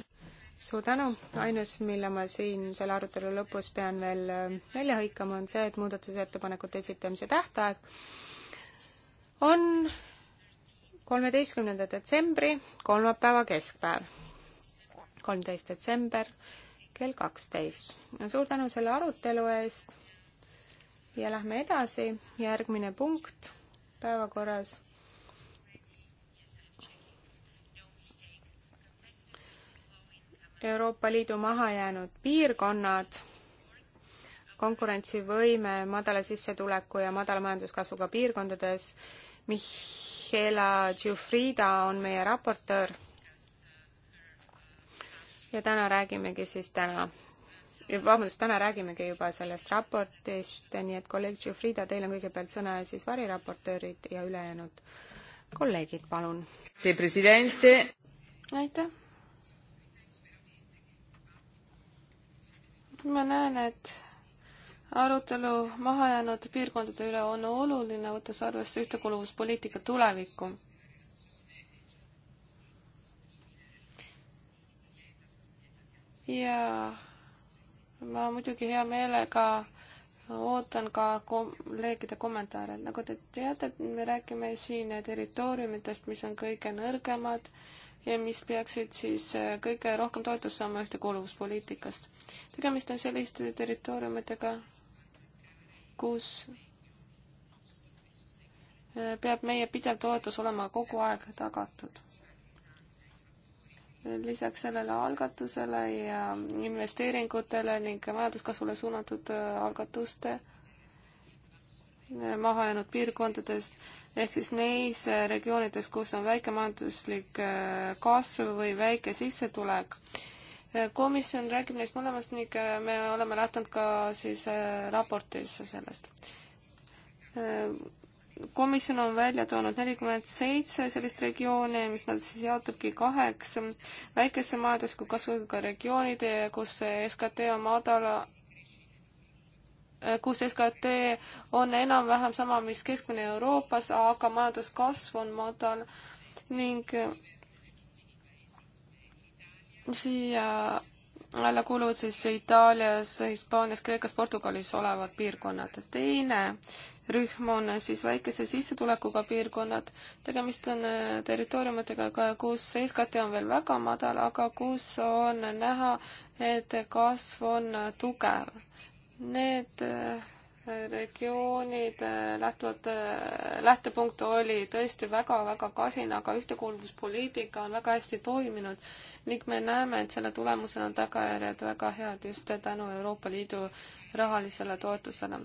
suur tänu, ainus, mille ma siin selle arutelu lõpus pean veel äh, välja hõikama, on see, et muudatusettepanekute esitamise tähtaeg on kolmeteistkümnenda detsembri kolmapäeva keskpäev. kolmteist detsember kell kaksteist. suur tänu selle arutelu eest ja lähme edasi, järgmine punkt päevakorras Euroopa Liidu mahajäänud piirkonnad, konkurentsivõime madala sissetuleku ja madala majanduskasvuga piirkondades. Michela Giuffrida on meie raportöör. ja täna räägimegi siis täna, vabandust, täna räägimegi juba sellest raportist, nii et kolleeg Giuffrida, teil on kõigepealt sõna ja siis variraportöörid ja ülejäänud kolleegid, palun. aitäh ma näen, et arutelu mahajäänud piirkondade üle on oluline, võttes arvesse ühtekuuluvuspoliitika tulevikku. ja ma muidugi hea meelega ootan ka kolleegide kommentaare, nagu te teate, me räägime siin territooriumitest, mis on kõige nõrgemad mis peaksid siis äh, kõige rohkem toetust saama ühtekuuluvuspoliitikast. tegemist on selliste territooriumitega, kus äh, peab meie pidev toetus olema kogu aeg tagatud. lisaks sellele algatusele ja investeeringutele ning majanduskasvule suunatud äh, algatuste mahajäänud piirkondadest ehk siis neis äh, regioonides, kus on väike majanduslik äh, kasv või väike sissetulek. Äh, komisjon räägib neist mõlemast ning me oleme lähtunud ka siis raportis sellest. komisjon on välja toonud nelikümmend seitse sellist regiooni, mis nad siis jaotubki kaheks väikese majandusliku kasvuga regioonide, kus SKT on madala kus SKT on enam-vähem sama, mis keskmine Euroopas, aga majanduskasv on madal ning siia alla kuuluvad siis Itaalias, Hispaanias, Kreekas, Portugalis olevad piirkonnad. teine rühm on siis väikese sissetulekuga piirkonnad, tegemist on äh, territooriumitega, kus SKT on veel väga madal, aga kus on näha, et kasv on tugev Need äh, regioonid äh, lähtuvalt, äh, lähtepunkt oli tõesti väga-väga kasin, aga ühtekuuluvuspoliitika on väga hästi toiminud ning me näeme, et selle tulemusena on tagajärjed väga head just tänu Euroopa Liidu rahalisele toetusele.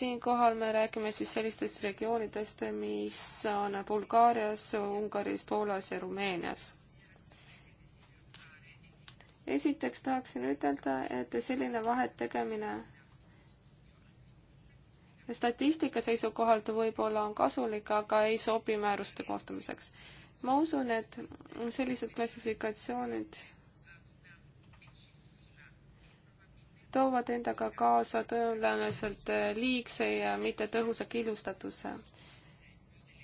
siinkohal me räägime siis sellistest regioonidest, mis on Bulgaarias, Ungaris, Poolas ja Rumeenias esiteks tahaksin ütelda, et selline vahet tegemine statistika seisukohalt võib-olla on kasulik, aga ei sobi määruste koostamiseks. ma usun, et sellised klassifikatsioonid toovad endaga kaasa tõenäoliselt liigse ja mittetõhusa killustatuse.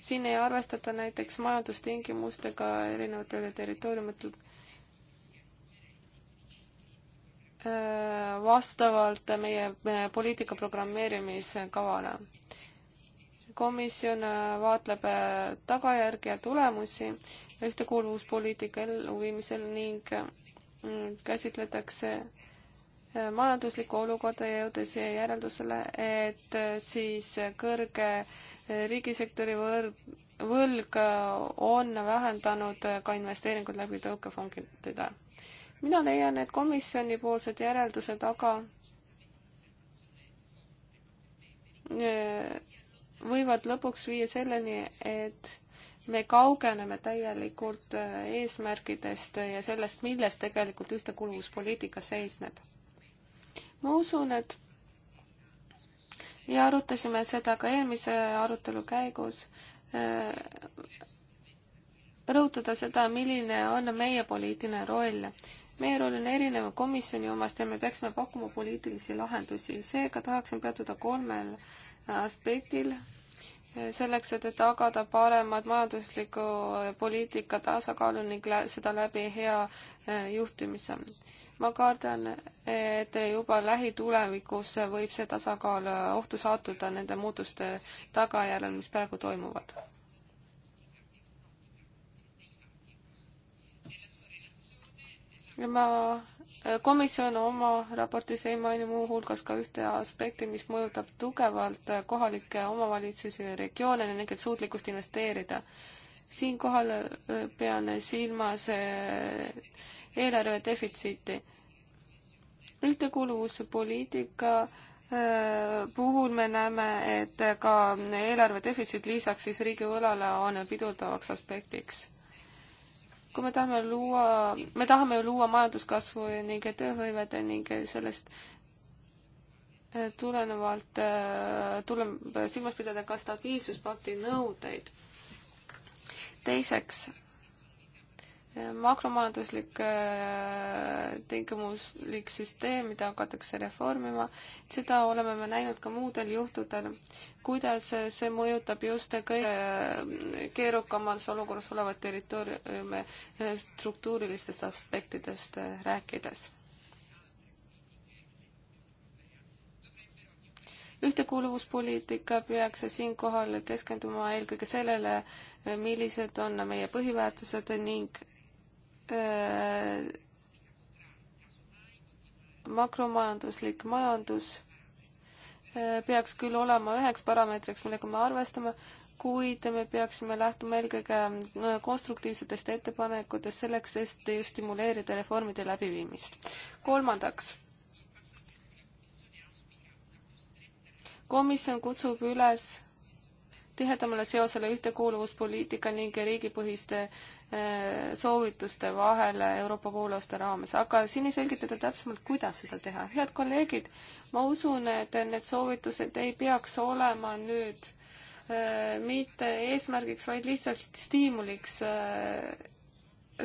siin ei arvestata näiteks majandustingimustega erinevatel territooriumitel Äh, vastavalt meie poliitika programmeerimiskavale. komisjon äh, vaatleb äh, tagajärgi ja tulemusi ühtekuuluvuspoliitika elluviimisel ning käsitletakse majanduslikku olukorda ja jõudes järeldusele, et siis kõrge riigisektori võrd võlg on vähendanud ka investeeringud läbi tõukefondide mina leian, et komisjonipoolsed järeldused aga e, võivad lõpuks viia selleni, et me kaugeneme täielikult e, eesmärkidest ja sellest, milles tegelikult ühtekuuluvuspoliitika seisneb. ma usun, et ja arutasime seda ka eelmise arutelu käigus, e, rõhutada seda, milline on meie poliitiline roll meie roll on erineva komisjoni omast ja me peaksime pakkuma poliitilisi lahendusi, seega tahaksin peatuda kolmel äh, aspektil, selleks, et tagada paremat majanduslikku äh, poliitika tasakaalu ning seda läbi hea äh, juhtimise. ma kardan, et juba lähitulevikus võib see tasakaal ohtu sattuda nende muutuste tagajärjel, mis praegu toimuvad ma, äh, komisjon oma raportis ei maini muuhulgas ka ühte aspekti, mis mõjutab tugevalt äh, kohalikke omavalitsusi ja regioone ja nende suutlikkust investeerida. siinkohal äh, pean silmas eelarve defitsiiti. ühtekuuluvuspoliitika puhul me näeme, et ka eelarve defitsiit lisaks siis riigivõlale on pidurdavaks aspektiks kui me tahame luua, me tahame ju luua majanduskasvu ning tööhõivet ning sellest eh, tulenevalt eh, tuleb silmas pidada ka stabiilsuspakti nõudeid. teiseks makromajanduslik äh, tingimuslik süsteem, mida hakatakse reformima, seda oleme me näinud ka muudel juhtudel, kuidas see mõjutab just kõige äh, keerukamas olukorras olevat territooriumi äh, struktuurilistest aspektidest rääkides. ühtekuuluvuspoliitika peaks siinkohal keskenduma eelkõige sellele, millised on meie põhiväärtused ning Äh, makromajanduslik majandus äh, peaks küll olema üheks parameetriks, millega me arvestame, kuid me peaksime lähtuma eelkõige äh, konstruktiivsetest ettepanekutest selleks, et ju stimuleerida reformide läbiviimist. kolmandaks. komisjon kutsub üles tihedamale seosele ühtekuuluvuspoliitika ning riigipõhiste eh, soovituste vahel Euroopa poolaasta raames, aga siin ei selgitata täpsemalt, kuidas seda teha. head kolleegid, ma usun, et need soovitused ei peaks olema nüüd eh, mitte eesmärgiks, vaid lihtsalt stiimuliks eh,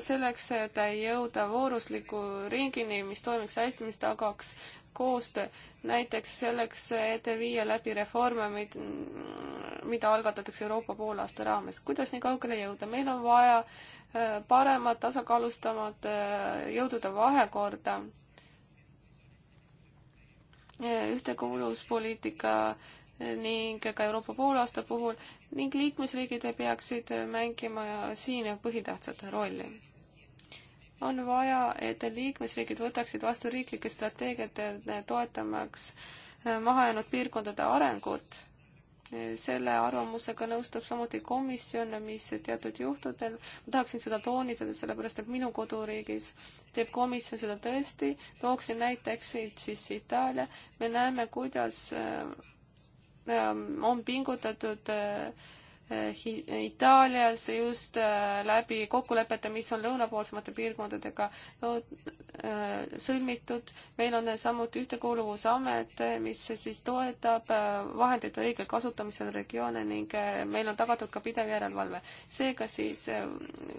selleks, et jõuda voorusliku ringini, mis toimiks hästi, mis tagaks koostöö, näiteks selleks, et viia läbi reforme, mida algatatakse Euroopa poolaasta raames. kuidas nii kaugele jõuda? meil on vaja äh, paremat, tasakaalustamat äh, jõudude vahekorda. Äh, ühtekuuluvuspoliitika ning ka Euroopa poolaasta puhul ning liikmesriigid peaksid mängima siin põhitähtsat rolli on vaja, et liikmesriigid võtaksid vastu riiklikke strateegiaid eh, toetamaks eh, mahajäänud piirkondade arengut. selle arvamusega nõustub samuti komisjon, mis teatud juhtudel, ma tahaksin seda toonitada, sellepärast et minu koduriigis teeb komisjon seda tõesti, tooksin näiteks siis Itaalia, me näeme, kuidas eh, on pingutatud äh, Eh, Itaalias just eh, läbi kokkulepete, mis on lõunapoolsemate piirkondadega eh, sõlmitud. meil on samuti Ühtekuuluvusamet, mis siis toetab vahendite õigel kasutamisel regioone ning meil on tagatud ka pidev järelevalve. seega siis,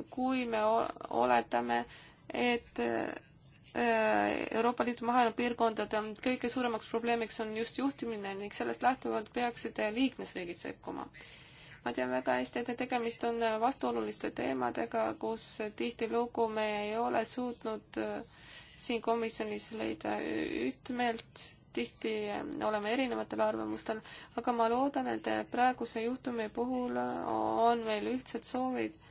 kui me oletame, et Euroopa Liidu maailma piirkondade kõige suuremaks probleemiks on just juhtimine ning sellest lähtuvalt peaksid liikmesriigid sekkuma ma tean väga hästi, et tegemist on vastuoluliste teemadega, kus tihtilugu me ei ole suutnud äh, siin komisjonis leida ühtmeelt, tihti äh, oleme erinevatel arvamustel, aga ma loodan, et praeguse juhtumi puhul äh, on meil ühtsed soovid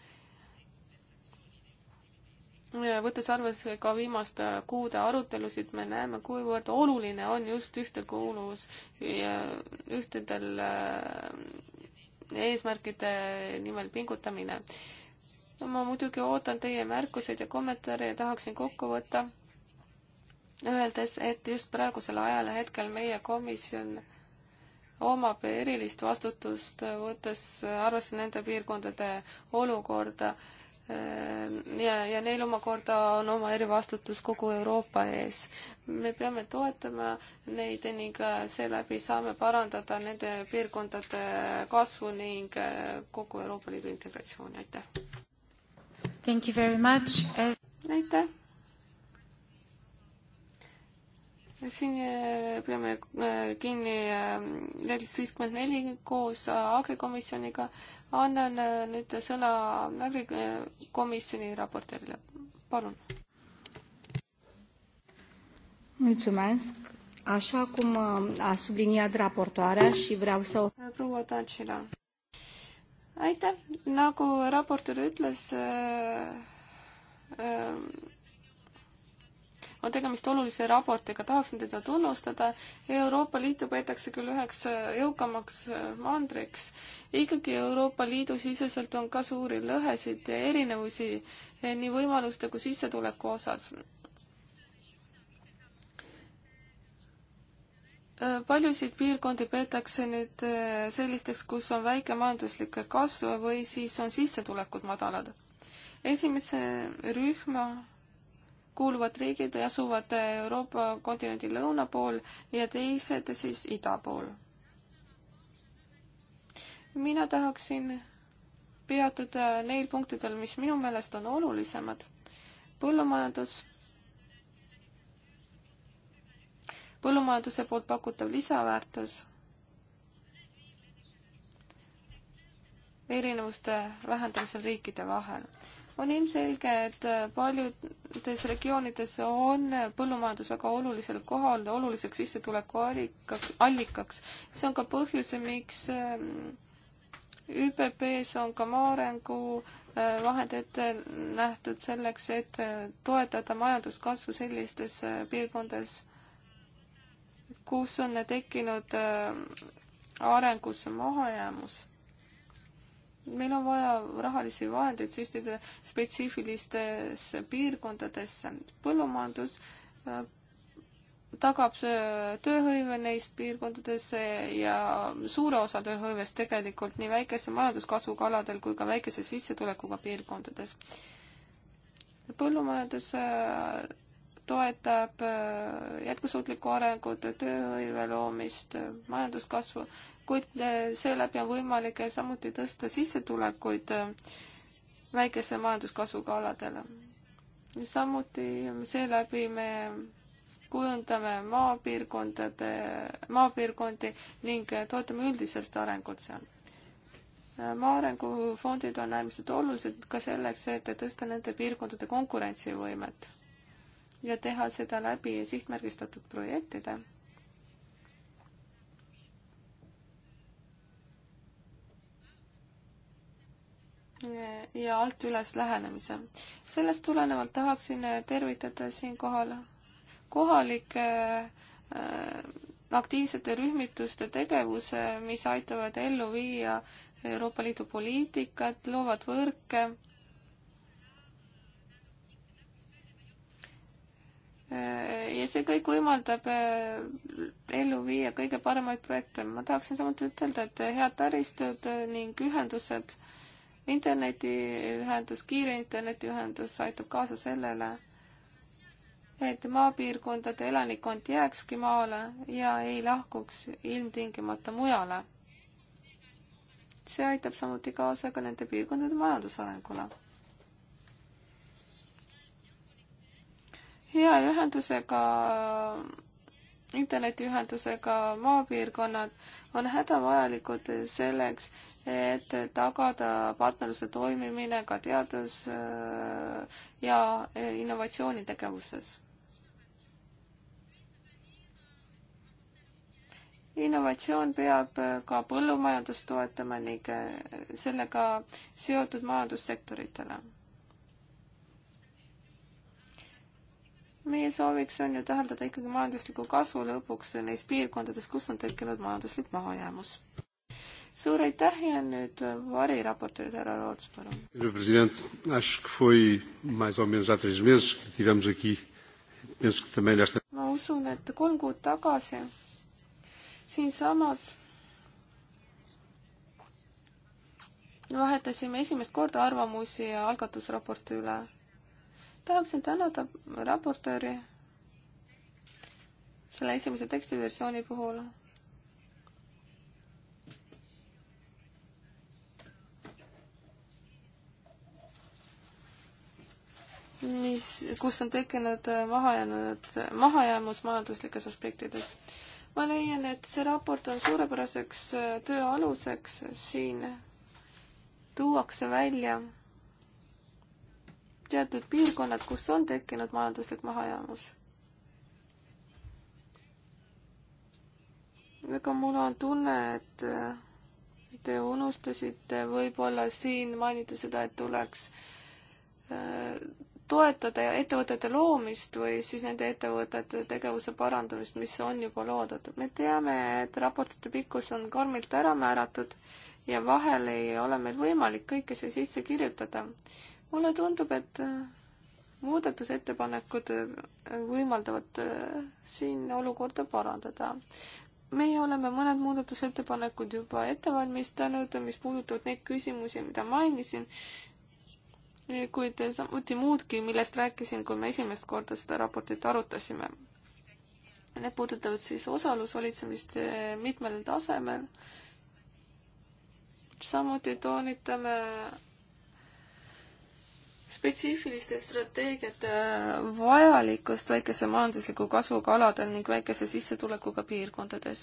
võttes arvesse ka viimaste kuude arutelusid, me näeme, kuivõrd oluline on just ühtekuuluvus ühtedel eesmärkide nimel pingutamine. ma muidugi ootan teie märkuseid ja kommentaare ja tahaksin kokku võtta, öeldes, et just praegusel ajal ja hetkel meie komisjon omab erilist vastutust, võttes arvesse nende piirkondade olukorda Ehm, ja, ja neil omakorda on oma erivastutus kogu Euroopa ees. me peame toetama neid ning äh, seeläbi saame parandada nende piirkondade äh, kasvu ning äh, kogu Euroopa Liidu integratsiooni, aitäh! aitäh! siin äh, peame äh, kinni äh, reeglist viiskümmend neli koos agrikomisjoniga. annan nüüd sõna agrikomisjoni raportöörile, palun. mulțumesc. Așa cum a subliniat raportoarea și vreau să o... Proua Tancila. Aitäh, nagu raportöör ütles äh,, äh, on tegemist olulise raportiga, tahaksin teda tunnustada. Euroopa Liitu peetakse küll üheks äh, jõukamaks äh, mandriks, ikkagi Euroopa Liidu siseselt on ka suuri lõhesid ja erinevusi eh, nii võimaluste kui sissetuleku osas äh, paljusid piirkondi peetakse nüüd sellisteks, kus on väike majanduslik kasv või siis on sissetulekud madalad. esimese rühma kuuluvad riigid asuvad Euroopa kontinendi lõuna pool ja teised siis ida pool. mina tahaksin peatuda neil punktidel, mis minu meelest on olulisemad. põllumajandus, põllumajanduse poolt pakutav lisaväärtus, erinevuste vähendamisel riikide vahel on ilmselge, et paljudes regioonides on põllumajandus väga olulisel kohal, oluliseks sissetuleku allikaks, allikaks. see on ka põhjus, miks ähm, ÜPP-s on ka maaarengu äh, vahend ette nähtud selleks, et äh, toetada majanduskasvu sellistes äh, piirkondades, kus on tekkinud arengusse mahajäämus meil on vaja rahalisi vahendeid süstida spetsiifilistesse piirkondadesse. põllumajandus äh, tagab tööhõive neis piirkondades äh, ja suure osa tööhõivest tegelikult nii väikese majanduskasvuga aladel kui ka väikese sissetulekuga piirkondades. põllumajandus äh, toetab jätkusuutlikku arengut, tööhõive loomist, majanduskasvu kuid e, seeläbi on võimalik samuti tõsta sissetulekuid e, väikese majanduskasvuga aladele. samuti seeläbi me kujundame maapiirkondade, maapiirkondi ning toetame üldiselt arengut seal. E, maarengufondid on äärmiselt olulised ka selleks, et tõsta nende piirkondade konkurentsivõimet ja teha seda läbi sihtmärgistatud projektide ja alt üles lähenemise. sellest tulenevalt tahaksin tervitada siinkohal kohalike äh, aktiivsete rühmituste tegevuse, mis aitavad ellu viia Euroopa Liidu poliitikat, loovad võrke, äh, ja see kõik võimaldab äh, ellu viia kõige paremaid projekte. ma tahaksin samuti ütelda, et head taristud ning ühendused äh, internetiühendus, kiire internetiühendus aitab kaasa sellele, et maapiirkondade elanikkond jääkski maale ja ei lahkuks ilmtingimata mujale. see aitab samuti kaasa ka nende piirkondade majandusarengule. hea ühendusega, internetiühendusega maapiirkonnad on hädavajalikud selleks, et tagada partnerluse toimimine ka teadus- äh, ja äh, innovatsioonitegevuses. innovatsioon peab äh, ka põllumajandust toetama ning sellega seotud majandussektoritele. meie sooviks on ju täheldada ikkagi majanduslikku kasu lõpuks neis piirkondades, kus on tekkinud majanduslik mahajäämus suur aitäh ja nüüd variraportöörid, härra Roots, palun. härra president, acho que foi mais ou menos há três meses que tivemos aqui, penso que também nesta. ma usun, et kolm kuud tagasi siinsamas vahetasime esimest korda arvamusi algatusraporti üle. tahaksin tänada raportööri selle esimese tekstiversiooni puhul mis, kus on tekkinud äh, mahajäänud, mahajäämus majanduslikes aspektides. ma leian, et see raport on suurepäraseks äh, töö aluseks, siin tuuakse välja teatud piirkonnad, kus on tekkinud majanduslik mahajäämus. aga mul on tunne, et äh, te unustasite võib-olla siin mainida seda, et tuleks toetada ettevõtete loomist või siis nende ettevõtete tegevuse parandamist, mis on juba loodud. me teame, et raportite pikkus on karmilt ära määratud ja vahel ei ole meil võimalik kõike siia sisse kirjutada. mulle tundub, et äh, muudatusettepanekud äh, võimaldavad äh, siin olukorda parandada meie oleme mõned muudatusettepanekud juba ette valmistanud, mis puudutavad neid küsimusi, mida mainisin kuid samuti muudki, millest rääkisin, kui me esimest korda seda raportit arutasime. Need puudutavad siis osalusvalitsemist eh, mitmel tasemel. samuti toonitame spetsiifiliste strateegiate eh, vajalikkust väikese majandusliku kasvuga aladel ning väikese sissetulekuga piirkondades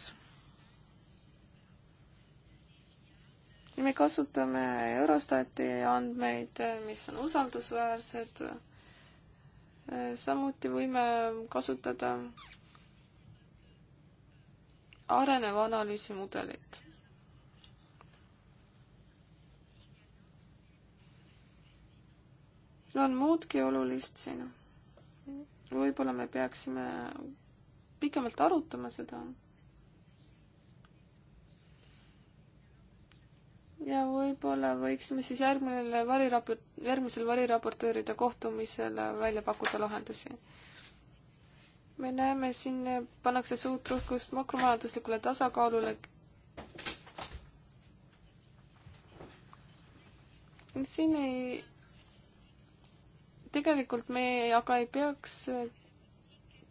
ja me kasutame Eurostati andmeid, mis on usaldusväärsed. samuti võime kasutada areneva analüüsi mudelit. on muudki olulist siin. võib-olla me peaksime pikemalt arutama seda ja võib-olla võiksime siis järgmine variraport, järgmisel variraportööride kohtumisel välja pakkuda lahendusi. me näeme siin, pannakse suurt rõhkust makromajanduslikule tasakaalule. siin ei, tegelikult me ei, aga ei peaks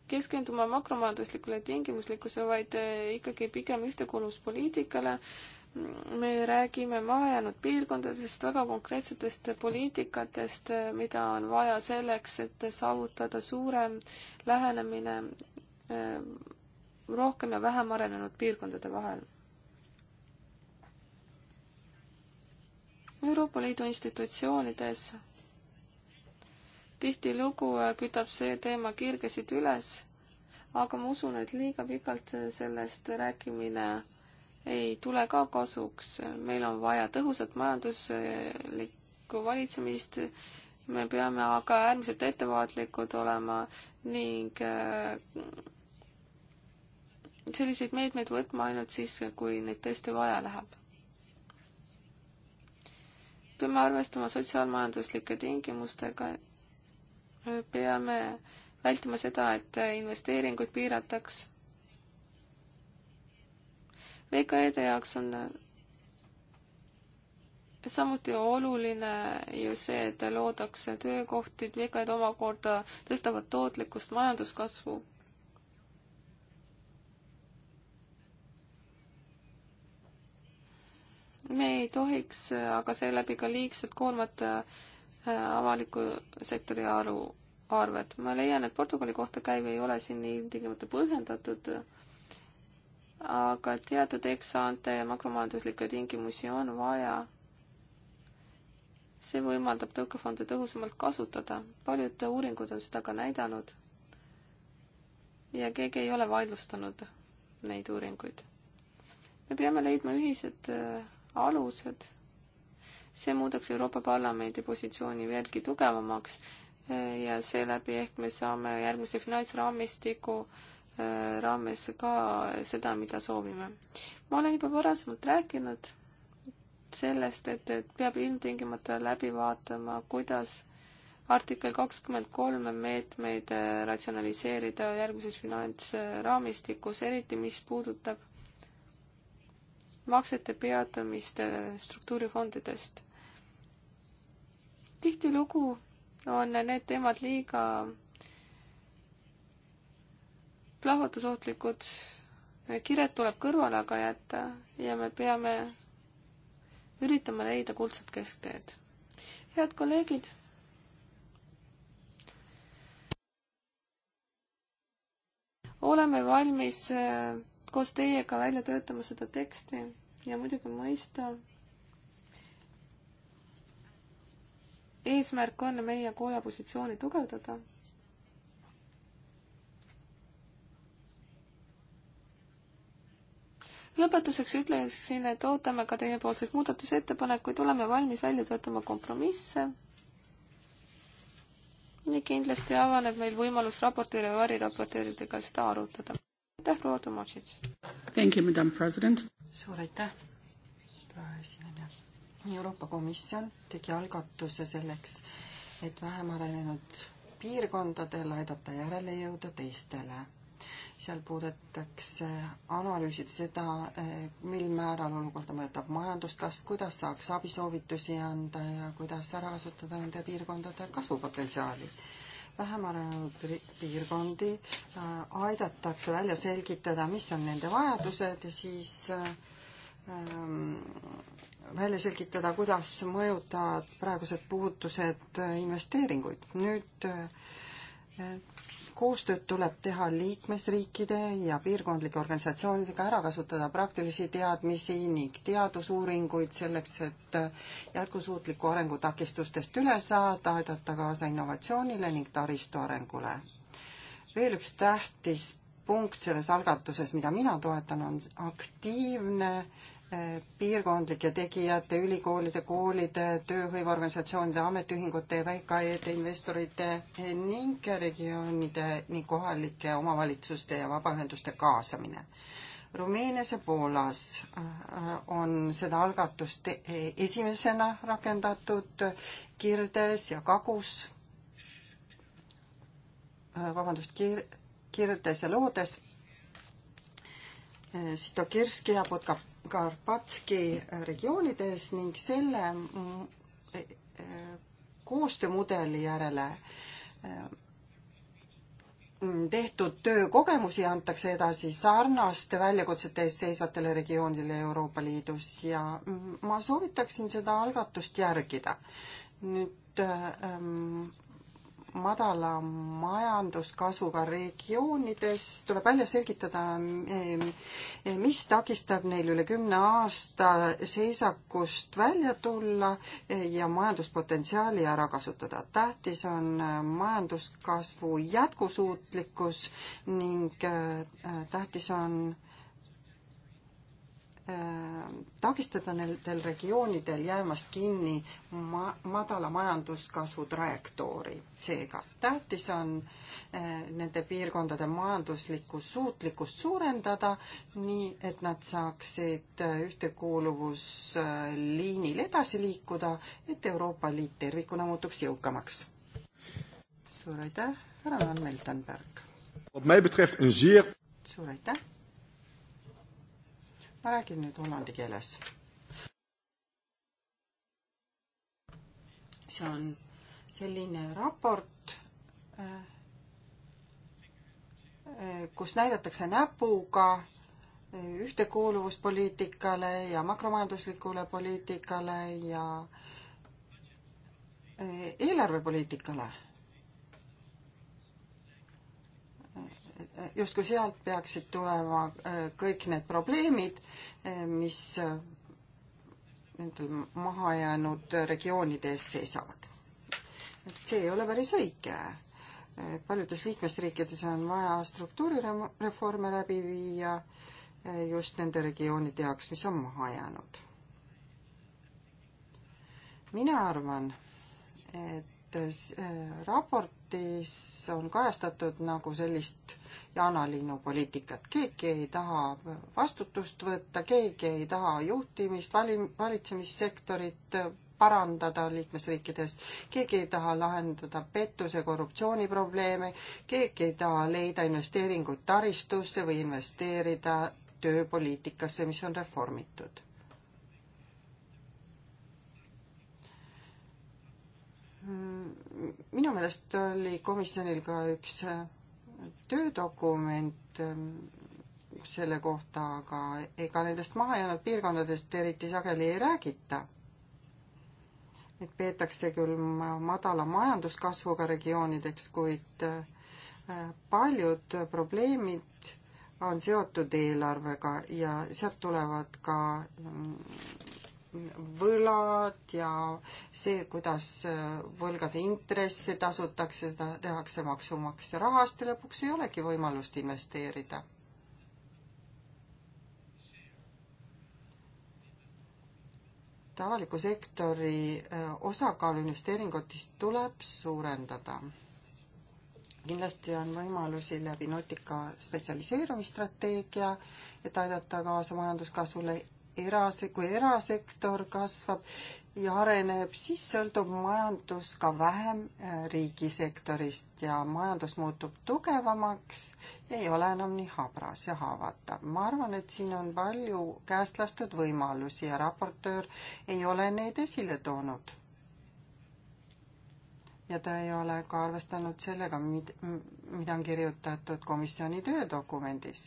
keskenduma makromajanduslikule tingimuslikkuse, vaid ikkagi pigem ühtekuuluvuspoliitikale me räägime mahajäänud piirkondadest, väga konkreetsetest poliitikatest, mida on vaja selleks, et saavutada suurem lähenemine eh, rohkem ja vähem arenenud piirkondade vahel. Euroopa Liidu institutsioonides tihtilugu eh, kütab see teema kirgesid üles, aga ma usun, et liiga pikalt sellest rääkimine ei tule ka kasuks. meil on vaja tõhusat majanduslikku valitsemist, me peame aga äärmiselt ettevaatlikud olema ning äh, selliseid meetmeid võtma ainult siis, kui neid tõesti vaja läheb. peame arvestama sotsiaalmajanduslike tingimustega, peame vältima seda, et investeeringuid piirataks VKE-de jaoks on samuti oluline ju see, et loodakse töökohti, VKE-d omakorda tõstavad tootlikkust, majanduskasvu. me ei tohiks aga seeläbi ka liigselt koormata äh, avaliku sektori aru, arvet. ma leian, et Portugali kohta käiv ei ole siin ilmtingimata põhjendatud aga teatud eksante ja makromajanduslikke tingimusi on vaja. see võimaldab tõukefonde tõhusamalt kasutada, paljud uuringud on seda ka näidanud. ja keegi ei ole vaidlustanud neid uuringuid. me peame leidma ühised äh, alused. see muudaks Euroopa Parlamendi positsiooni veelgi tugevamaks äh, ja seeläbi ehk me saame järgmise finantsraamistiku äh, raames ka seda, mida soovime. ma olen juba varasemalt rääkinud sellest, et, et peab ilmtingimata läbi vaatama, kuidas artikkel kakskümmend kolm meetmeid ratsionaliseerida järgmises finantsraamistikus, eriti mis puudutab maksete peatamist struktuurifondidest. tihtilugu on need teemad liiga plahvatusohtlikud kired tuleb kõrvale aga jätta ja me peame üritama leida kuldset keskteed. head kolleegid. oleme valmis äh, koos teiega välja töötama seda teksti ja muidugi mõista. eesmärk on meie koja positsiooni tugevdada lõpetuseks ütleksin, et ootame ka teiepoolseid muudatusettepanekuid, oleme valmis välja töötama kompromisse. ja kindlasti avaneb meil võimalus raportööri ja variraportööridega seda arutada. aitäh, proua Tomašits! suur aitäh, proua esineja! Euroopa Komisjon tegi algatuse selleks, et vähem arenenud piirkondadel aidata järele jõuda teistele seal puudutakse analüüsida seda, mil määral olukorda mõjutab majanduskasv, kuidas saaks abisoovitusi anda ja kuidas ära kasutada nende piirkondade kasvupotentsiaali. vähem arenenud piirkondi äh, aidatakse välja selgitada, mis on nende vajadused ja siis ähm, välja selgitada, kuidas mõjutavad praegused puudused äh, investeeringuid. nüüd äh, koostööd tuleb teha liikmesriikide ja piirkondlike organisatsioonidega, ära kasutada praktilisi teadmisi ning teadusuuringuid selleks, et jätkusuutliku arengu takistustest üle saada, aidata kaasa innovatsioonile ning taristu arengule. veel üks tähtis punkt selles algatuses, mida mina toetan, on aktiivne piirkondlike tegijate, ülikoolide, koolide, tööhõiveorganisatsioonide, ametiühingute ja väikeaiade investorite ning regioonide ning kohalike omavalitsuste ja vabaühenduste kaasamine. Rumeenias ja Poolas äh, on seda algatust e-, esimesena rakendatud Kirdes ja Kagus, äh, vabandust, Kirdes ja Loodes äh, Sitokirski ja Putka Karpatski regioonides ning selle eh, eh, koostöömudeli järele eh, tehtud töökogemusi antakse edasi sarnaste väljakutsete ees seisvatele regioonidele Euroopa Liidus ja mm, ma soovitaksin seda algatust järgida. nüüd ähm, madala majanduskasvuga regioonides tuleb välja selgitada, mis takistab neil üle kümne aasta seisakust välja tulla ja majanduspotentsiaali ära kasutada. tähtis on äh, majanduskasvu jätkusuutlikkus ning äh, äh, tähtis on takistada nendel regioonidel jäämast kinni ma-, madala majanduskasvu trajektoori. seega tähtis on eh, nende piirkondade majanduslikku suutlikkust suurendada, nii et nad saaksid eh, ühtekuuluvusliinil edasi liikuda, et Euroopa Liit tervikuna muutuks jõukamaks. suur aitäh, härra Ann Meltenberg! suur aitäh! ma räägin nüüd hollandi keeles. see on selline raport, äh, äh, kus näidatakse näpuga äh, ühtekuuluvuspoliitikale ja makromajanduslikule poliitikale ja eelarvepoliitikale justkui sealt peaksid tulema äh, kõik need probleemid, äh, mis äh, nendel mahajäänud regioonides seisavad. et see ei ole päris õige. paljudes liikmesriikides on vaja struktuurireforme läbi viia just nende regioonide jaoks, mis on maha jäänud. mina arvan, et raportis on kajastatud nagu sellist jaanalinnu poliitikat. keegi ei taha vastutust võtta, keegi ei taha juhtimist, vali-, valitsemissektorit parandada liikmesriikides, keegi ei taha lahendada pettuse, korruptsiooni probleeme, keegi ei taha leida investeeringuid taristusse või investeerida tööpoliitikasse, mis on reformitud mm, minu meelest oli komisjonil ka üks töödokument ähm, selle kohta, aga ega nendest mahajäänud piirkondadest eriti sageli ei räägita. Neid peetakse küll madala majanduskasvuga regioonideks, kuid äh, paljud probleemid on seotud eelarvega ja sealt tulevad ka mm, võlad ja see, kuidas äh, võlgade intresse tasutakse, seda tehakse maksumaksja rahast ja lõpuks ei olegi võimalust investeerida. et avaliku sektori äh, osakaalu investeeringutest tuleb suurendada. kindlasti on võimalusi läbi Nutika spetsialiseerumisstrateegia, et aidata kaasa majanduskasvule erase-, kui erasektor kasvab ja areneb, siis sõltub majandus ka vähem äh, riigisektorist ja majandus muutub tugevamaks, ei ole enam nii habras ja haavatav. ma arvan, et siin on palju käest lastud võimalusi ja raportöör ei ole neid esile toonud. ja ta ei ole ka arvestanud sellega, mida on kirjutatud komisjoni töödokumendis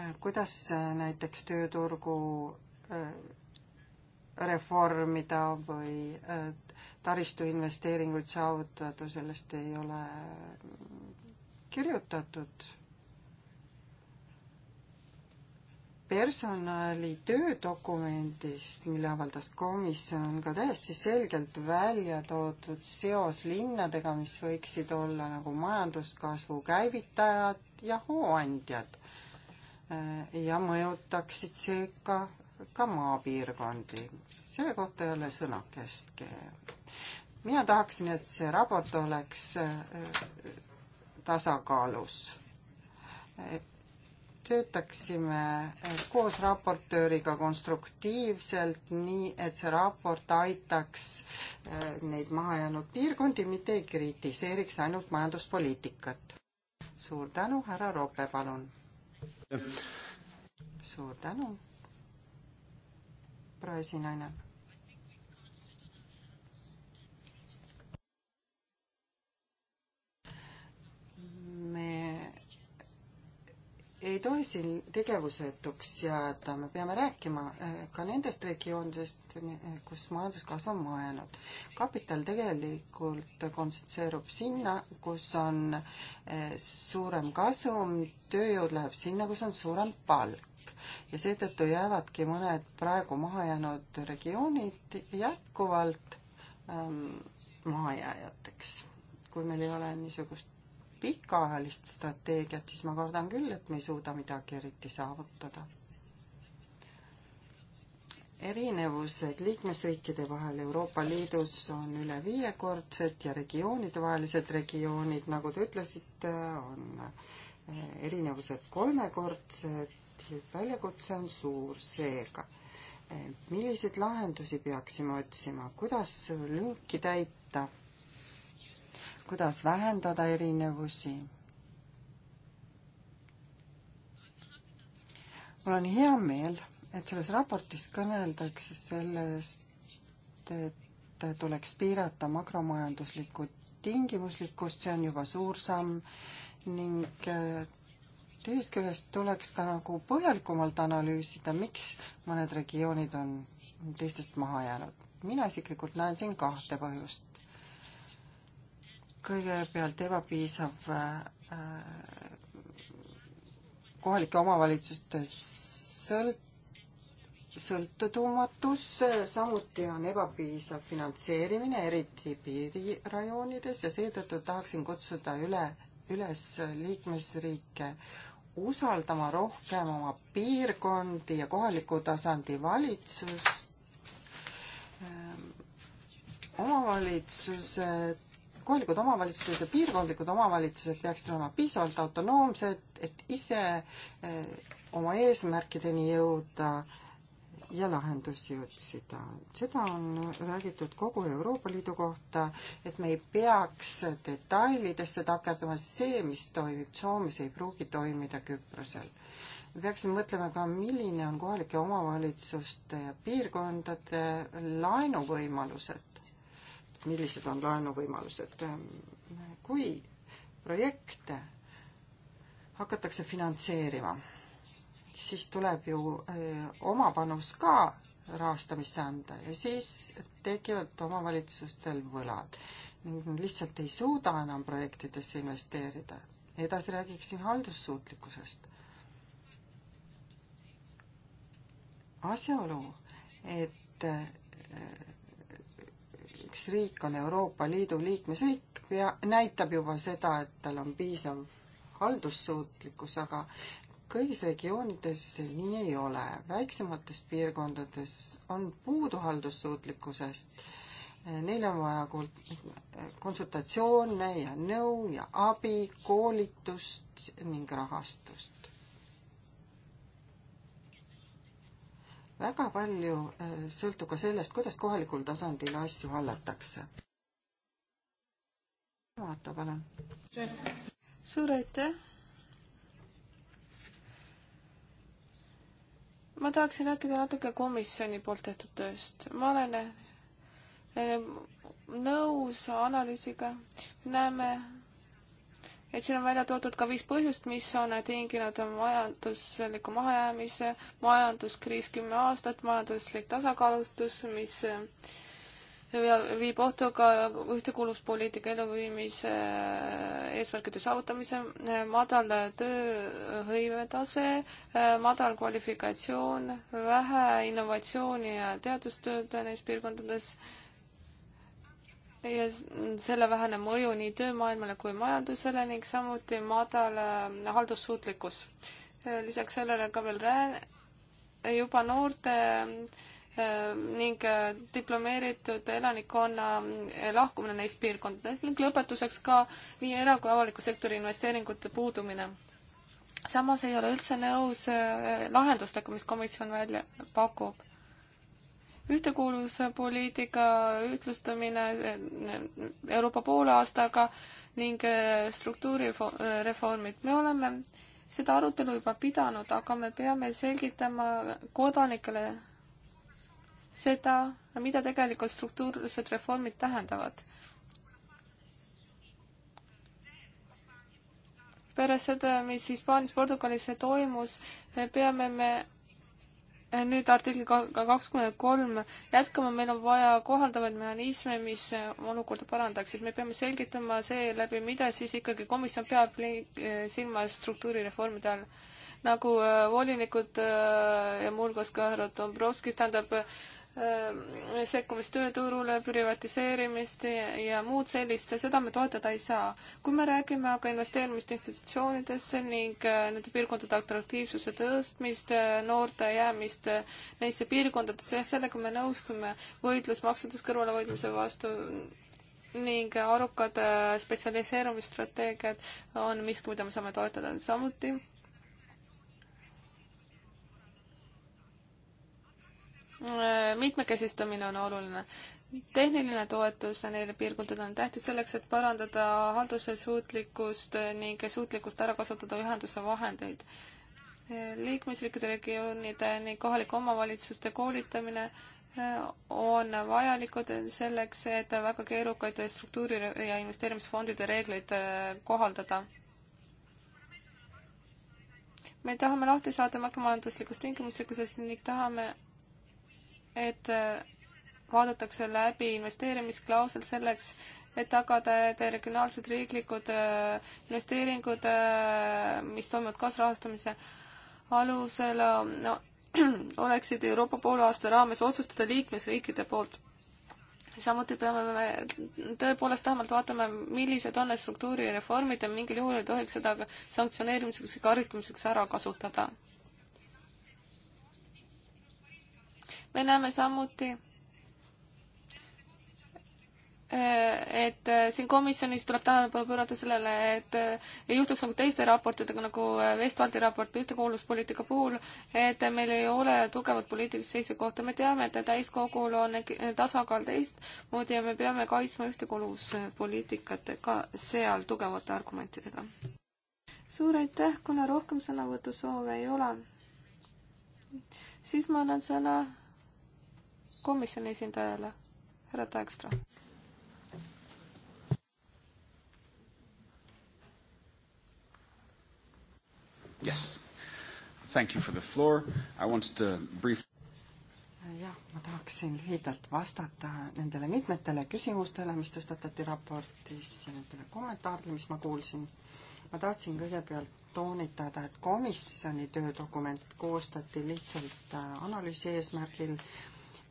Äh, kuidas äh, näiteks tööturgu äh, reformida või taristuinvesteeringuid saavutada, sellest ei ole kirjutatud. personali töödokumendist, mille avaldas komisjon, on ka täiesti selgelt välja toodud seos linnadega, mis võiksid olla nagu majanduskasvu käivitajad ja hooandjad Äh, ja mõjutaksid seega ka, ka maapiirkondi. selle kohta ei ole sõnakestki. mina tahaksin, et see raport oleks äh, tasakaalus. Äh, töötaksime koos raportööriga konstruktiivselt, nii et see raport aitaks neid mahajäänud piirkondi, mitte ei kritiseeriks ainult majanduspoliitikat. suur tänu, härra Rope, palun suur tänu, proua esinaine ei tohi siin tegevusetuks jääda, me peame rääkima äh, ka nendest regioonidest, kus majanduskasv on maelnud. kapital tegelikult kontsentreerub sinna, kus on äh, suurem kasum, tööjõud läheb sinna, kus on suurem palk ja seetõttu jäävadki mõned praegu mahajäänud regioonid jätkuvalt ähm, mahajääjateks, kui meil ei ole niisugust pikaajalist strateegiat, siis ma kardan küll, et me ei suuda midagi eriti saavutada. erinevused liikmesriikide vahel Euroopa Liidus on üle viiekordsed ja regioonide vahelised regioonid, nagu te ütlesite, on eh, erinevused kolmekordsed, väljakutse on suur, seega eh, milliseid lahendusi peaksime otsima, kuidas lünki täita? kuidas vähendada erinevusi. mul on hea meel, et selles raportis kõneldakse sellest, et tuleks piirata makromajanduslikku tingimuslikkust, see on juba suur samm ning teisest küljest tuleks ka nagu põhjalikumalt analüüsida, miks mõned regioonid on teistest maha jäänud. mina isiklikult näen siin kahte põhjust kõigepealt ebapiisav äh, kohalike omavalitsuste sõlt-, sõltumatus, samuti on ebapiisav finantseerimine, eriti piirirajoonides ja seetõttu tahaksin kutsuda üle, üles liikmesriike usaldama rohkem oma piirkondi ja kohaliku tasandi valitsust. Äh, omavalitsused kohalikud omavalitsused ja piirkondlikud omavalitsused peaksid olema piisavalt autonoomsed, et ise eh, oma eesmärkideni jõuda ja lahendusi otsida. seda on räägitud kogu Euroopa Liidu kohta, et me ei peaks detailidesse takerduma, see, mis toimib Soomes, ei pruugi toimida Küprosel me peaksime mõtlema ka, milline on kohalike omavalitsuste ja piirkondade laenuvõimalused millised on laenuvõimalused. Ehm, kui projekte hakatakse finantseerima, siis tuleb ju eh, oma panus ka rahastamisse anda ja siis tekivad omavalitsustel võlad. Nad lihtsalt ei suuda enam projektidesse investeerida. edasi räägiksin haldussuutlikkusest. asjaolu, et eh, üks riik on Euroopa Liidu liikmesriik ja näitab juba seda, et tal on piisav haldussuutlikkus, aga kõigis regioonides see nii ei ole. väiksemates piirkondades on puudu haldussuutlikkusest. Neil on vaja konsultatsioone ja nõu ja abi, koolitust ning rahastust väga palju äh, sõltub ka sellest, kuidas kohalikul tasandil asju hallatakse. vaata, palun. suur aitäh. ma tahaksin rääkida natuke komisjoni poolt tehtud tööst. ma olen äh, nõus analüüsiga, näeme et siin on välja toodud ka viis põhjust, mis on tinginud majandusliku mahajäämise, majanduskriis kümme aastat, majanduslik tasakaalutus, mis viib ohtu ka ühtekuuluvuspoliitika elluviimise äh, eesmärkide saavutamise, äh, madal tööhõive tase, äh, madal kvalifikatsioon, vähe innovatsiooni ja teadustööd neis piirkondades ja selle vähene mõju nii töömaailmale kui majandusele ning samuti madal haldussuutlikkus. lisaks sellele ka veel rää-, juba noorte ning diplomeeritud elanikkonna lahkumine neist piirkondadest ning lõpetuseks ka nii era- kui avaliku sektori investeeringute puudumine. samas ei ole üldse nõus lahendustega, mis komisjon välja pakub ühtekuuluvuspoliitika ühtlustamine eh, Euroopa poolaastaga ning eh, struktuurireformid. me oleme seda arutelu juba pidanud, aga me peame selgitama kodanikele seda, mida tegelikult struktuursed reformid tähendavad. pärast seda, mis Hispaanias, Portugalis toimus, peame me Eh, nüüd artikli kakskümmend kolm jätkama, meil on vaja kohaldavaid mehhanisme, mis eh, olukorda parandaksid. me peame selgitama seeläbi, mida siis ikkagi komisjon peab eh, silmas struktuurireformide all. nagu volinikud ja muuhulgas ka härra Dombrovskis, tähendab, sekkumist tööturule, privatiseerimist ja muud sellist, seda me toetada ei saa. kui me räägime aga investeerimist institutsioonidesse ning nende piirkondade atraktiivsuse tõstmist, noorte jäämist neisse piirkondadesse, sellega me nõustume, võitlus maksudest kõrvalehoidmise vastu ning arukad spetsialiseerumisstrateegiad on miski, mida me saame toetada samuti Äh, mitmekesistamine on oluline. tehniline toetus neile piirkondadele on tähtis selleks, et parandada halduse suutlikkust ning suutlikkust ära kasutada ühenduse vahendeid. Äh, liikmesriikide regioonide ning kohalike omavalitsuste koolitamine äh, on vajalikud selleks, et väga keerukaid struktuuri- ja investeerimisfondide reegleid kohaldada me tahame lahti saada makromajanduslikust tingimuslikkusest ning tahame et äh, vaadatakse läbi investeerimisklausel selleks, et tagada, et regionaalsed riiklikud äh, investeeringud, äh, mis toimuvad kaasrahastamise alusel no,, oleksid Euroopa poolaasta raames otsustada liikmesriikide poolt. samuti peame me tõepoolest vähemalt vaatama, millised on need struktuurireformid ja mingil juhul ei tohiks seda sanktsioneerimiseks ja karistamiseks ära kasutada me näeme samuti, eh, et eh, siin komisjonis tuleb tähelepanu pöörata sellele, et eh, ei juhtuks nagu teiste raportitega, nagu Vestvaldi raport ühtekuuluvuspoliitika puhul, et meil ei ole tugevat poliitilist seisukohta. me teame, et täiskogul on tasakaal teistmoodi ja me peame kaitsma ühtekuuluvuspoliitikat ka seal tugevate argumentidega. suur aitäh, kuna rohkem sõnavõtusoove ei ole, siis ma annan sõna komisjoni esindajale, härra Taekstra. Yes. Thank you for the floor. I wanted to brief- jah, ma tahaksin lühidalt vastata nendele mitmetele küsimustele, mis tõstatati raportis ja nendele kommentaaridele, mis ma kuulsin. ma tahtsin kõigepealt toonitada, et komisjoni töödokument koostati lihtsalt äh, analüüsi eesmärgil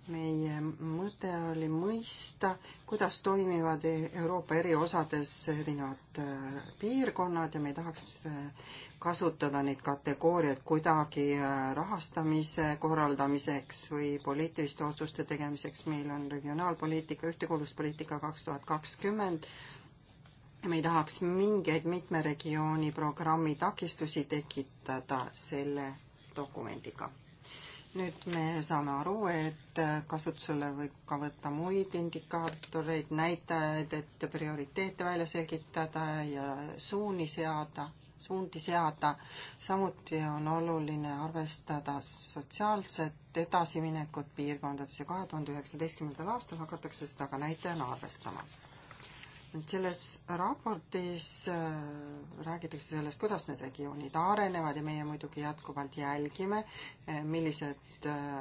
meie mõte oli mõista, kuidas toimivad Euroopa eri osades erinevad äh, piirkonnad ja me tahaks äh, kasutada neid kategooriaid kuidagi äh, rahastamise korraldamiseks või poliitiliste otsuste tegemiseks. meil on regionaalpoliitika, ühtekuuluvuspoliitika kaks tuhat kakskümmend. me ei tahaks mingeid mitme regiooni programmi takistusi tekitada selle dokumendiga nüüd me saame aru, et kasutusele võib ka võtta muid indikaatoreid, näitajaid, et prioriteete välja selgitada ja suuni seada, suundi seada. samuti on oluline arvestada sotsiaalset edasiminekut piirkondades ja kahe tuhande üheksateistkümnendal aastal hakatakse seda ka näitajana arvestama selles raportis äh, räägitakse sellest, kuidas need regioonid arenevad ja meie muidugi jätkuvalt jälgime, äh, millised äh,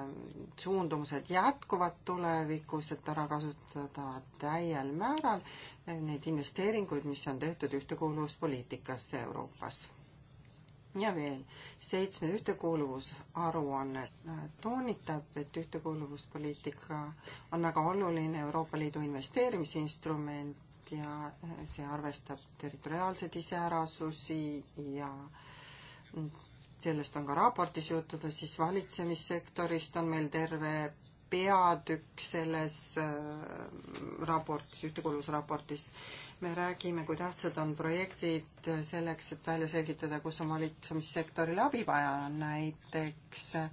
suundumused jätkuvad tulevikus, et ära kasutada täiel määral neid investeeringuid, mis on tehtud ühtekuuluvuspoliitikasse Euroopas. ja veel, seitsme ühtekuuluvusaruanne toonitab, et ühtekuuluvuspoliitika on väga oluline Euroopa Liidu investeerimisinstrument, teemat ja äh, see arvestab territoriaalseid iseärasusi ja sellest on ka raportis juttu, siis valitsemissektorist on meil terve peatükk selles äh, raportis, ühtekuuluvusraportis. me räägime, kui tähtsad on projektid selleks, et välja selgitada, kus on valitsemissektorile abi vaja, näiteks äh,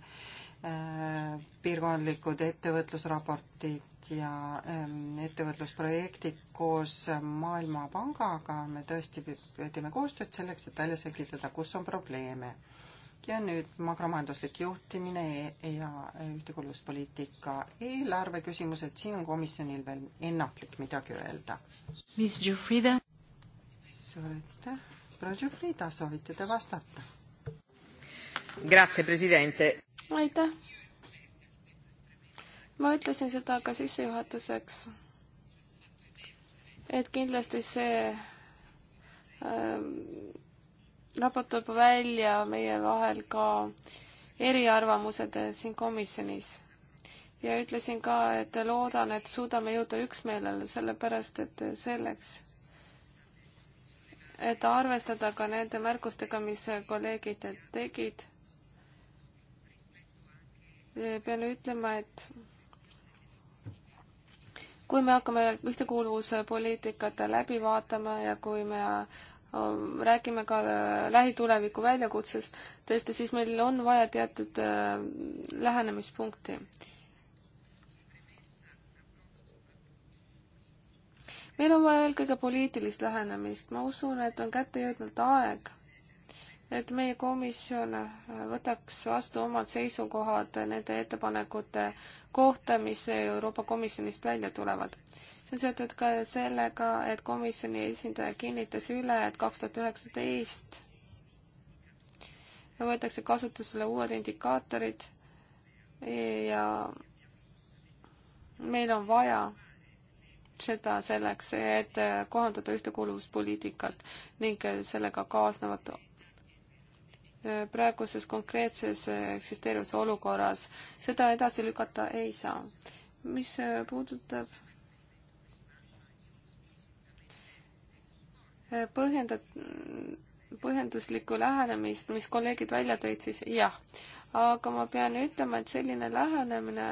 piirkondlikud ettevõtlusraportid ja ähm, ettevõtlusprojektid koos Maailmapangaga, me tõesti teeme koostööd selleks, et välja selgitada, kus on probleeme. ja nüüd makromajanduslik juhtimine ja ühtekuuluvuspoliitika eelarve küsimused, siin on komisjonil veel ennatlik midagi öelda. suur aitäh, proua Jufrida, soovite te vastata? aitäh. ma ütlesin seda ka sissejuhatuseks, et kindlasti see ähm, raputab välja meie vahel ka eriarvamused siin komisjonis. ja ütlesin ka, et loodan, et suudame jõuda üksmeelele, sellepärast et selleks, et arvestada ka nende märkustega, mis kolleegid tegid pean ütlema, et kui me hakkame ühtekuuluvuspoliitikat läbi vaatama ja kui me ähm, räägime ka äh, lähituleviku väljakutsest, tõesti, siis meil on vaja teatud äh, lähenemispunkti. meil on vaja eelkõige poliitilist lähenemist, ma usun, et on kätte jõudnud aeg, et meie komisjon võtaks vastu omad seisukohad nende ettepanekute kohta, mis Euroopa Komisjonist välja tulevad. see on seotud ka sellega, et komisjoni esindaja kinnitas üle, et kaks tuhat üheksateist võetakse kasutusele uued indikaatorid ja meil on vaja seda selleks, et kohandada ühtekuuluvuspoliitikat ning sellega kaasnevat praeguses konkreetses eksisteerivas olukorras. seda edasi lükata ei saa. mis äh, puudutab äh, põhjendat-, põhjenduslikku lähenemist, mis kolleegid välja tõid, siis jah. aga ma pean ütlema, et selline lähenemine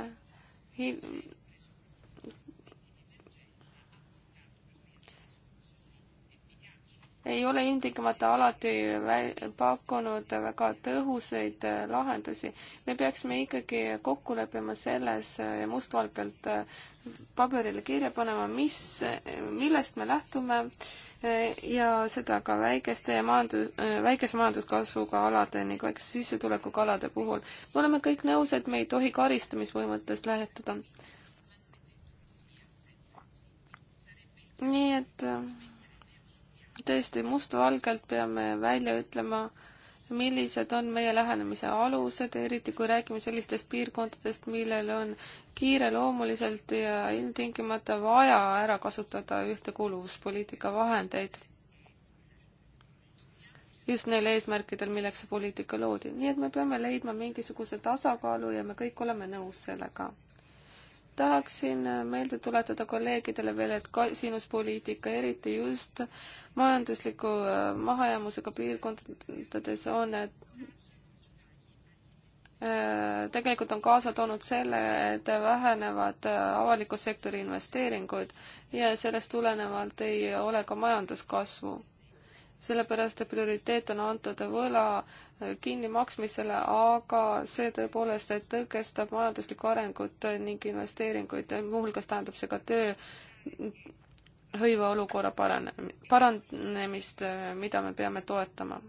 ei ole ilmtingimata alati pakkunud väga tõhusaid äh, lahendusi. me peaksime ikkagi kokku leppima selles äh, ja mustvalgelt äh, paberile kirja panema, mis, millest me lähtume ja seda ka väikeste ja majandus, väikese majanduskasvuga alade ning väikese sissetulekuga alade puhul. me oleme kõik nõus, et me ei tohi karistamisvõimetest lähtuda. nii et tõesti mustvalgelt peame välja ütlema, millised on meie lähenemise alused, eriti kui räägime sellistest piirkondadest, millel on kiireloomuliselt ja ilmtingimata vaja ära kasutada ühtekuuluvuspoliitika vahendeid. just neil eesmärkidel, milleks see poliitika loodi, nii et me peame leidma mingisuguse tasakaalu ja me kõik oleme nõus sellega tahaksin meelde tuletada kolleegidele veel, et kasinuspoliitika, eriti just majandusliku äh, mahajäämusega piirkondades on, et äh, tegelikult on kaasa toonud selle, et vähenevad äh, avaliku sektori investeeringud ja sellest tulenevalt ei ole ka majanduskasvu. sellepärast, et prioriteet on antud võla kinnimaksmisele, aga see tõepoolest tõkestab majanduslikku arengut ning investeeringuid, muuhulgas tähendab see ka töö hõive olukorra parane, paranemist, mida me peame toetama.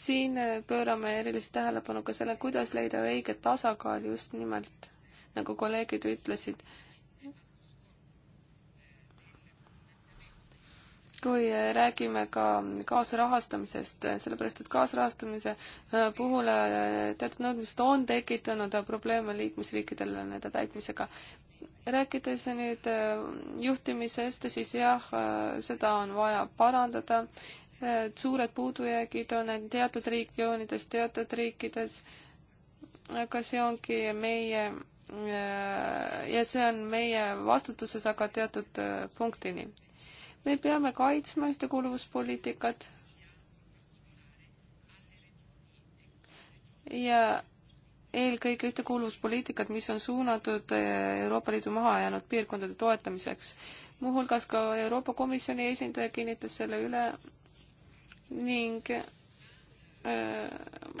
siin pöörame erilist tähelepanu ka selle, kuidas leida õige tasakaal just nimelt, nagu kolleegid ütlesid kui äh, räägime ka kaasrahastamisest, äh, sellepärast et kaasrahastamise äh, puhul teatud nõudmised on tekitanud probleeme liikmesriikidele nende täitmisega. rääkides nüüd juhtimisest, siis jah, seda on vaja parandada, suured puudujäägid on teatud regioonides, teatud riikides, aga see ongi meie ja see on meie vastutuses, aga teatud punktini me peame kaitsma ühtekuuluvuspoliitikat ja eelkõige ühtekuuluvuspoliitikat, mis on suunatud äh, Euroopa Liidu mahajäänud piirkondade toetamiseks. muuhulgas ka Euroopa Komisjoni esindaja kinnitas selle üle ning äh,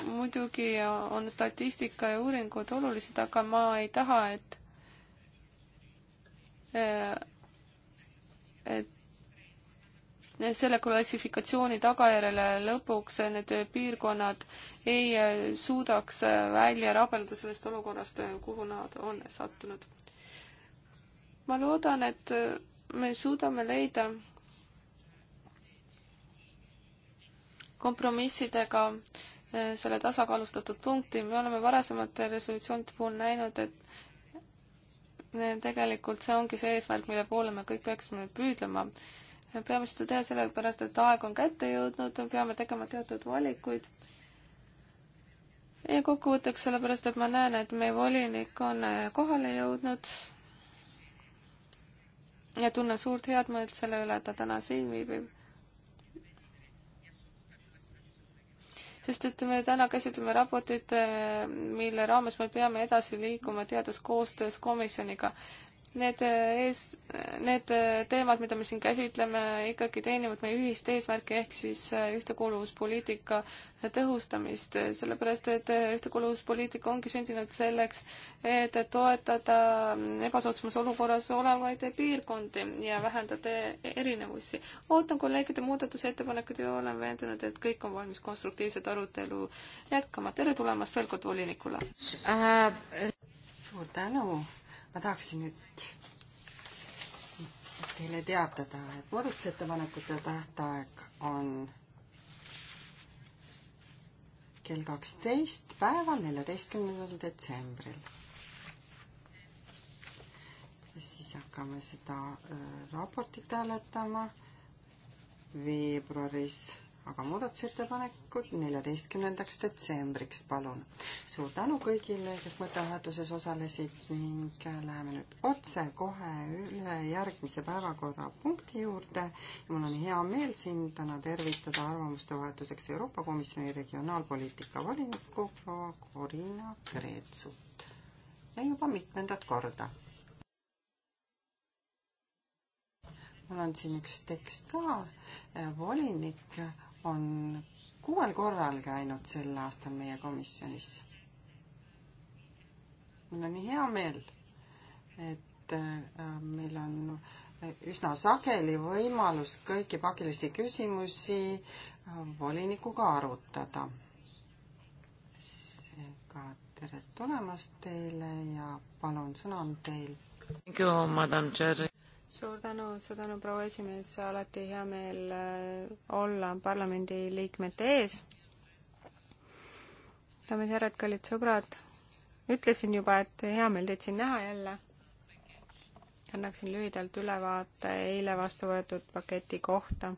muidugi on statistika ja uuringud olulised, aga ma ei taha, et äh, et selle klassifikatsiooni tagajärjel lõpuks need piirkonnad ei eh, suudaks eh, välja rabelda sellest olukorrast, eh, kuhu nad on sattunud. ma loodan, et me suudame leida kompromissidega selle tasakaalustatud punkti, me oleme varasemate resolutsioonide puhul näinud, et tegelikult see ongi see eesmärk, mille poole me kõik peaksime püüdlema me peame seda teha sellepärast, et aeg on kätte jõudnud, peame tegema teatud valikuid. ja kokkuvõtteks sellepärast, et ma näen, et meie volinik on äh, kohale jõudnud. ja tunnen suurt headmeelt selle üle, et ta täna siin viibib. sest et me täna käsitleme raportit, äh, mille raames me peame edasi liikuma teaduskoostöös komisjoniga need äh, ees, need äh, teemad, mida me siin käsitleme, ikkagi teenivad meie ühist eesmärki ehk siis äh, ühtekuuluvuspoliitika tõhustamist, sellepärast et ühtekuuluvuspoliitika ongi sündinud selleks, et toetada ebasoodsamas olukorras olevaid piirkondi ja vähendada erinevusi. ootan kolleegide muudatusettepanekuid ja olen veendunud, et kõik on valmis konstruktiivset arutelu jätkama. tere tulemast veel kord volinikule! suur tänu! ma tahaksin nüüd teile teatada, et muudatusettepanekute tähtaeg on kell kaksteist päeval, neljateistkümnendal detsembril. siis hakkame seda äh, raportit hääletama veebruaris aga muudatusettepanekud neljateistkümnendaks detsembriks, palun. suur tänu kõigile, kes mõttevahetuses osalesid ning läheme nüüd otsekohe üle järgmise päevakorrapunkti juurde. mul on hea meel sind täna tervitada arvamuste vahetuseks Euroopa Komisjoni regionaalpoliitika valiku proua Corina Kreetsut ja juba mitmendat korda mul on siin üks tekst ka, volinik on kuuel korral käinud sel aastal meie komisjonis. mul on hea meel, et äh, meil on üsna sageli võimalus kõiki pakilisi küsimusi äh, volinikuga arutada. seega tere tulemast teile ja palun, sõna on teil. Thank you, madam chair suur tänu, suur tänu, proua esimees, alati hea meel äh, olla parlamendiliikmete ees. daamid ja härrad, kallid sõbrad, ütlesin juba, et hea meel teid siin näha jälle. annaksin lühidalt ülevaate eile vastu võetud paketi kohta,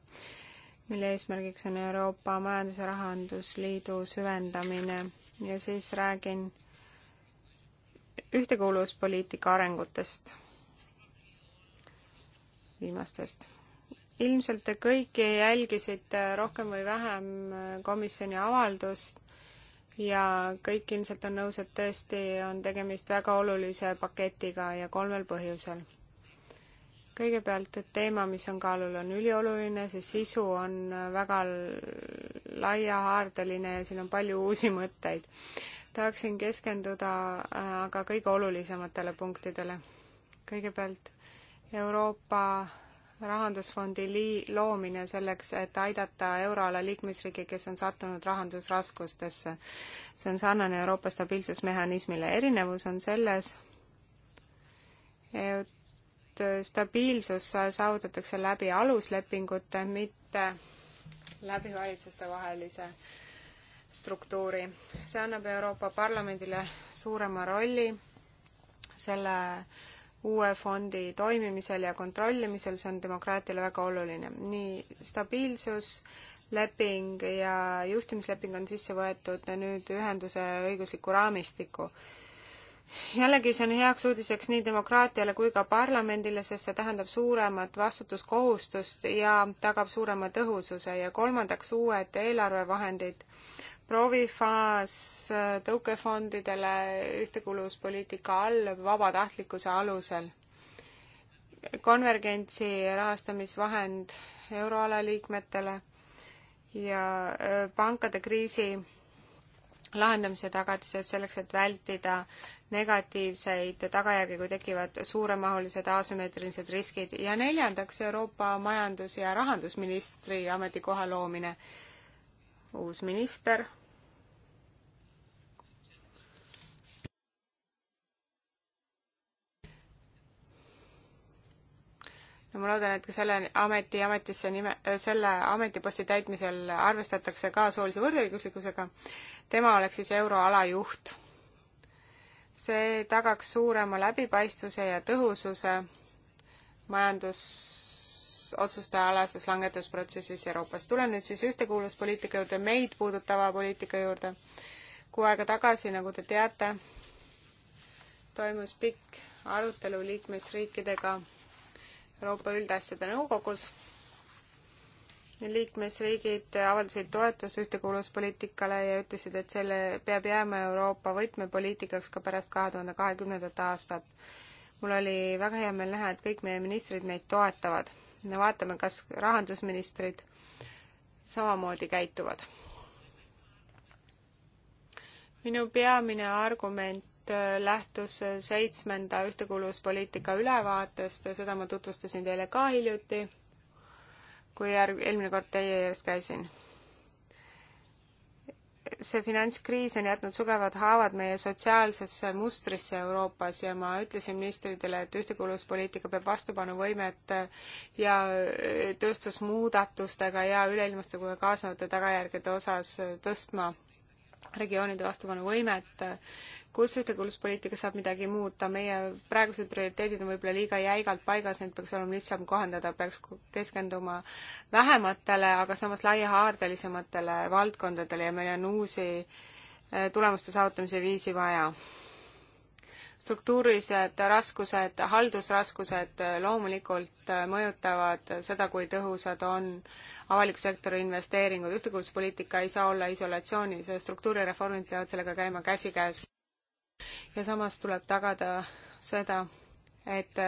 mille eesmärgiks on Euroopa Majandus- ja Rahandusliidu süvendamine ja siis räägin ühtekuuluvuspoliitika arengutest viimastest. ilmselt te kõik jälgisite rohkem või vähem komisjoni avaldust ja kõik ilmselt on nõus, et tõesti on tegemist väga olulise paketiga ja kolmel põhjusel kõigepealt, et teema, mis on kaalul, on ülioluline, see sisu on väga laiahaardeline ja siin on palju uusi mõtteid. tahaksin keskenduda äh, aga kõige olulisematele punktidele. kõigepealt Euroopa rahandusfondi lii-, loomine selleks, et aidata euroala liikmesriike, kes on sattunud rahandusraskustesse. see on sarnane Euroopa stabiilsusmehhanismile. erinevus on selles, et stabiilsus saavutatakse läbi aluslepingute, mitte läbi valitsustevahelise struktuuri. see annab Euroopa Parlamendile suurema rolli selle uue fondi toimimisel ja kontrollimisel, see on demokraatiale väga oluline. nii stabiilsusleping ja juhtimisleping on sisse võetud nüüd ühenduse õigusliku raamistiku jällegi see on heaks uudiseks nii demokraatiale kui ka parlamendile, sest see tähendab suuremat vastutuskohustust ja tagab suurema tõhususe ja kolmandaks uued eelarvevahendid proovifaas äh, tõukefondidele ühtekuuluvuspoliitika all vabatahtlikkuse alusel. konvergentsi rahastamisvahend euroala liikmetele ja äh, pankade kriisi lahendamise tagatised selleks, et vältida negatiivseid tagajärgi, kui tekivad suuremahulised asümmeetrilised riskid ja neljandaks Euroopa majandus- ja rahandusministri ametikoha loomine uus minister. no ma loodan, et ka selle ameti ametisse nime, äh, selle ametiposti täitmisel arvestatakse ka soolise võrdõiguslikkusega. tema oleks siis euroala juht. see tagaks suurema läbipaistvuse ja tõhususe majandus otsustealases langetusprotsessis Euroopas. tulen nüüd siis ühtekuuluvuspoliitika juurde, meid puudutava poliitika juurde. Kuu aega tagasi, nagu te teate, toimus pikk arutelu liikmesriikidega Euroopa Üldasjade Nõukogus. liikmesriigid avaldasid toetust ühtekuuluvuspoliitikale ja ütlesid, et selle peab jääma Euroopa võtmepoliitikaks ka pärast kahe tuhande kahekümnendat aastat. mul oli väga hea meel näha, et kõik meie ministrid meid toetavad vaatame, kas rahandusministrid samamoodi käituvad. minu peamine argument äh, lähtus seitsmenda ühtekuuluvuspoliitika ülevaatest ja seda ma tutvustasin teile ka hiljuti, kui järg-, eelmine kord teie ees käisin see finantskriis on jätnud sugevad haavad meie sotsiaalsesse mustrisse Euroopas ja ma ütlesin ministritele, et ühtekuuluvuspoliitika peab vastupanuvõimet äh, ja äh, tööstusmuudatustega ja üleilmastuga kaasnevate tagajärgede osas äh, tõstma regioonide vastupanuvõimet, kus ühtekuuluvuspoliitika saab midagi muuta, meie praegused prioriteedid on võib-olla liiga jäigalt paigas, neid peaks olema lihtsam kohandada, peaks keskenduma vähematele, aga samas laiahaardelisematele valdkondadele ja meil on uusi eh, tulemuste saavutamise viisi vaja struktuurilised raskused, haldusraskused loomulikult mõjutavad seda, kui tõhusad on avaliku sektori investeeringud. ühtekuuluvuspoliitika ei saa olla isolatsioonis, struktuurireformid peavad sellega käima käsikäes. ja samas tuleb tagada seda, et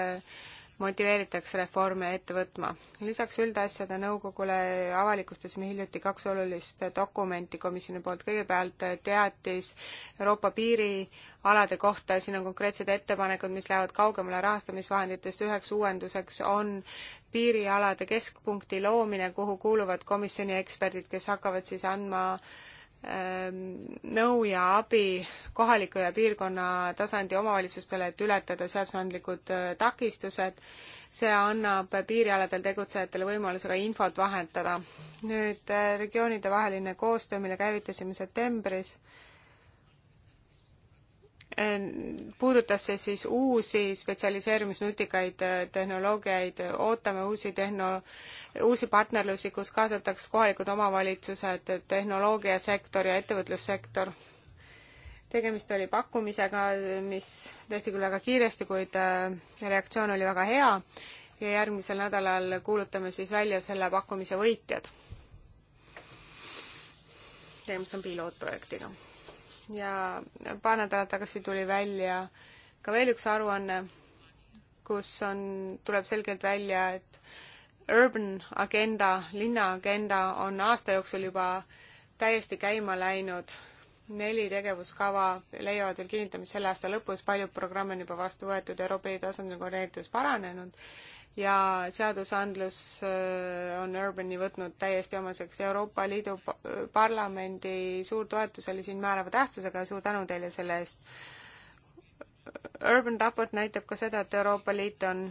motiveeritakse reforme ette võtma. lisaks üldasjade nõukogule avalikustasime hiljuti kaks olulist dokumenti komisjoni poolt. kõigepealt teatis Euroopa piirialade kohta, siin on konkreetsed ettepanekud, mis lähevad kaugemale rahastamisvahenditest. üheks uuenduseks on piirialade keskpunkti loomine, kuhu kuuluvad komisjoni eksperdid, kes hakkavad siis andma äh, Ehm, nõu ja abi kohaliku ja piirkonna tasandi omavalitsustele, et ületada seadusandlikud äh, takistused. see annab piirialadel tegutsejatele võimaluse ka infot vahetada. nüüd äh, regioonide vaheline koostöö, mille käivitasime septembris Äh, puudutas see siis uusi spetsialiseerumisnutikaid äh, tehnoloogiaid, ootame uusi tehno-, uusi partnerlusi, kus kaasatakse kohalikud omavalitsused, tehnoloogiasektor ja ettevõtlussektor. tegemist oli pakkumisega, mis tehti küll väga kiiresti, kuid äh, reaktsioon oli väga hea ja järgmisel nädalal kuulutame siis välja selle pakkumise võitjad. tegemist on pilootprojektiga ja paar nädalat tagasi tuli välja ka veel üks aruanne, kus on, tuleb selgelt välja, et urban agenda, linnaagenda on aasta jooksul juba täiesti käima läinud. neli tegevuskava leiavad veel kinnitamist selle aasta lõpus, paljud programme on juba vastu võetud, Euroopa Liidu tasandil koordineeritus paranenud ja seadusandlus äh, on Urbani võtnud täiesti omaseks. Euroopa Liidu Parlamendi suur toetus oli siin määrava tähtsusega ja suur tänu teile selle eest. Urban raport näitab ka seda, et Euroopa Liit on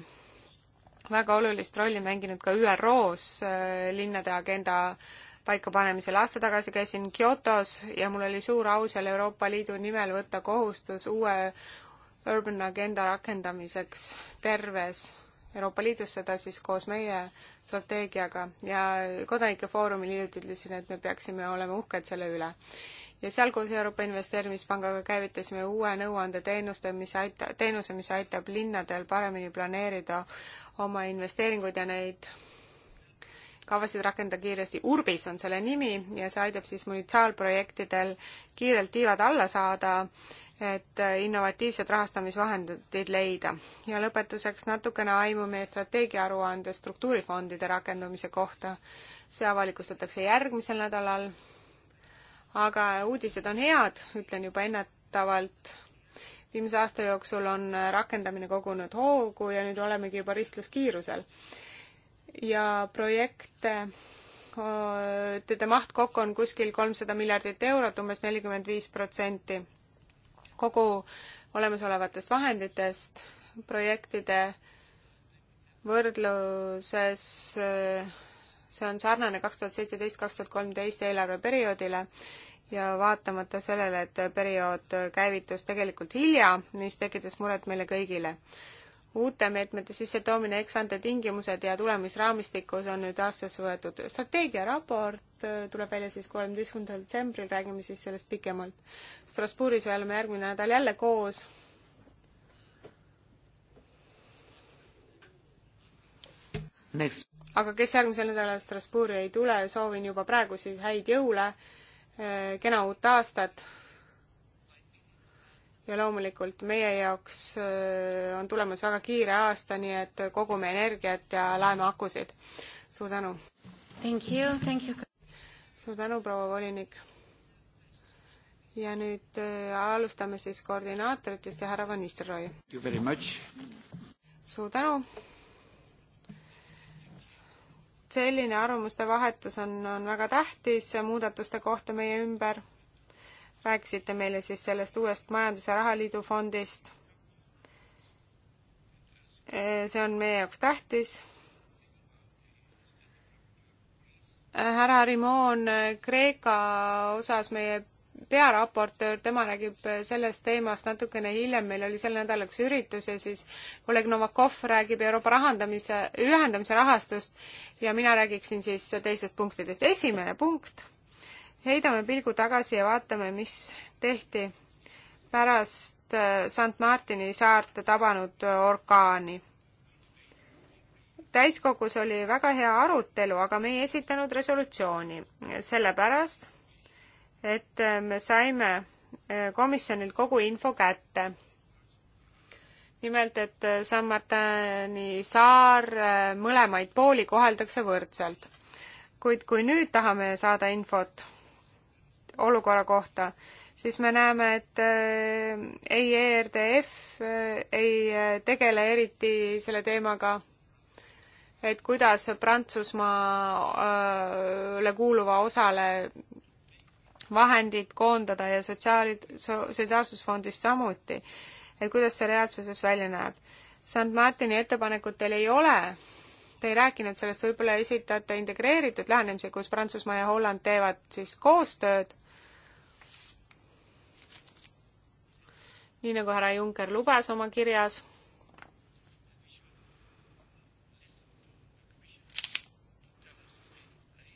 väga olulist rolli mänginud ka ÜRO-s äh, linnade agenda paikapanemisel. aasta tagasi käisin Kyotos ja mul oli suur au seal Euroopa Liidu nimel võtta kohustus uue Urban Agenda rakendamiseks terves Euroopa Liidus, seda siis koos meie strateegiaga ja Kodanike Foorumil hiljuti ütlesin, et me peaksime olema uhked selle üle. ja seal koos Euroopa Investeerimispangaga käivitasime uue nõuandeteenuste, mis aita-, teenuse, mis aitab linnadel paremini planeerida oma investeeringuid ja neid kavasid rakendada kiiresti. Urbis on selle nimi ja see aitab siis munitsipaalprojektidel kiirelt tiivad alla saada, et innovatiivsed rahastamisvahendid leida. ja lõpetuseks natukene aimu meie strateegiaaruande struktuurifondide rakendumise kohta. see avalikustatakse järgmisel nädalal. aga uudised on head, ütlen juba ennetavalt viimase aasta jooksul on rakendamine kogunud hoogu ja nüüd olemegi juba ristluskiirusel ja projekte, teda maht kokku on kuskil kolmsada miljardit eurot umbes, umbes nelikümmend viis protsenti kogu olemasolevatest vahenditest projektide võrdluses e, see on sarnane kaks tuhat seitseteist, kaks tuhat kolmteist eelarveperioodile ja vaatamata sellele, et periood käivitus tegelikult hilja, mis tekitas muret meile kõigile uute meetmete sissetoomine, eksande tingimused ja tulemisraamistikus on nüüd aastasse võetud. strateegiaraport äh, tuleb välja siis kolmeteistkümnendal detsembril, räägime siis sellest pikemalt. Strasbourgis oleme järgmine nädal jälle koos. aga kes järgmisel nädalal Strasbourgi ei tule, soovin juba praegu siis häid jõule, äh, kena uut aastat ja loomulikult meie jaoks äh, on tulemas väga kiire aasta, nii et kogume energiat ja laeme akusid. suur tänu! Thank you, thank you! suur tänu, proua volinik! ja nüüd äh, alustame siis koordinaatoritest ja härra Van Nistelrooy. suur tänu! selline arvamuste vahetus on, on väga tähtis muudatuste kohta meie ümber rääkisite meile siis sellest uuest Majandus- ja Rahaliidu fondist. Äh, see on meie jaoks tähtis. Äh, härra Rimoon äh, Kreeka osas meie pearaportöör, tema räägib sellest teemast natukene hiljem, meil oli sel nädalal üks üritus ja siis kolleeg Novakov räägib Euroopa rahandamise, ühendamise rahastust ja mina räägiksin siis teistest punktidest. esimene punkt heidame pilgu tagasi ja vaatame, mis tehti pärast äh, St Martini saarte tabanud äh, orkaani. täiskogus oli väga hea arutelu, aga me ei esitanud resolutsiooni, sellepärast et äh, me saime komisjonilt kogu info kätte. nimelt, et San Martini saar mõlemaid pooli koheldakse võrdselt. kuid kui nüüd tahame saada infot olukorra kohta, siis me näeme, et äh, ei ERDF äh, ei äh, tegele eriti selle teemaga, et kuidas Prantsusmaale kuuluva osale vahendid koondada ja sotsiaalid, solidaarsusfondist samuti, et kuidas see reaalsuses välja näeb. St Martini ettepanekut teil ei ole, te ei rääkinud sellest, võib-olla esitate integreeritud lähenemise, kus Prantsusmaa ja Holland teevad siis koostööd nii nagu härra Juncker lubas oma kirjas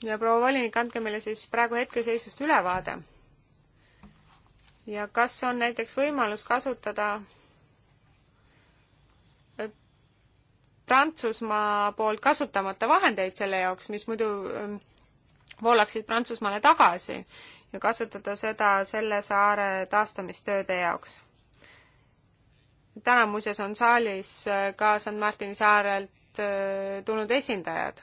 ja proua volinik, andke meile siis praegu hetkeseisust ülevaade. ja kas on näiteks võimalus kasutada äh, Prantsusmaa poolt kasutamata vahendeid selle jaoks, mis muidu ähm, voolaksid Prantsusmaale tagasi ja kasutada seda selle saare taastamistööde jaoks? täna muuseas on saalis äh, ka San Martini saarelt äh, tulnud esindajad.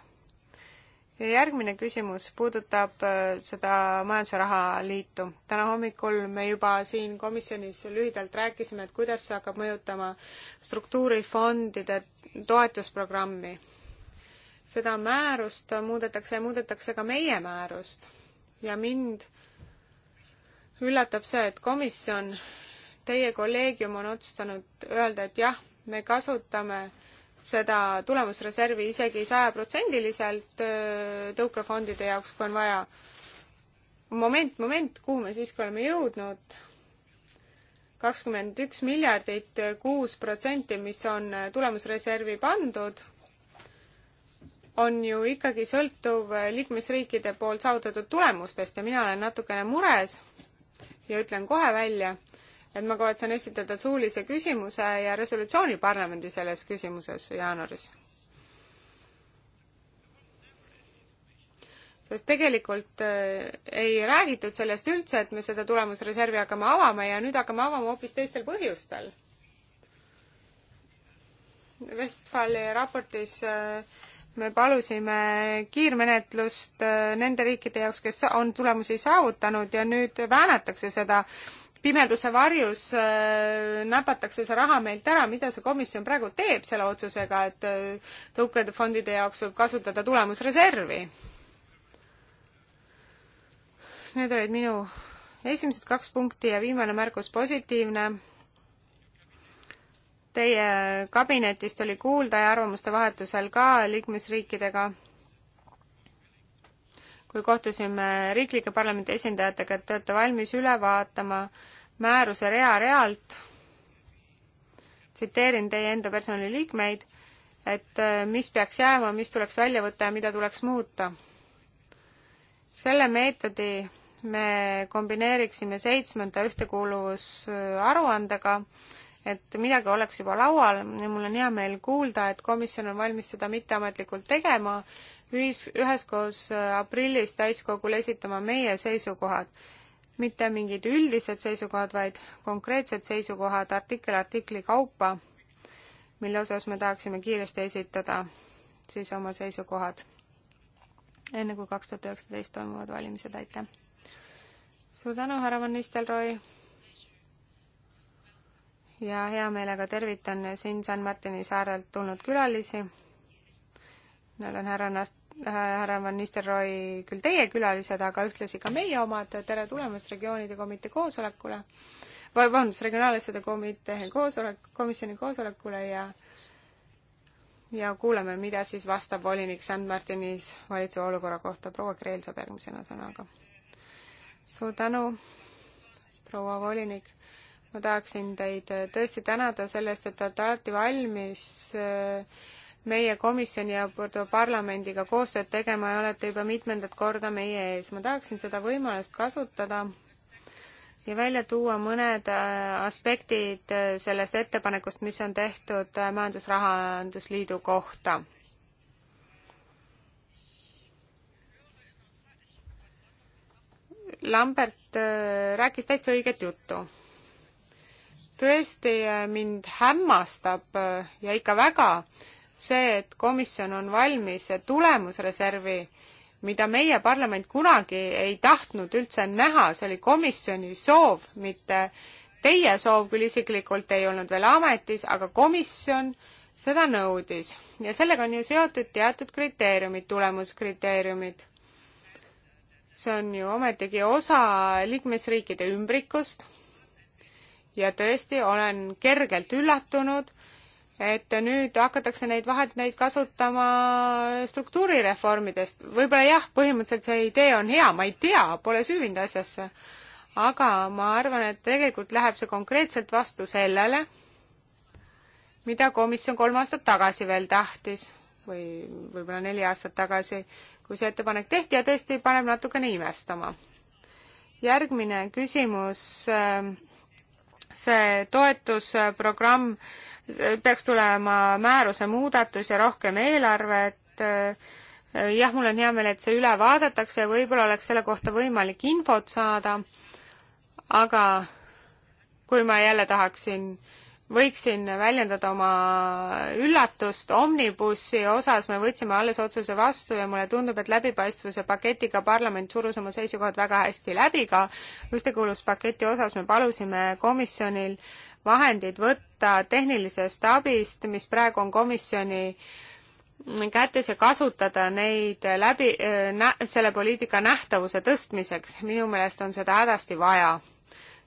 ja järgmine küsimus puudutab äh, seda Majandus- ja Rahaliitu. täna hommikul me juba siin komisjonis lühidalt rääkisime, et kuidas see hakkab mõjutama struktuurifondide toetusprogrammi. seda määrust muudetakse ja muudetakse ka meie määrust ja mind üllatab see, et komisjon teie kolleegium on otsustanud öelda, et jah, me kasutame seda tulemusreservi isegi sajaprotsendiliselt äh, tõukefondide jaoks, kui on vaja. moment, moment, kuhu me siiski oleme jõudnud? kakskümmend üks miljardit, äh, kuus protsenti, mis on äh, tulemusreservi pandud, on ju ikkagi sõltuv liikmesriikide poolt saavutatud tulemustest ja mina olen natukene mures ja ütlen kohe välja et ma kavatsen esitada suulise küsimuse ja resolutsiooni parlamendi selles küsimuses jaanuaris. sest tegelikult äh, ei räägitud sellest üldse, et me seda tulemusreservi hakkame avama ja nüüd hakkame avama hoopis teistel põhjustel Westfali raportis äh, me palusime kiirmenetlust äh, nende riikide jaoks, kes on tulemusi saavutanud ja nüüd väänatakse seda pimeduse varjus äh, näpatakse see raha meilt ära, mida see komisjon praegu teeb selle otsusega, et äh, tõukefondide jaoks võib kasutada tulemusreservi? Need olid minu esimesed kaks punkti ja viimane märkus positiivne. Teie kabinetist oli kuulda ja arvamuste vahetusel ka liikmesriikidega kui kohtusime riiklike parlamendi esindajatega, et te olete valmis üle vaatama määruse rea-realt, tsiteerin teie enda personaliliikmeid, et äh, mis peaks jääma, mis tuleks välja võtta ja mida tuleks muuta. selle meetodi me kombineeriksime seitsmenda ühtekuuluvusaruandega, et midagi oleks juba laual ja mul on hea meel kuulda, et komisjon on valmis seda mitteametlikult tegema, ühis, üheskoos äh, aprillis täiskogule esitama meie seisukohad mitte mingid üldised seisukohad, vaid konkreetsed seisukohad artikkel artikli kaupa, mille osas me tahaksime kiiresti esitada siis oma seisukohad enne kui kaks tuhat üheksateist toimuvad valimised, aitäh! suur tänu, härra Van Nistelrooy! ja hea meelega tervitan siin San Martini saarelt tulnud külalisi. Nad on härra Nast-, Äh, härra Van Nistelrooy, küll teie külalised, aga ühtlasi ka meie omad, tere tulemast regioonide komitee koosolekule, vabandust, regionaalasjade komitee koosolek, komisjoni koosolekule ja ja kuuleme, mida siis vastab volinik San Martinis valitsuse olukorra kohta. proua Kreel saab järgmisena sõna, aga suur tänu, proua volinik. ma tahaksin teid tõesti tänada selle eest, et te olete alati valmis äh, meie komisjoni ja Porto parlamendiga koostööd tegema ja olete juba mitmendat korda meie ees. ma tahaksin seda võimalust kasutada ja välja tuua mõned äh, aspektid äh, sellest ettepanekust, mis on tehtud äh, Majandus-Rahandusliidu kohta. Lambert rääkis täitsa õiget juttu. tõesti, mind hämmastab ja ikka väga, see, et komisjon on valmis tulemusreservi, mida meie parlament kunagi ei tahtnud üldse näha, see oli komisjoni soov, mitte teie soov küll isiklikult ei olnud veel ametis, aga komisjon seda nõudis ja sellega on ju seotud teatud kriteeriumid, tulemuskriteeriumid. see on ju ometigi osa liikmesriikide ümbrikust ja tõesti olen kergelt üllatunud et nüüd hakatakse neid vahendeid kasutama struktuurireformidest. võib-olla jah, põhimõtteliselt see idee on hea, ma ei tea, pole süüvinud asjasse. aga ma arvan, et tegelikult läheb see konkreetselt vastu sellele, mida komisjon kolm aastat tagasi veel tahtis või võib-olla neli aastat tagasi, kui see ettepanek tehti ja tõesti paneb natukene imestama. järgmine küsimus, äh, see toetusprogramm peaks tulema määruse muudatus ja rohkem eelarvet. jah, mul on hea meel, et see üle vaadatakse, võib-olla oleks selle kohta võimalik infot saada, aga kui ma jälle tahaksin võiksin väljendada oma üllatust Omnibussi osas, me võtsime alles otsuse vastu ja mulle tundub, et läbipaistvuse paketiga parlament surus oma seisukohad väga hästi läbi ka ühtekuuluvuspaketi osas me palusime komisjonil vahendid võtta tehnilisest abist, mis praegu on komisjoni kätes ja kasutada neid läbi äh, nä-, selle poliitika nähtavuse tõstmiseks, minu meelest on seda hädasti vaja.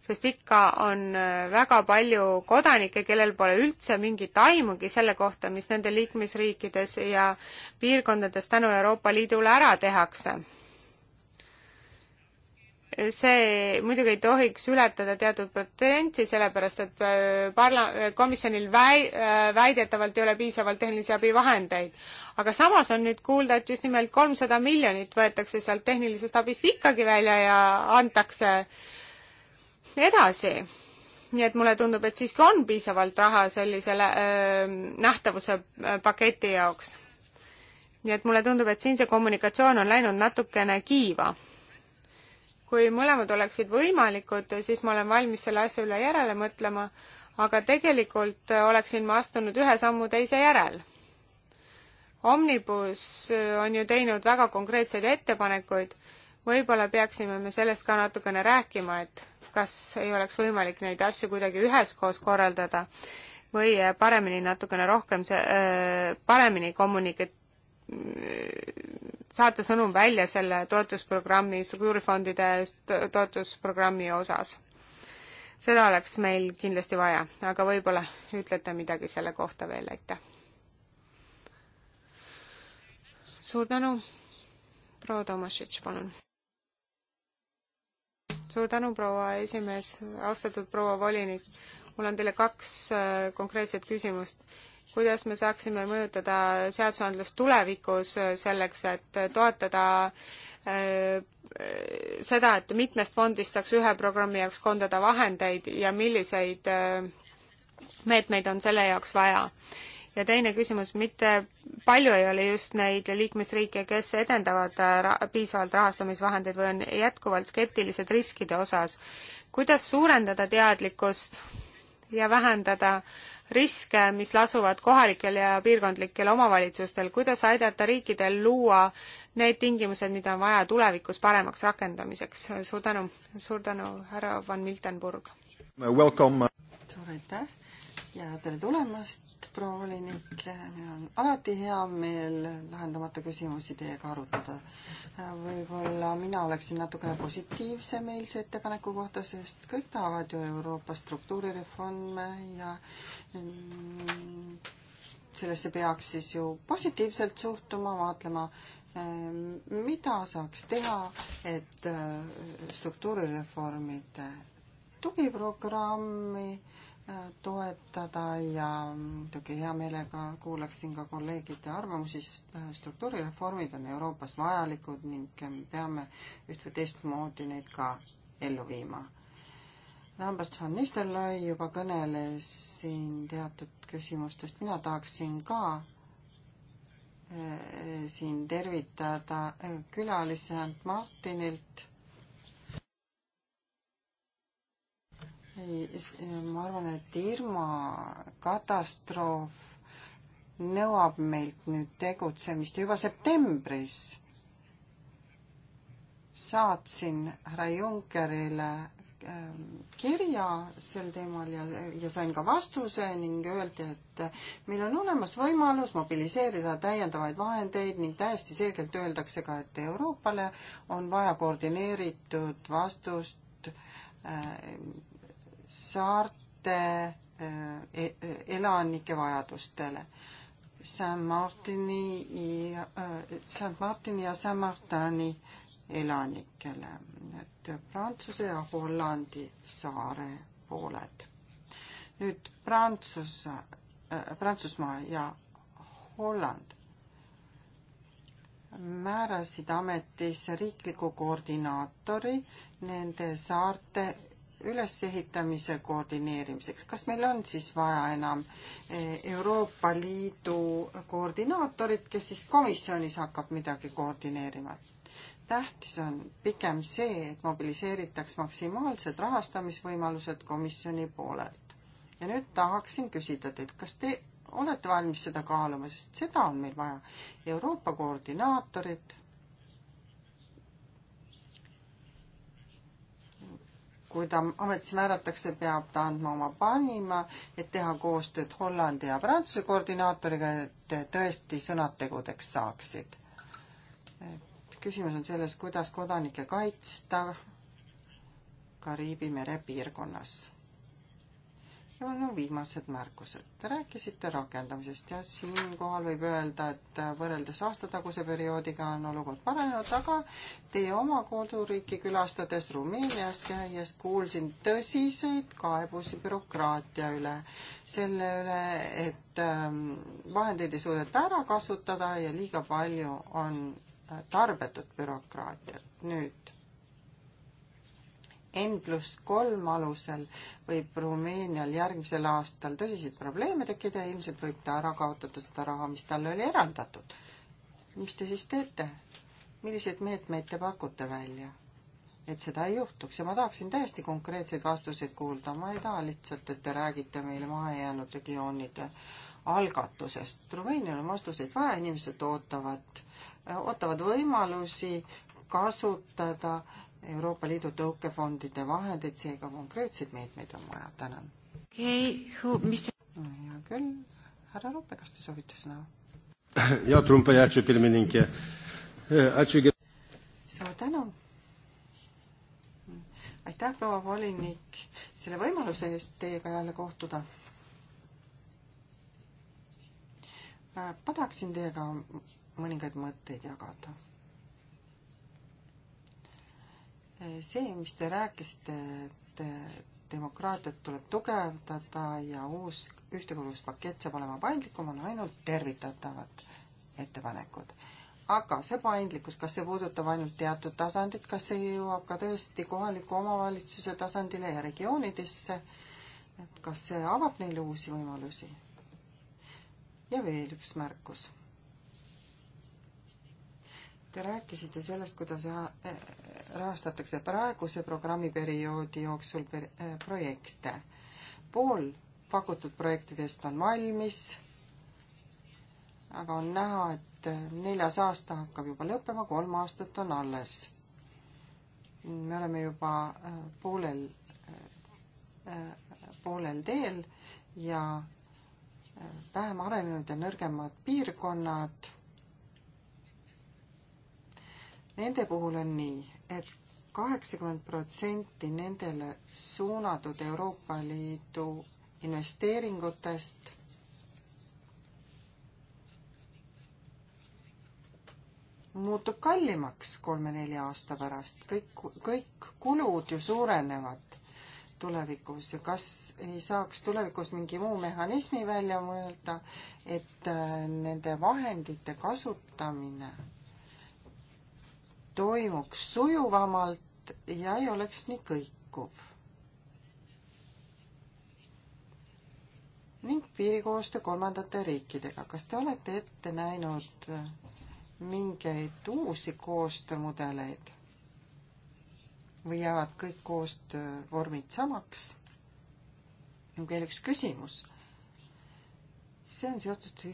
sest ikka on äh, väga palju kodanikke, kellel pole üldse mingit aimugi selle kohta, mis nende liikmesriikides ja piirkondades tänu Euroopa Liidule ära tehakse see muidugi ei tohiks ületada teatud protsenti, sellepärast et äh, parla-, komisjonil väi-, äh, väidetavalt ei ole piisavalt tehnilise abi vahendeid. aga samas on nüüd kuulda, et just nimelt kolmsada miljonit võetakse sealt tehnilisest abist ikkagi välja ja antakse edasi. nii et mulle tundub, et siiski on piisavalt raha sellisele öö, äh, nähtavuse paketi jaoks. nii et mulle tundub, et siin see kommunikatsioon on läinud natukene kiiva kui mõlemad oleksid võimalikud, siis ma olen valmis selle asja üle järele mõtlema, aga tegelikult oleksin ma astunud ühe sammu teise järel. Omnibus on ju teinud väga konkreetseid ettepanekuid, võib-olla peaksime me sellest ka natukene rääkima, et kas ei oleks võimalik neid asju kuidagi üheskoos korraldada või paremini natukene rohkem see, äh, paremini kommunika-, saata sõnum välja selle toetusprogrammi, struktuurifondide toetusprogrammi osas. seda oleks meil kindlasti vaja, aga võib-olla ütlete midagi selle kohta veel, aitäh. suur tänu, proua Tomašitš, palun. suur tänu, proua esimees, austatud proua volinik. mul on teile kaks äh, konkreetset küsimust kuidas me saaksime mõjutada seadusandlust tulevikus äh, selleks, et äh, toetada äh, seda, et mitmest fondist saaks ühe programmi jaoks koondada vahendeid ja milliseid meetmeid on selle jaoks vaja. ja teine küsimus, mitte palju ei ole just neid liikmesriike, kes edendavad ra piisavalt rahastamisvahendeid või on jätkuvalt skeptilised riskide osas. kuidas suurendada teadlikkust ja vähendada riske, mis lasuvad kohalikel ja piirkondlikel omavalitsustel, kuidas aidata riikidel luua need tingimused, mida on vaja tulevikus paremaks rakendamiseks. suur tänu, suur tänu, härra Van Miltenburg! suur aitäh ja tere tulemast proua volinik, meil on alati hea meel lahendamata küsimusi teiega arutada. võib-olla mina oleksin natukene positiivsem eilse ettepaneku kohta, sest kõik tahavad ju Euroopa struktuurireforme ja mm, sellesse peaks siis ju positiivselt suhtuma, vaatlema, mm, mida saaks teha, et mm, struktuurireformide tugiprogrammi toetada ja muidugi hea meelega kuulaksin ka kolleegide arvamusi, sest äh, struktuurireformid on Euroopas vajalikud ning me peame üht või teistmoodi neid ka ellu viima. Lambert van Nistelrooy juba kõneles siin teatud küsimustest, mina tahaksin ka äh, siin tervitada äh, külalisi Ant Martinilt ma arvan, et Irma katastroof nõuab meilt nüüd tegutsemist juba septembris. saatsin härra Junckerile ähm, kirja sel teemal ja, ja sain ka vastuse ning öeldi, et äh, meil on olemas võimalus mobiliseerida täiendavaid vahendeid ning täiesti selgelt öeldakse ka, et Euroopale on vaja koordineeritud vastust äh, saarte eh, e, e, elanike vajadustele. Saint eh, Martini ja Saint Martini ja Saint Martani elanikele, et Prantsuse ja Hollandi saare pooled. nüüd Prantsuse, eh, Prantsusmaa ja Holland määrasid ametisse riikliku koordinaatori nende saarte ülesehitamise koordineerimiseks, kas meil on siis vaja enam e, Euroopa Liidu koordinaatorit, kes siis komisjonis hakkab midagi koordineerima? tähtis on pigem see, et mobiliseeritaks maksimaalsed rahastamisvõimalused komisjoni poolelt. ja nüüd tahaksin küsida teilt, kas te olete valmis seda kaaluma, sest seda on meil vaja. Euroopa koordinaatorit kui ta ametisse määratakse, peab ta andma oma panima, et teha koostööd Hollandi ja Prantsuse koordinaatoriga, et tõesti sõnad tegudeks saaksid. et küsimus on selles, kuidas kodanikke kaitsta Kariibi mere piirkonnas ja mul on viimased märkused. Te rääkisite rakendamisest ja siinkohal võib öelda, et võrreldes aastataguse perioodiga on olukord paranenud, aga teie oma koduriiki külastades Rumeeniast ja järjest kuulsin tõsiseid kaebusi bürokraatia üle, selle üle, et ähm, vahendeid ei suudeta ära kasutada ja liiga palju on tarbetut bürokraatiat. nüüd N pluss kolm alusel võib Rumeenial järgmisel aastal tõsiseid probleeme tekkida ja ilmselt võib ta ära kaotada seda raha, mis talle oli eraldatud. mis te siis teete? milliseid meetmeid te pakute välja? et seda ei juhtuks ja ma tahaksin täiesti konkreetseid vastuseid kuulda, ma ei taha lihtsalt, et te räägite meile mahajäänud regioonide algatusest. Rumeenial on vastuseid vaja, inimesed ootavad, ootavad võimalusi kasutada äh, Euroopa Liidu tõukefondide vahendeid, seega konkreetseid meetmeid on vaja, tänan. okei okay,, mis te no,? hea küll, härra Ruppe, kas te soovite sõna? jaa, Trumpa jäätse pilmening. E, suur tänu. aitäh, proua volinik, selle võimaluse eest teiega jälle kohtuda. ma tahaksin teiega mõningaid mõtteid jagada see, mis te rääkisite, et demokraatiat tuleb tugevdada ja uus ühtekuuluvuspakett saab olema paindlikum, on ainult tervitatavad ettepanekud. aga see paindlikkus, kas see puudutab ainult teatud tasandit, kas see jõuab ka tõesti kohaliku omavalitsuse tasandile ja regioonidesse, et kas see avab neile uusi võimalusi? ja veel üks märkus Te rääkisite sellest, kuidas rahastatakse praeguse programmiperioodi jooksul per-, eh, projekte. pool pakutud projektidest on valmis, aga on näha, et neljas aasta hakkab juba lõppema, kolm aastat on alles. me oleme juba eh, poolel, eh, poolel teel ja vähem arenenud ja nõrgemad piirkonnad Nende puhul on nii et, et kaheksakümmend protsenti nendele suunatud Euroopa Liidu investeeringutest muutub kallimaks kolme-nelja aasta pärast, kõik, kõik kulud ju suurenevad tulevikus ja kas ei saaks tulevikus mingi muu mehhanismi välja mõelda, et äh, nende vahendite kasutamine toimuks sujuvamalt ja ei oleks nii kõikuv. ning piirikoostöö kolmandate riikidega. kas te olete ette näinud mingeid uusi koostöömudeleid või jäävad kõik koostöövormid samaks? veel üks küsimus. see on seotud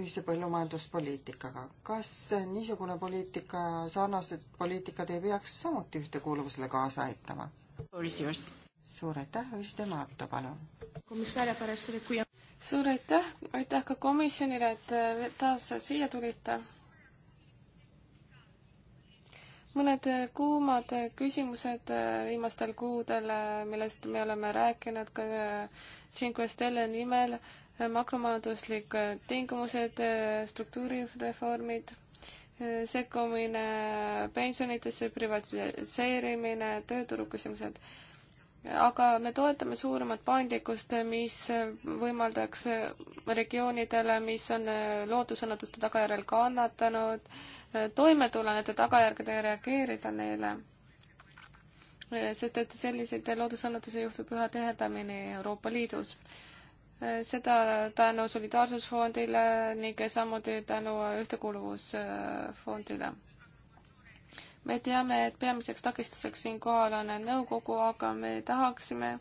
ühise põllumajanduspoliitikaga. kas niisugune poliitika, sarnased poliitikad ei peaks samuti ühtekuuluvusele kaasa aitama? suur aitäh, Üste Maato, palun! suur aitäh, aitäh ka komisjonile, et eh, taas siia tulite. mõned eh, kuumad eh, küsimused viimastel kuudel, millest me oleme rääkinud ka Cinque Stelle nimel makromajanduslikud äh, tingimused, äh, struktuurireformid, äh, sekkumine pensionitesse, privatiseerimine, tööturuküsimused. aga me toetame suuremat paindlikkust, mis võimaldaks regioonidele, mis on loodusõnnetuste tagajärjel kannatanud, toime tulla nende tagajärgedega ja reageerida neile sest et selliseid loodusõnnetusi juhtub üha tihedamini Euroopa Liidus. Äh, seda tänu Solidaarsusfondile ning samuti tänu Ühtekuuluvusfondile. me teame, et peamiseks takistuseks siinkohal on nõukogu, aga me tahaksime,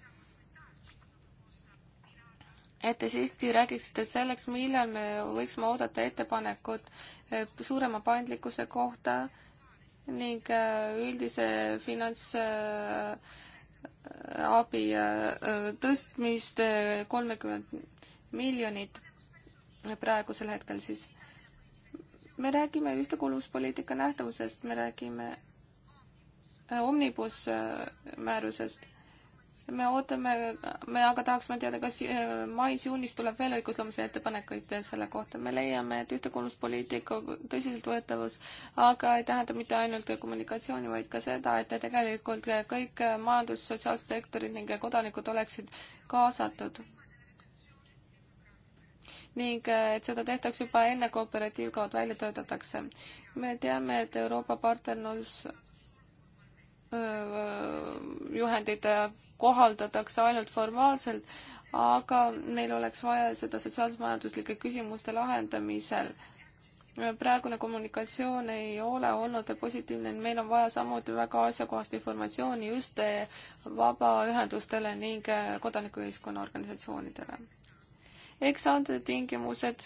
et te siiski räägiksite selleks, millal me võiksime oodata ettepanekut äh, suurema paindlikkuse kohta ning äh, üldise finants äh, abi äh, tõstmist äh, kolmekümmend miljonit praegusel hetkel siis. me räägime ühtekuuluvuspoliitika nähtavusest, me räägime äh, omnibus määrusest me ootame, me aga tahaksime teada, kas äh, mais-juunis tuleb veel õigusloomise ettepanekuid selle kohta. me leiame, et ühtekuuluvuspoliitika tõsiseltvõetavus aga ei tähenda mitte ainult kommunikatsiooni, vaid ka seda, et tegelikult kõik majandus-, sotsiaalsed sektorid ning kodanikud oleksid kaasatud. ning äh, et seda tehtaks juba enne, kui operatiivkavad välja töötatakse. me teame, et Euroopa partnerlus juhendid kohaldatakse ainult formaalselt, aga meil oleks vaja seda sotsiaalmajanduslike küsimuste lahendamisel. praegune kommunikatsioon ei ole olnud positiivne, meil on vaja samuti väga asjakohast informatsiooni just vabaühendustele ning kodanikuühiskonna organisatsioonidele. eks ande tingimused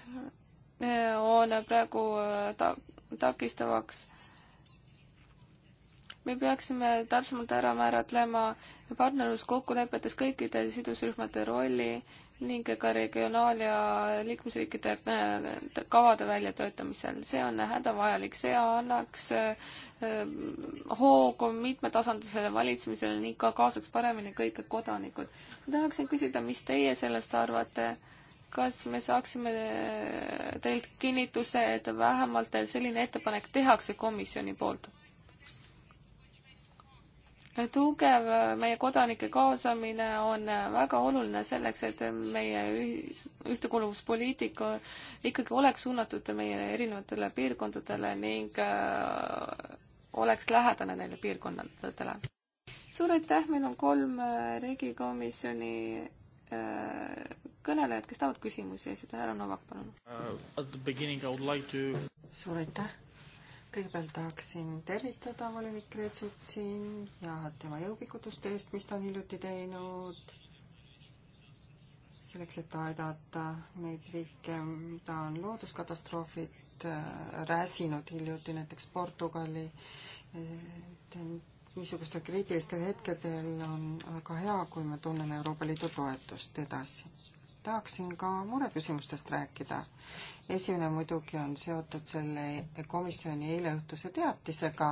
on praegu äh, ta-, takistavaks me peaksime täpsemalt ära määratlema partnerluskokkulepetes kõikide sidusrühmade rolli ning ka regionaal- ja liikmesriikide äh, kavade väljatöötamisel. see on hädavajalik, see annaks äh, hoogu mitmetasandusele valitsemisele ning ka kaasaks paremini kõik kodanikud. ma tahaksin küsida, mis teie sellest arvate? kas me saaksime äh, teilt kinnituse, et vähemalt selline ettepanek tehakse komisjoni poolt? tugev meie kodanike kaasamine on väga oluline selleks, et meie ühtekuuluvuspoliitika ikkagi oleks suunatud meie erinevatele piirkondadele ning äh, oleks lähedane neile piirkondadele. suur aitäh, meil on kolm äh, riigikomisjoni äh, kõnelejad, kes tahavad küsimusi esitada, härra Novak, palun uh,. Like to... suur aitäh kõigepealt tahaksin tervitada volinik Kreetsut siin ja tema jõupingutuste eest, mis ta on hiljuti teinud selleks, et aidata neid riike, mida on looduskatastroofid äh, räsinud hiljuti, näiteks Portugali. et niisugustel kriitilistel hetkedel on väga hea, kui me tunneme Euroopa Liidu toetust edasi tahaksin ka mureküsimustest rääkida esimene muidugi on seotud selle komisjoni eileõhtuse teatisega,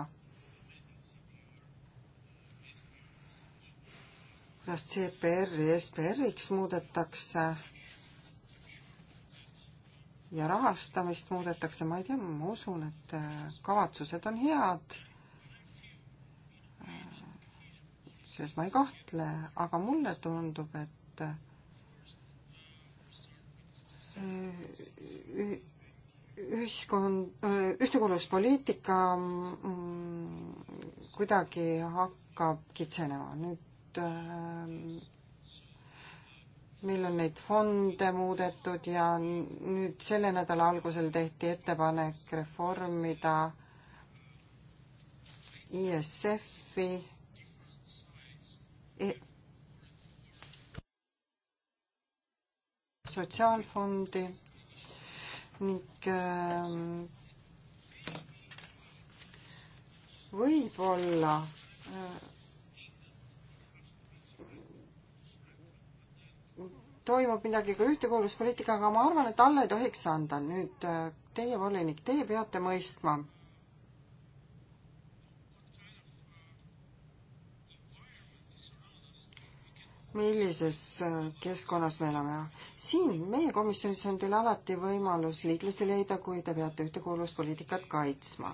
kuidas CPR-i SPR-iks muudetakse ja rahastamist muudetakse, ma ei tea, ma usun, et äh, kavatsused on head, äh, selles ma ei kahtle, aga mulle tundub, et Äh, ühiskond, äh, ühtekuuluvuspoliitika mm, kuidagi hakkab kitsenema. nüüd äh, meil on neid fonde muudetud ja nüüd selle nädala algusel tehti ettepanek reformida ISF-i e sotsiaalfondi ning ähm, võib-olla äh, toimub midagi ka ühtekuuluvuspoliitikaga, ma arvan, et alla ei tohiks anda. nüüd äh, teie volinik, teie peate mõistma millises äh, keskkonnas me elame. siin meie komisjonis on teil alati võimalus liitlasi leida, kui te peate ühtekuuluvuspoliitikat kaitsma.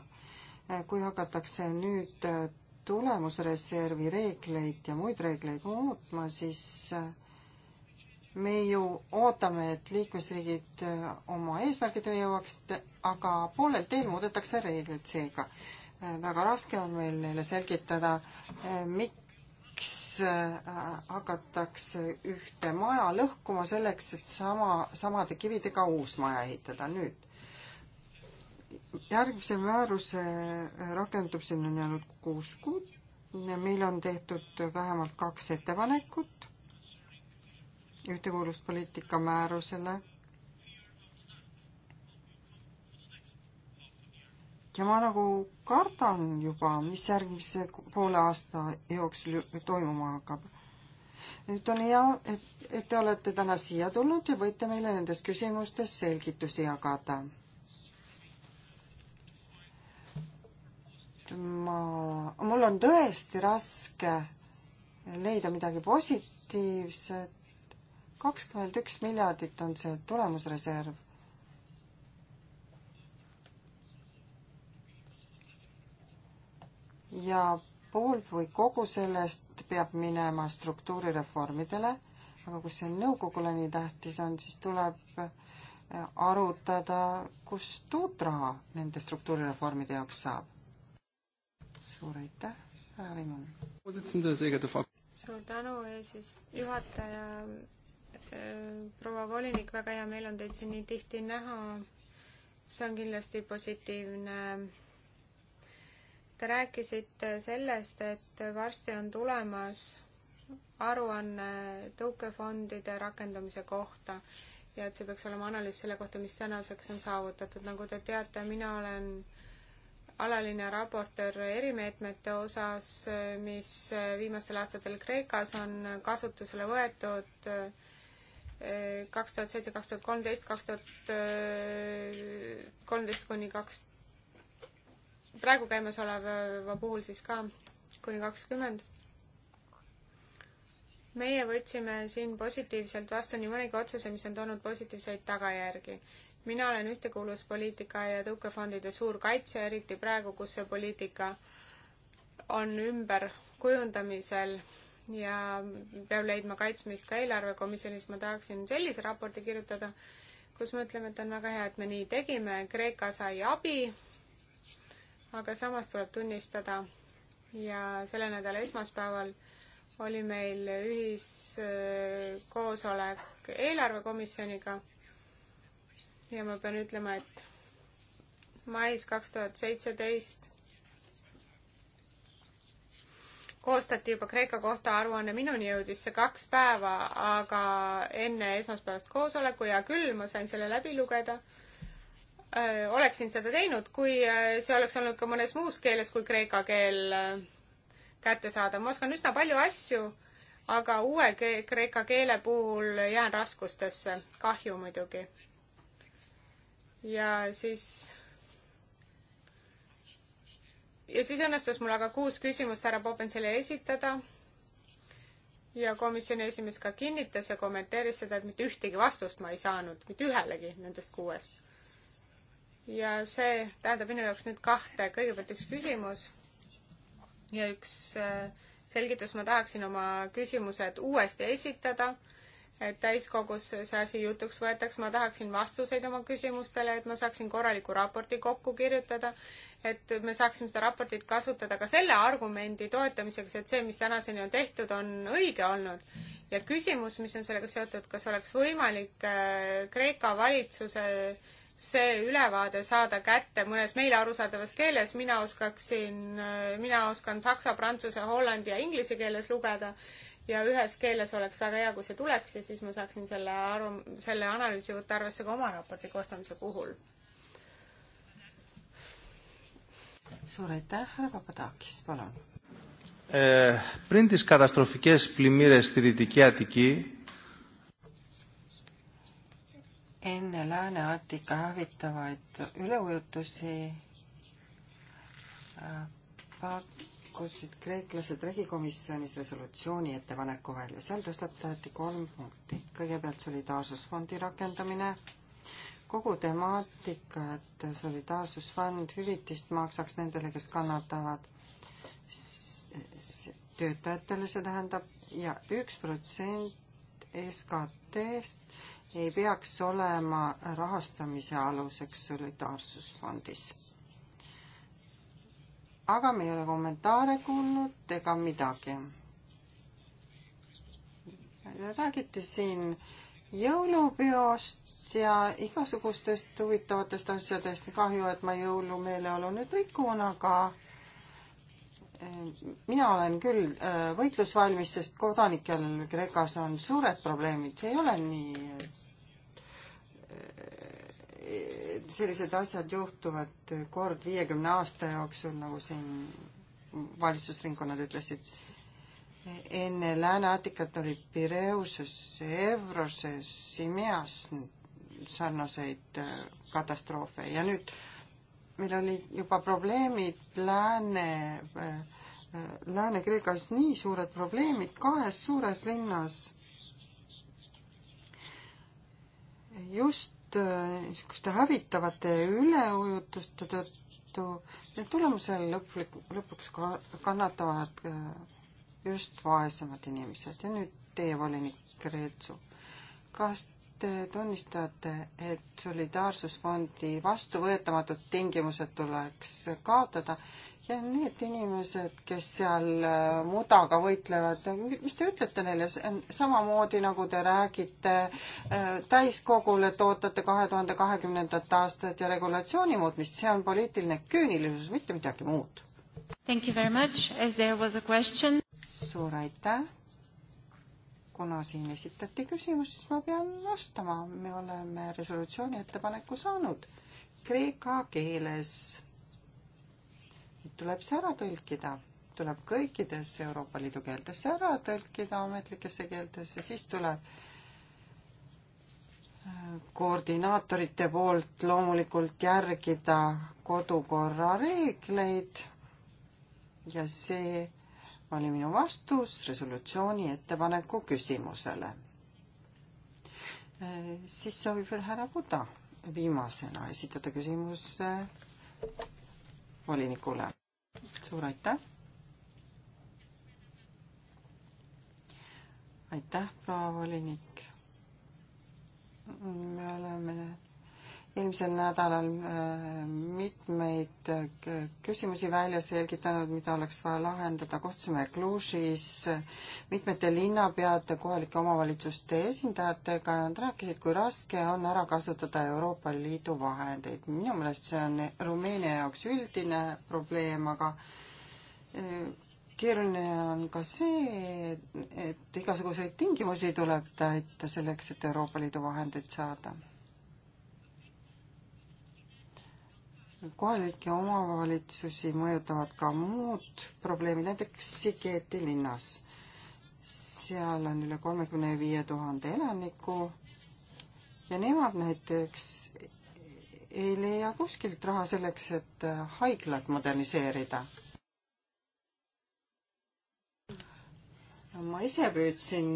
Äh, kui hakatakse nüüd äh, tulemusreservi reegleid ja muid reegleid muutma, siis me ju ootame, et liikmesriigid oma eesmärkidele jõuaksid, aga poolel teel muudetakse reegleid, seega väga raske on meil neile selgitada, miks miks äh, hakatakse ühte maja lõhkuma selleks, et sama, samade kividega uus maja ehitada nüüd? järgmise määruse rakendamiseni on jäänud kuus kuud, meil on tehtud vähemalt kaks ettepanekut ühtekuuluvuspoliitika määrusele ja ma nagu kardan juba, mis järgmise poole aasta jooksul toimuma hakkab. nüüd on hea, et, et te olete täna siia tulnud ja võite meile nendes küsimustes selgitusi jagada. ma, mul on tõesti raske leida midagi positiivset. kakskümmend üks miljardit on see tulemusreserv ja pool või kogu sellest peab minema struktuurireformidele, aga kus see nõukogule nii tähtis on, siis tuleb äh, arutada, kust uut raha nende struktuurireformide jaoks saab. suur aitäh, härra Vimon. suur tänu, eesist-, juhataja, äh, proua volinik, väga hea meel on teid siin nii tihti näha. see on kindlasti positiivne Te rääkisite sellest, et varsti on tulemas aruanne tõukefondide rakendamise kohta ja et see peaks olema analüüs selle kohta, mis tänaseks on saavutatud. nagu te teate, mina olen alaline raportöör erimeetmete osas, mis viimastel aastatel Kreekas on kasutusele võetud kaks tuhat seitse, kaks tuhat kolmteist, kaks tuhat kolmteist kuni kaks praegu käimasoleva puhul siis ka kuni kakskümmend. meie võtsime siin positiivselt vastu nii mõnegi otsuse, mis on toonud positiivseid tagajärgi. mina olen ühtekuuluvuspoliitika ja tõukefondide suur kaitsja, eriti praegu, kus see poliitika on ümberkujundamisel ja peab leidma kaitsmist ka eelarvekomisjonis. ma tahaksin sellise raporti kirjutada, kus me ütleme, et on väga hea, et me nii tegime, Kreeka sai abi aga samas tuleb tunnistada ja selle nädala esmaspäeval oli meil ühiskoosolek eelarvekomisjoniga ja ma pean ütlema, et mais kaks tuhat seitseteist koostati juba Kreeka kohta aruanne, minuni jõudis see kaks päeva, aga enne esmaspäevast koosoleku, hea küll, ma sain selle läbi lugeda Äh, oleksin seda teinud, kui äh, see oleks olnud ka mõnes muus keeles kui kreeka keel äh, kättesaadav. ma oskan üsna palju asju, aga uue ke kreeka keele puhul jään raskustesse. kahju muidugi. ja siis ja siis õnnestus mul aga kuus küsimust härra Popensile esitada. ja komisjoni esimees ka kinnitas ja kommenteeris seda, et mitte ühtegi vastust ma ei saanud, mitte ühelegi nendest kuuest ja see tähendab minu jaoks nüüd kahte, kõigepealt üks küsimus ja üks äh, selgitus, ma tahaksin oma küsimused uuesti esitada, et täiskogus see asi jutuks võetaks, ma tahaksin vastuseid oma küsimustele, et ma saaksin korraliku raporti kokku kirjutada, et me saaksime seda raportit kasutada ka selle argumendi toetamiseks, et see, mis tänaseni on tehtud, on õige olnud. ja küsimus, mis on sellega seotud, kas oleks võimalik äh, Kreeka valitsuse äh, see ülevaade saada kätte mõnes meile arusaadavas keeles, mina oskaksin, mina oskan saksa, prantsuse, hollandi ja inglise keeles lugeda ja ühes keeles oleks väga hea, kui see tuleks ja siis ma saaksin selle arv, selle analüüsi võtta arvesse ka oma raporti koostamise puhul. suur aitäh, härra Papadakis, palun. Πριν τις καταστροφικές πλημμύρες στη Δυτική Αττική, enne Lääne-Attika hävitavaid üleujutusi äh, pakkusid kreeklased regikomisjonis resolutsiooni ettepaneku välja. seal tõstatati kolm punkti. kõigepealt solidaarsusfondi rakendamine, kogu temaatika, et solidaarsusfond hüvitist maksaks nendele, kes kannatavad, töötajatele see tähendab ja üks protsent SKT-st ei peaks olema rahastamise aluseks solidaarsusfondis. aga me ei ole kommentaare kuulnud ega midagi. räägiti siin jõulupeost ja igasugustest huvitavatest asjadest. kahju, et ma jõulumeeleolu nüüd rikun, aga mina olen küll äh, võitlusvalmis, sest kodanikel Kreekas on suured probleemid, see ei ole nii, et äh, sellised asjad juhtuvad kord viiekümne aasta jooksul, nagu siin valitsusringkonnad ütlesid. enne Lääne-Atikat oli Pireuses, Evroses, Simeas sarnaseid äh, katastroofe ja nüüd äh, meil olid juba probleemid Lääne, Lääne-Kreekas nii suured probleemid kahes suures linnas. just äh, niisuguste hävitavate üleujutuste tõttu, need tulemusel lõplik, lõpuks ka kannatavad äh, just vaesemad inimesed ja nüüd teie volinik Reetsu. kas te tunnistate, et Solidaarsusfondi vastuvõetamatud tingimused tuleks kaotada ja need inimesed, kes seal äh, mudaga võitlevad, mis te ütlete neile, see on samamoodi, nagu te räägite äh, täiskogule, et ootate kahe tuhande kahekümnendat aastat ja regulatsiooni muutmist, see on poliitiline küünilisus, mitte midagi muud. Thank you very much, as there was a question. suur aitäh kuna siin esitati küsimus, siis ma pean vastama, me oleme resolutsiooni ettepaneku saanud kreeka keeles. tuleb see ära tõlkida, tuleb kõikidesse Euroopa Liidu keeltesse ära tõlkida, ametlikesse keeltesse, siis tuleb äh, koordinaatorite poolt loomulikult järgida kodukorra reegleid ja see oli minu vastus resolutsiooni ettepaneku küsimusele. Äh, siis soovib veel härra Buda viimasena esitada küsimuse äh, volinikule. suur aitäh. aitäh, proua volinik. me oleme eelmisel nädalal äh, mitmeid äh, küsimusi välja selgitanud, mida oleks vaja lahendada, kohtusime Cluj'is äh, mitmete linnapeade, kohalike omavalitsuste esindajatega ja nad rääkisid, kui raske on ära kasutada Euroopa Liidu vahendeid. minu meelest see on Rumeenia jaoks üldine probleem, aga keeruline on ka see, et igasuguseid tingimusi tuleb täita selleks, et Euroopa Liidu vahendeid saada kohalikke omavalitsusi mõjutavad ka muud probleemid, näiteks Sigeti linnas. seal on üle kolmekümne viie tuhande elaniku ja nemad näiteks ei leia kuskilt raha selleks, et haiglat moderniseerida. ma ise püüdsin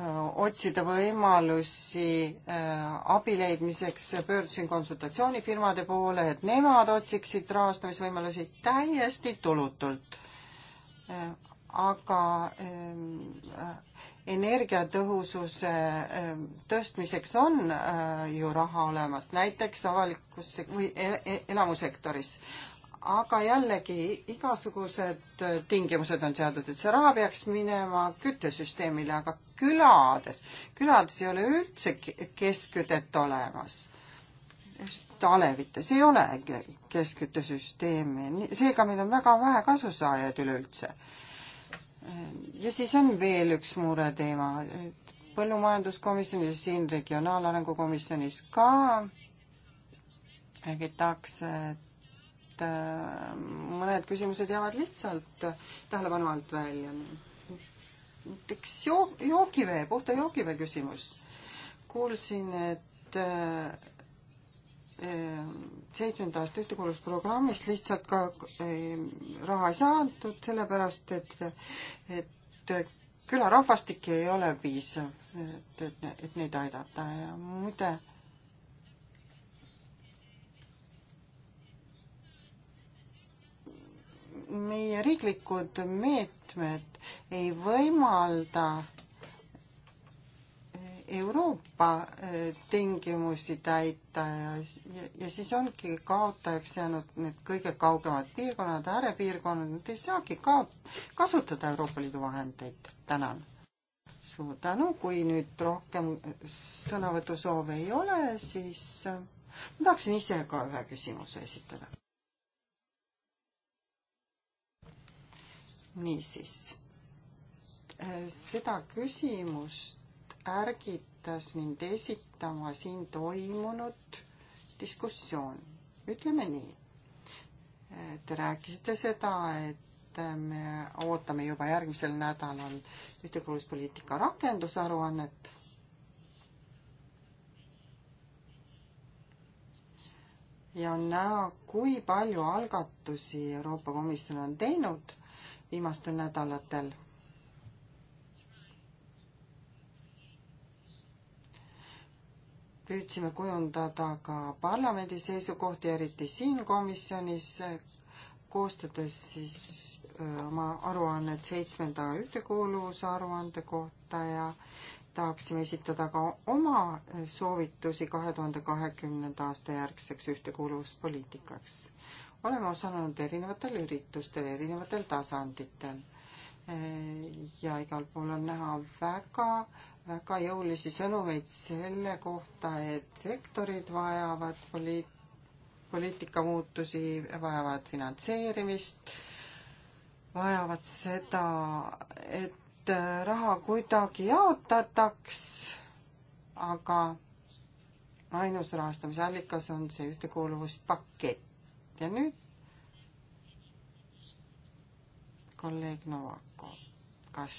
Äh, otsida võimalusi äh, abi leidmiseks, pöördusin konsultatsioonifirmade poole, et nemad otsiksid rahastamisvõimalusi täiesti tulutult. Äh, aga energiatõhususe tõstmiseks on ju raha olemas, näiteks avalikus või e-, e-, elamusektoris aga jällegi igasugused äh, tingimused on seatud, et see raha peaks minema küttesüsteemile, aga külades, külades ei ole üldse keskkütet olemas. just alevites ei ole keskküttesüsteemi, seega meil on väga vähe kasusaajaid üleüldse. Äh, ja siis on veel üks mureteema, põllumajanduskomisjonis, siin regionaalarengu komisjonis ka räägitakse, et et äh, mõned küsimused jäävad lihtsalt tähelepanu alt välja. näiteks joo-, joogivee, puhta joogivee küsimus. kuulsin, et äh, seitsmenda aasta ühtekuuluvusprogrammist lihtsalt ka äh, raha ei saadud, sellepärast et, et külarahvastik ei ole piisav, et, et, et neid aidata ja muide meie riiklikud meetmed ei võimalda Euroopa eh, tingimusi täita ja, ja, ja siis ongi kaotajaks jäänud need kõige kaugemad piirkonnad, äärepiirkonnad, nad ei saagi ka kasutada Euroopa Liidu vahendeid. tänan. suur tänu, kui nüüd rohkem sõnavõtusoove ei ole, siis eh, ma tahaksin ise ka ühe küsimuse esitada niisiis, äh, seda küsimust ärgitas mind esitama siin toimunud diskussioon. ütleme nii, äh, te rääkisite seda, et äh, me ootame juba järgmisel nädalal ühtekuuluvuspoliitika rakendusaruannet ja on näha, kui palju algatusi Euroopa Komisjon on teinud viimastel nädalatel. püüdsime kujundada ka parlamendi seisukohti, eriti siin komisjonis, koostades siis oma aruannet seitsmenda ühtekuuluvusaruande kohta ja tahaksime esitada ka oma soovitusi kahe tuhande kahekümnenda aasta järgseks ühtekuuluvuspoliitikaks oleme osalenud erinevatel üritustel, erinevatel tasanditel. ja igal pool on näha väga, väga jõulisi sõnumeid selle kohta, et sektorid vajavad poliit-, poliitikamuutusi, vajavad finantseerimist, vajavad seda, et raha kuidagi jaotataks, aga ainus rahastamisallikas on see ühtekuuluvuspakett ja nüüd kolleeg Novakov, kas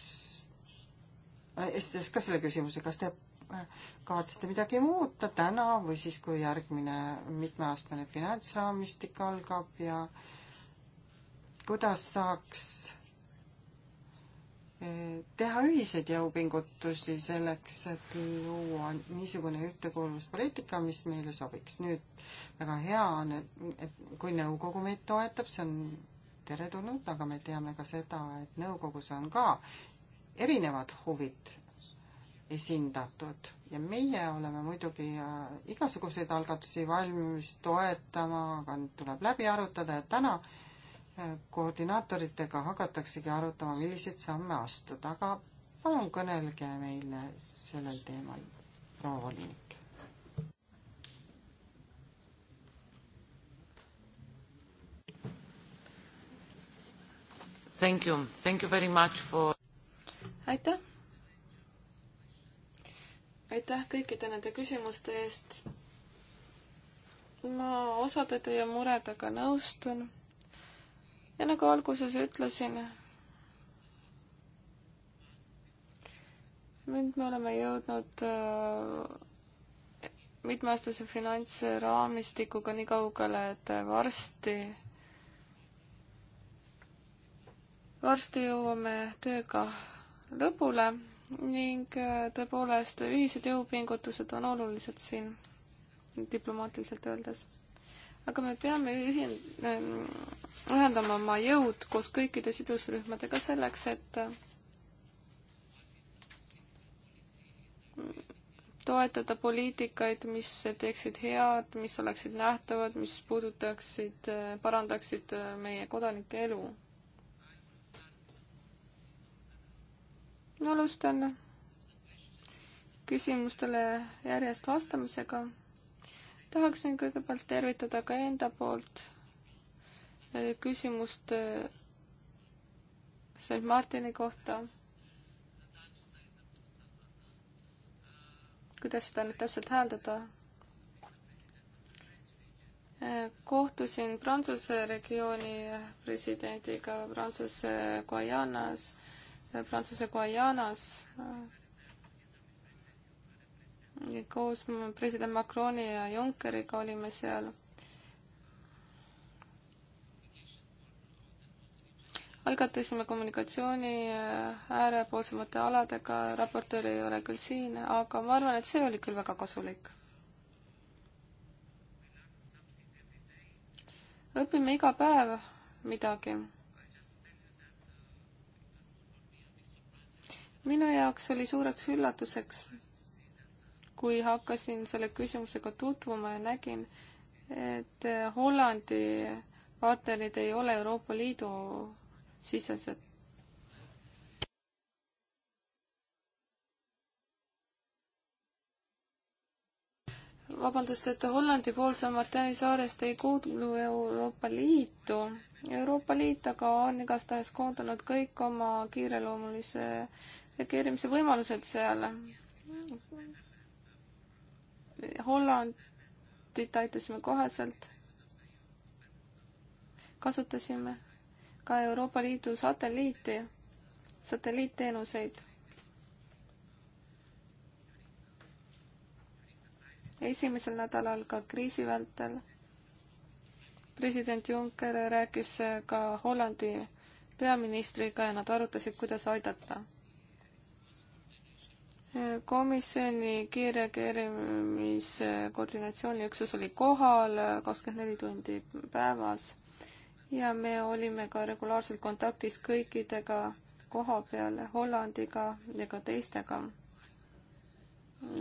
äh,, esitas ka selle küsimuse, kas te äh, kavatsete midagi muuta täna või siis, kui järgmine mitmeaastane finantsraamistik algab ja kuidas saaks teha ühiseid jõupingutusi selleks, et luua niisugune ühtekuuluvuspoliitika, mis meile sobiks. nüüd väga hea on, et, et kui nõukogu meid toetab, see on teretulnud, aga me teame ka seda, et nõukogus on ka erinevad huvid esindatud ja meie oleme muidugi äh, igasuguseid algatusi valmis toetama, aga nüüd tuleb läbi arutada ja täna äh, koordinaatoritega hakataksegi arutama, milliseid samme astuda, aga palun kõnelge meile sellel teemal, proua volinik. Thank you, thank you very much for aitäh! aitäh kõikide nende küsimuste eest. ma osade teie muredega nõustun ja nagu alguses ütlesin, nüüd me oleme jõudnud äh, mitmeaastase finantsraamistikuga nii kaugele, et varsti, varsti jõuame tööga lõpule ning äh, tõepoolest ühised jõupingutused on olulised siin diplomaatiliselt öeldes aga me peame ühind-, ähm, ühendama oma jõud koos kõikide sidusrühmadega selleks, et äh, toetada poliitikaid, mis teeksid head, mis oleksid nähtavad, mis puudutaksid, äh, parandaksid äh, meie kodanike elu. alustan küsimustele järjest vastamisega tahaksin kõigepealt tervitada ka enda poolt äh, küsimust äh, St Martini kohta. kuidas seda nüüd täpselt hääldada? Äh, kohtusin Prantsuse regiooni presidendiga Prantsuse Guajanas, Prantsuse Guajanas koos president Macroni ja Junckeriga olime seal. algatasime kommunikatsiooni äh, äärepoolsemate aladega, raportöör ei ole küll siin, aga ma arvan, et see oli küll väga kasulik. õpime iga päev midagi minu jaoks oli suureks üllatuseks kui hakkasin selle küsimusega tutvuma ja nägin, et äh, Hollandi partnerid ei ole Euroopa Liidu sisesed. vabandust, et Hollandi poolsaar Martini saarest ei kuulu Euroopa Liitu. Euroopa Liit aga on igastahes koondanud kõik oma kiireloomulise reageerimise võimalused seal Hollandit aitasime koheselt. kasutasime ka Euroopa Liidu satelliiti, satelliitteenuseid. esimesel nädalal ka kriisi vältel president Juncker rääkis ka Hollandi peaministriga ja nad arutasid, kuidas aidata komisjoni kiirreageerimiskoordinatsiooniüksus oli kohal kakskümmend neli tundi päevas ja me olime ka regulaarselt kontaktis kõikidega koha peal, Hollandiga ja ka teistega.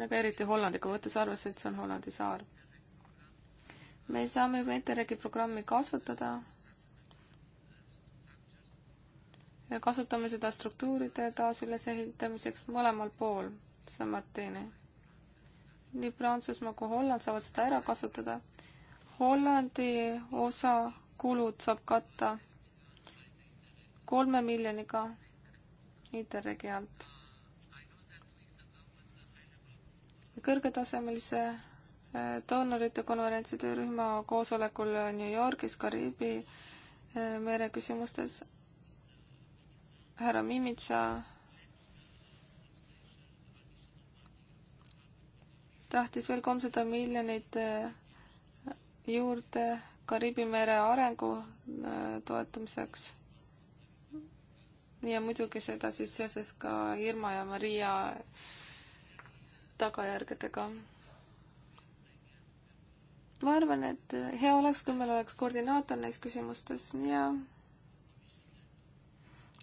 aga eriti Hollandiga, võttes arvesse, et see on Hollandi saar. me saame juba Interregi programmi kasutada kasutame seda struktuuride taasülesehitamiseks mõlemal pool San Martini. nii Prantsusmaa kui Holland saavad seda ära kasutada. Hollandi osa kulud saab katta kolme miljoniga Interregi alt. kõrgetasemelise äh, doonorite konverentsi töörühma koosolekul New Yorgis Kariibi äh, mere küsimustes härra Mimitsa tahtis veel kolmsada miljonit eh, juurde Kariibi mere arengu eh, toetamiseks. ja muidugi seda siis seoses ka Irma ja Maria tagajärgedega. ma arvan, et hea oleks, kui meil oleks koordinaator neis küsimustes ja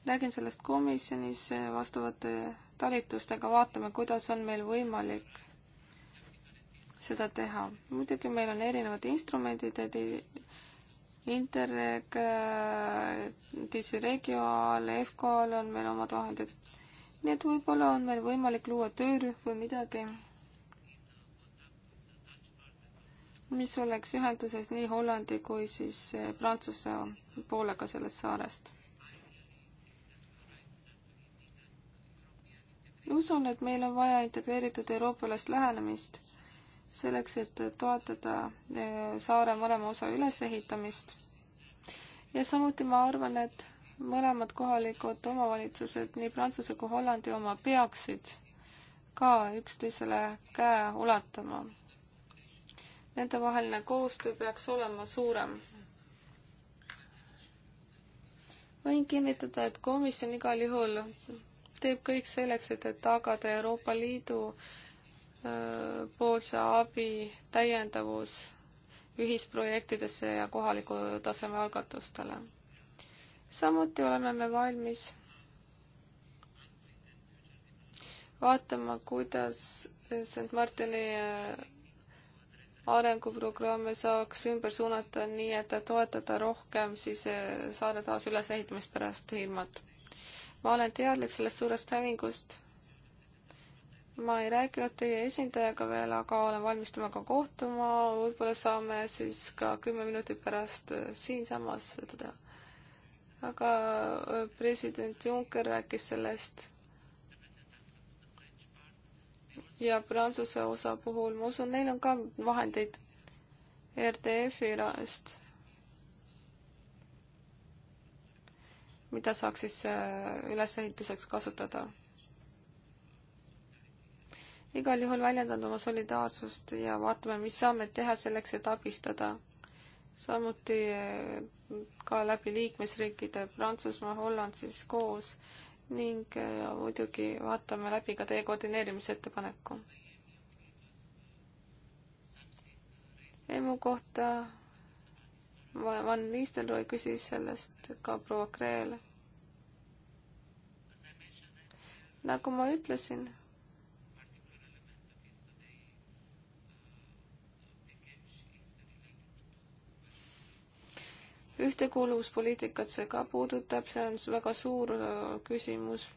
räägin sellest komisjonis eh, vastavate talitustega, vaatame, kuidas on meil võimalik seda teha. muidugi meil on erinevad instrumendid, et Interreg, eh, Digiregioal, EFCO-l on meil omad vahendid. nii et võib-olla on meil võimalik luua töörühm või midagi, mis oleks ühenduses nii Hollandi kui siis eh, Prantsuse poolega sellest saarest usun, et meil on vaja integreeritud euroopalast lähenemist selleks, et toetada eh, saare mõlema osa ülesehitamist. ja samuti ma arvan, et mõlemad kohalikud omavalitsused, nii Prantsuse kui Hollandi oma, peaksid ka üksteisele käe ulatama. Nendevaheline koostöö peaks olema suurem. võin kinnitada, et komisjon igal juhul teeb kõik selleks, et tagada Euroopa Liidu poolse abi täiendavus ühisprojektidesse ja kohaliku taseme algatustele. samuti oleme me valmis vaatama, kuidas St Martini arenguprogramme saaks ümber suunata nii, et toetada rohkem siis saare taas ülesehitamist pärast hirmut ma olen teadlik sellest suurest hävingust. ma ei rääkinud teie esindajaga veel, aga olen valmis temaga kohtuma, võib-olla saame siis ka kümme minutit pärast äh, siinsamas teda. aga äh, president Juncker rääkis sellest ja Prantsuse osa puhul, ma usun, neil on ka vahendeid RDF-i rahast mida saaks siis äh, ülesehituseks kasutada. igal juhul väljendan oma solidaarsust ja vaatame, mis saame teha selleks, et abistada. samuti äh, ka läbi liikmesriikide Prantsusmaa, Holland siis koos ning äh, muidugi vaatame läbi ka teie koordineerimisettepaneku. EMU kohta Van Nistelrooy küsis sellest ka proua Kreel. nagu ma ütlesin, ühtekuuluvuspoliitikat see ka puudutab, see on väga suur äh, küsimus.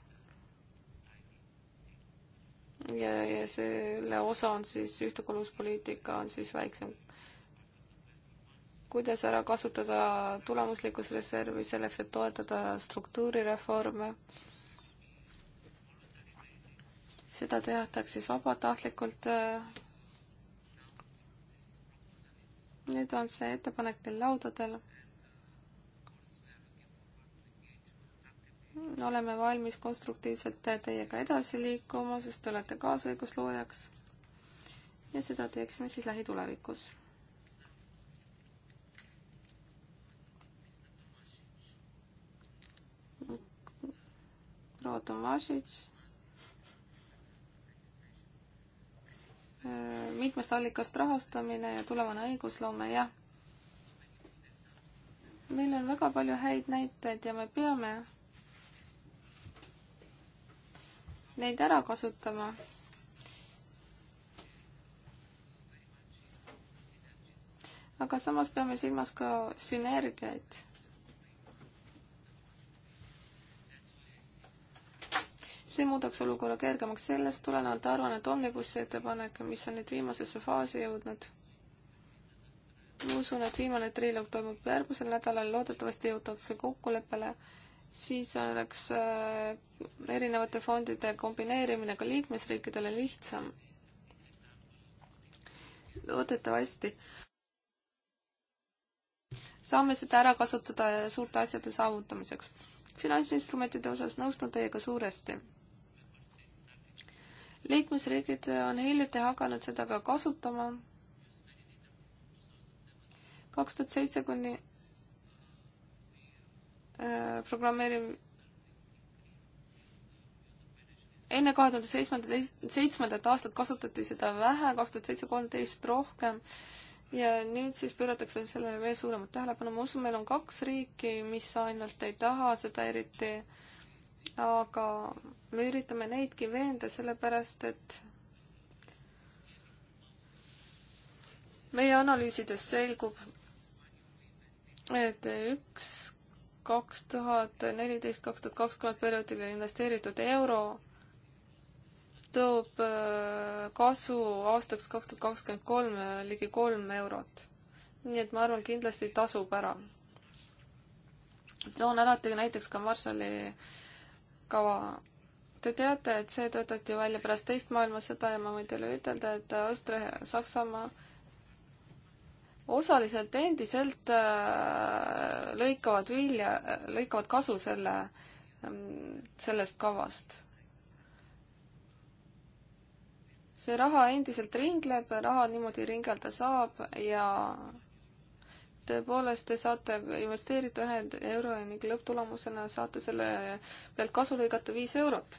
ja, ja selle osa on siis, ühtekuuluvuspoliitika on siis väiksem kuidas ära kasutada tulemuslikkusreservi selleks, et toetada struktuurireforme. seda tehtakse siis vabatahtlikult. nüüd on see ettepanek teil laudadel. oleme valmis konstruktiivselt teiega edasi liikuma, sest te olete kaasõigusloojaks. ja seda teeksime siis lähitulevikus proua Tomašits. Äh, mitmest allikast rahastamine ja tulevane õigusloome, jah. meil on väga palju häid näiteid ja me peame neid ära kasutama. aga samas peame silmas ka sünergiaid see muudaks olukorra kergemaks, sellest tulenevalt arvan, et Omnibussi ettepanek, mis on nüüd viimasesse faasi jõudnud, ma usun, et viimane triloog toimub järgmisel nädalal, loodetavasti jõutakse kokkuleppele, siis oleks äh, erinevate fondide kombineerimine ka liikmesriikidele lihtsam. loodetavasti saame seda ära kasutada suurte asjade saavutamiseks. finantsinstrumentide osas nõustun teiega suuresti liikmesriigid on hiljuti hakanud seda ka kasutama. kaks tuhat seitse kuni äh, programmeerim-, enne kahe tuhande seitsmendat, seitsmendat aastat kasutati seda vähe, kaks tuhat seitse, kolmteist rohkem ja nüüd siis pööratakse sellele veel suuremat tähelepanu, ma usun, meil on kaks riiki, mis ainult ei taha seda eriti äh, aga me üritame neidki veenda, sellepärast et meie analüüsides selgub, et üks kaks tuhat neliteist, kaks tuhat kakskümmend perioodil investeeritud euro toob äh, kasu aastaks kaks tuhat kakskümmend kolm äh, ligi kolm eurot. nii et ma arvan, kindlasti tasub ära. toon alati näiteks ka Marshalli äh, kava. Te teate, et see töötati välja pärast teist maailmasõda ja ma võin teile ütelda, et Austria ja Saksamaa osaliselt endiselt äh, lõikavad vilja, lõikavad kasu selle, ähm, sellest kavast. see raha endiselt ringleb, raha niimoodi ringelda saab ja tõepoolest te saate investeerida ühe euro ja ning lõpptulemusena saate selle pealt kasu lõigata viis eurot.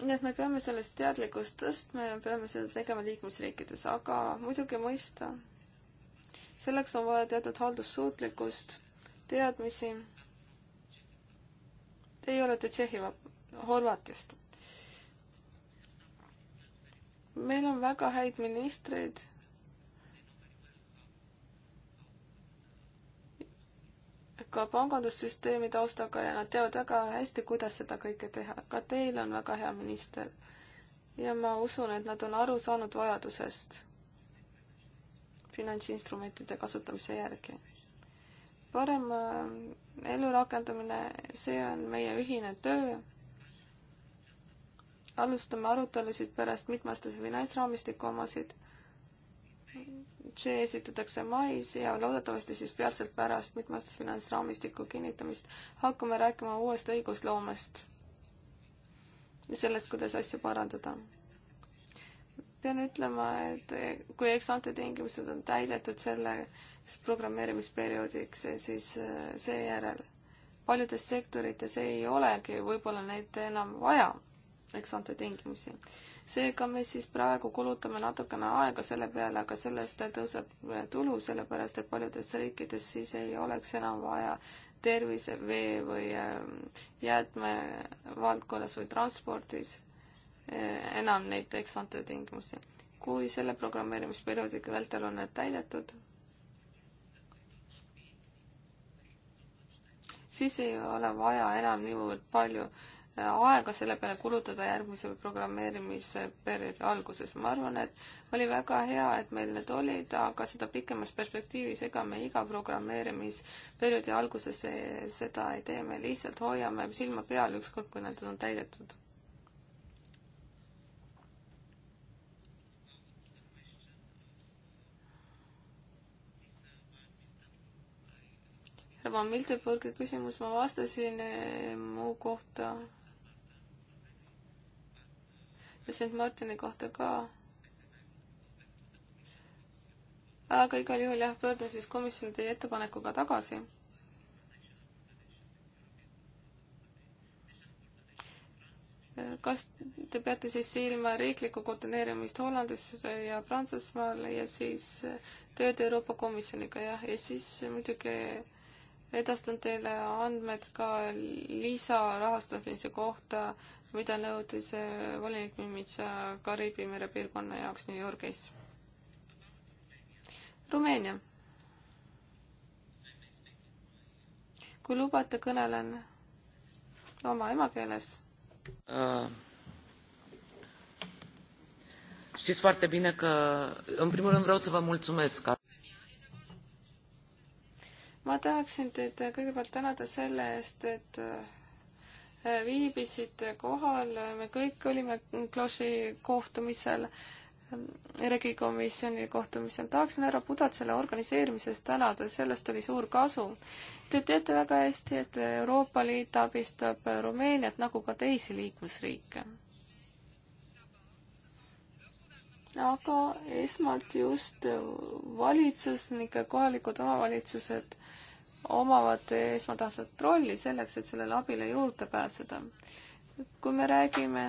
nii et me peame sellest teadlikkust tõstma ja peame seda tegema liikmesriikides, aga muidugi mõista. selleks on vaja teatud haldussuutlikkust, teadmisi. Teie olete Tšehhi Horvaatiast. meil on väga häid ministreid ka pangandussüsteemi taustaga ja nad teavad väga hästi, kuidas seda kõike teha. ka teil on väga hea minister. ja ma usun, et nad on aru saanud vajadusest finantsinstrumentide kasutamise järgi. parem äh, elu rakendamine, see on meie ühine töö. alustame arutelusid pärast mitmeste finantsraamistiku omasid see esitatakse mais ja loodetavasti siis peatselt pärast mitmeaastast finantsraamistiku kinnitamist hakkame rääkima uuest õigusloomest ja sellest, kuidas asju parandada. pean ütlema, et kui eksante tingimused on täidetud selleks programmeerimisperioodiks, siis eh, seejärel paljudes sektorites ei olegi võib-olla neid enam vaja eks ante tingimusi. seega me siis praegu kulutame natukene aega selle peale, aga sellest tõuseb tulu, sellepärast et paljudes riikides siis ei oleks enam vaja tervise, vee või äh, jäätmevaldkonnas või transpordis äh, enam neid eks ante tingimusi. kui selle programmeerimisperioodi vältel on need täidetud, siis ei ole vaja enam niivõrd palju äh, aega selle peale kulutada järgmise programmeerimisperioodi alguses. ma arvan, et oli väga hea, et meil need olid, aga seda pikemas perspektiivis, ega me iga programmeerimisperioodi alguses seda ei tee, me lihtsalt hoiame silma peal ükskord, kui need on täidetud. härra Van Miltenburgi küsimus ma vastasin eh, muu kohta St Martini kohta ka. aga igal juhul jah, pöördun siis komisjoni teie ettepanekuga tagasi. kas te peate siis silma riiklikku koordineerimist Hollandis ja Prantsusmaal ja siis tööd Euroopa Komisjoniga jah, ja siis muidugi edastan teile andmed ka lisarahastamise kohta mida nõudis äh, volinik Mimitsa Kariibi mere piirkonna jaoks New Yorgis. Rumeenia. kui lubate, kõnelen oma emakeeles uh.. Știți foarte bine că, în primul rând, vreau să vă mulțumesc. Ma tahaksin teid kõigepealt tänada selle eest, et äh, viibisid kohal, me kõik olime Kloši kohtumisel, regikomisjoni kohtumisel. tahaksin härra Pudat selle organiseerimise eest tänada, sellest oli suur kasu. Te teate väga hästi, et Euroopa Liit abistab Rumeeniat nagu ka teisi liikmesriike. aga esmalt just valitsus ning kohalikud omavalitsused omavad esmatähtsat rolli selleks, et sellele abile juurde pääseda. kui me räägime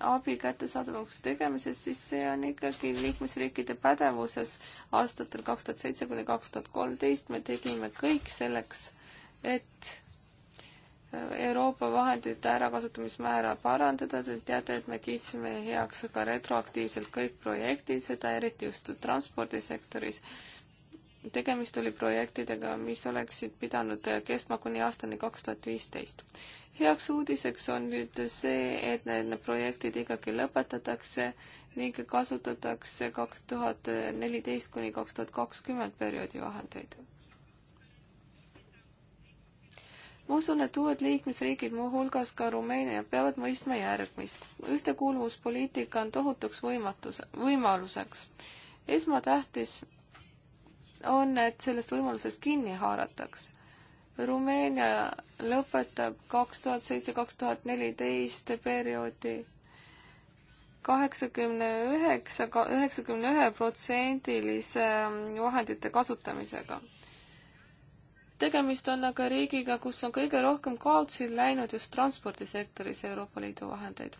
abi kättesaadavaks tegemisest, siis see on ikkagi liikmesriikide pädevuses. aastatel kaks tuhat seitse kuni kaks tuhat kolmteist me tegime kõik selleks, et Euroopa vahendite ärakasutamismäära parandada, te teate, et me kiitsime heaks ka retroaktiivselt kõik projektid, seda eriti just transpordisektoris tegemist oli projektidega, mis oleksid pidanud kestma kuni aastani kaks tuhat viisteist. heaks uudiseks on nüüd see, et need projektid ikkagi lõpetatakse ning kasutatakse kaks tuhat neliteist kuni kaks tuhat kakskümmend perioodi vahendeid. ma usun, et uued liikmesriigid, muuhulgas ka Rumeenia, peavad mõistma järgmist. ühtekuuluvuspoliitika on tohutuks võimatus, võimaluseks. esmatähtis on, et sellest võimalusest kinni haaratakse. Rumeenia lõpetab kaks tuhat seitse, kaks tuhat neliteist perioodi kaheksakümne üheksa, üheksakümne ühe protsendilise ähm, vahendite kasutamisega. tegemist on aga riigiga, kus on kõige rohkem kaotsi läinud just transpordisektoris Euroopa Liidu vahendeid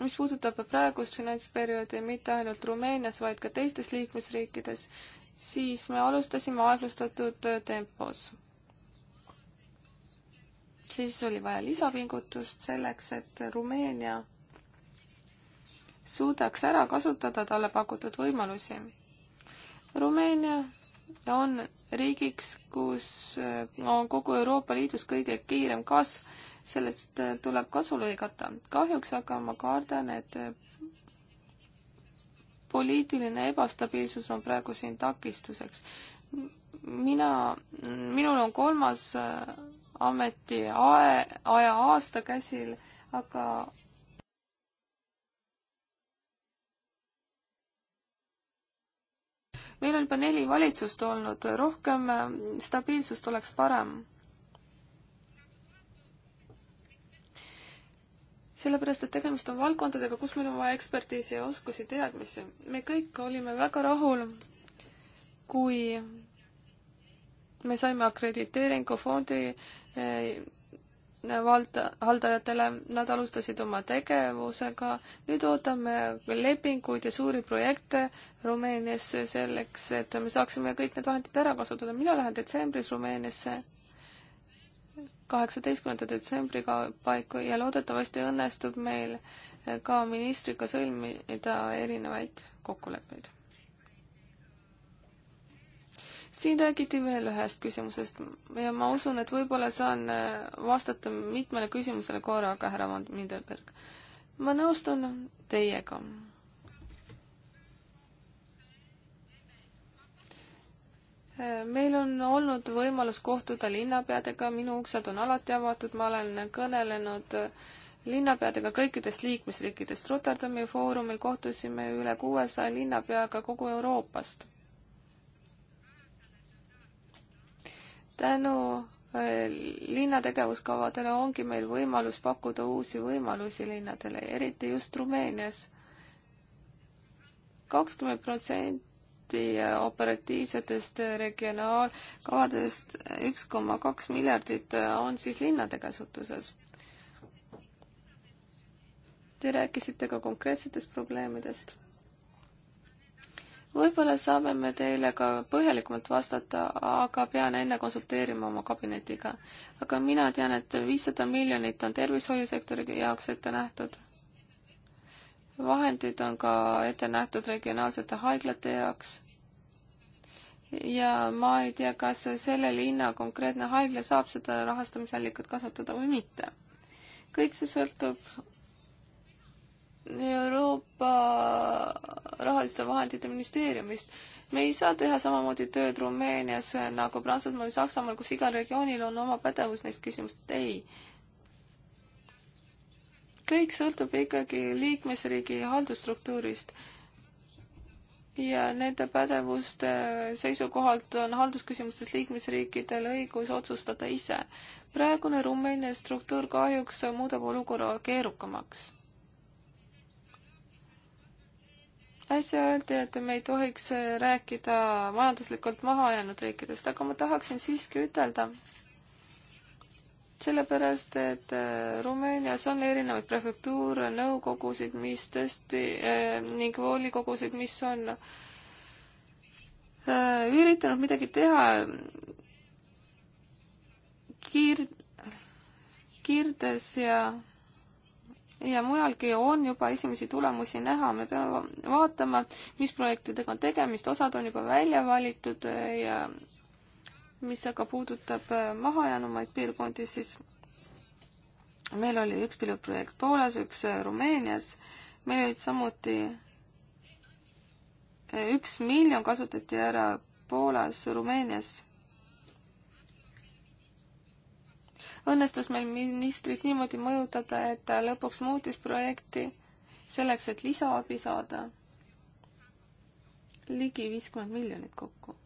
mis puudutab praegust finantsperioodi mitte ainult Rumeenias, vaid ka teistes liikmesriikides, siis me alustasime aeglustatud tempos. siis oli vaja lisapingutust selleks, et Rumeenia suudaks ära kasutada talle pakutud võimalusi. Rumeenia on riigiks, kus on kogu Euroopa Liidus kõige kiirem kasv sellest äh, tuleb kasu lõigata. kahjuks aga ma kardan, et äh, poliitiline ebastabiilsus on praegu siin takistuseks. mina, minul on kolmas äh, ametiae, aja aasta käsil, aga meil on juba neli valitsust olnud, rohkem stabiilsust oleks parem sellepärast, et tegemist on valdkondadega, kus meil on vaja ekspertiisi ja oskusi, teadmisi. me kõik olime väga rahul, kui me saime akrediteeringu fondi eh, valda, haldajatele, nad alustasid oma tegevusega, nüüd ootame lepinguid ja suuri projekte Rumeeniasse selleks, et me saaksime kõik need vahendid ära kasutada. mina lähen detsembris Rumeeniasse kaheksateistkümnenda detsembriga paiku ja loodetavasti õnnestub meil ka ministriga sõlmida erinevaid kokkuleppeid. siin räägiti veel ühest küsimusest ja ma usun, et võib-olla saan äh, vastata mitmele küsimusele korraga, härra Vandenberg. ma nõustun teiega meil on olnud võimalus kohtuda linnapeadega, minu uksed on alati avatud, ma olen kõnelenud linnapeadega kõikidest liikmesriikidest. Rotterdami foorumil kohtusime üle kuuesaja linnapeaga kogu Euroopast. tänu äh, linna tegevuskavadele ongi meil võimalus pakkuda uusi võimalusi linnadele, eriti just Rumeenias. kakskümmend protsenti protsenti äh, operatiivsetest äh, regionaalkavadest üks koma kaks miljardit äh, on siis linnade käsutuses. Te rääkisite ka konkreetsetest probleemidest. võib-olla saame me teile ka põhjalikumalt vastata, aga pean enne konsulteerima oma kabinetiga. aga mina tean, et viissada miljonit on tervishoiusektori jaoks ette nähtud vahendid on ka ette nähtud regionaalsete haiglate jaoks. ja ma ei tea, kas selle linna konkreetne haigla saab seda rahastamisallikat kasutada või mitte. kõik see sõltub Euroopa rahaliste vahendite ministeeriumist. me ei saa teha samamoodi tööd Rumeenias nagu Prantsusmaal või Saksamaal, kus igal regioonil on oma pädevus neis küsimustes. ei kõik sõltub ikkagi liikmesriigi haldusstruktuurist. ja nende pädevuste seisukohalt on haldusküsimustes liikmesriikidel õigus otsustada ise. praegune Rumeenia struktuur kahjuks muudab olukorra keerukamaks. äsja öeldi, et me ei tohiks rääkida majanduslikult mahajäänud riikidest, aga ma tahaksin siiski ütelda, sellepärast, et äh, Rumeenias on erinevaid prefektuure, nõukogusid, mis tõesti eh, ning volikogusid, mis on eh, üritanud midagi teha kiir-, kiirtes ja ja mujalgi on juba esimesi tulemusi näha, me peame vaatama, mis projektidega on tegemist, osad on juba välja valitud ja mis aga puudutab äh, mahajäänumaid piirkondi, siis meil oli üks pilootprojekt Poolas, üks äh, Rumeenias, meil olid samuti äh, üks miljon kasutati ära Poolas, Rumeenias. õnnestus meil ministrit niimoodi mõjutada, et ta lõpuks muutis projekti selleks, et lisaabi saada. ligi viiskümmend miljonit kokku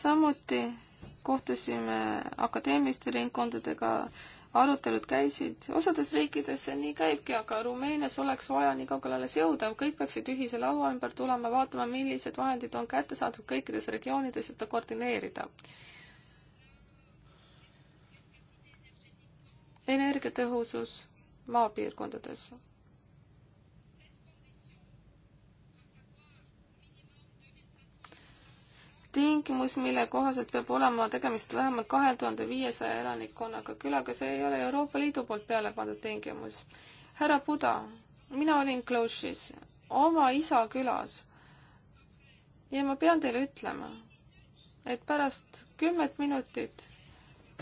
samuti kohtusime akadeemiliste ringkondadega, arutelud käisid, osades riikides see nii käibki, aga Rumeenias oleks vaja nii kaugele alles jõuda, kõik peaksid ühise laua ümber tulema, vaatama, millised vahendid on kättesaadavad kõikides regioonides, et seda koordineerida. energiatõhusus maapiirkondades tingimus, mille kohaselt peab olema tegemist vähemalt kahe tuhande viiesaja elanikkonnaga, küll aga see ei ole Euroopa Liidu poolt peale pandud tingimus. härra Buda, mina olin Cloche'is, oma isa külas. ja ma pean teile ütlema, et pärast kümmet minutit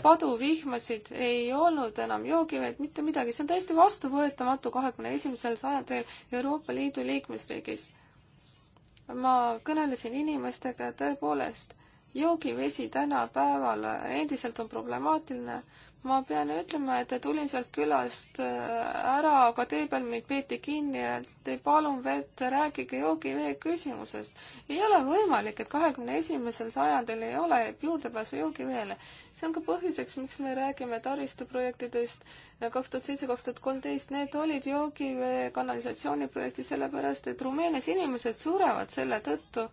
paduvihmasid ei olnud enam joogivett, mitte midagi, see on täiesti vastuvõetamatu kahekümne esimesel sajandil Euroopa Liidu liikmesriigis ma kõnelesin inimestega ja tõepoolest, joogivesi tänapäeval endiselt on problemaatiline ma pean ütlema, et tulin sealt külast äh, ära, aga tee peal mind peeti kinni ja te palun vett, rääkige joogivee küsimusest. ei ole võimalik, et kahekümne esimesel sajandil ei ole juurdepääsu joogiveele. see on ka põhjuseks, miks me räägime taristuprojektidest äh, kaks tuhat seitse, kaks tuhat kolmteist, need olid joogivee kanalisatsiooniprojekti, sellepärast et Rumeenias inimesed surevad selle tõttu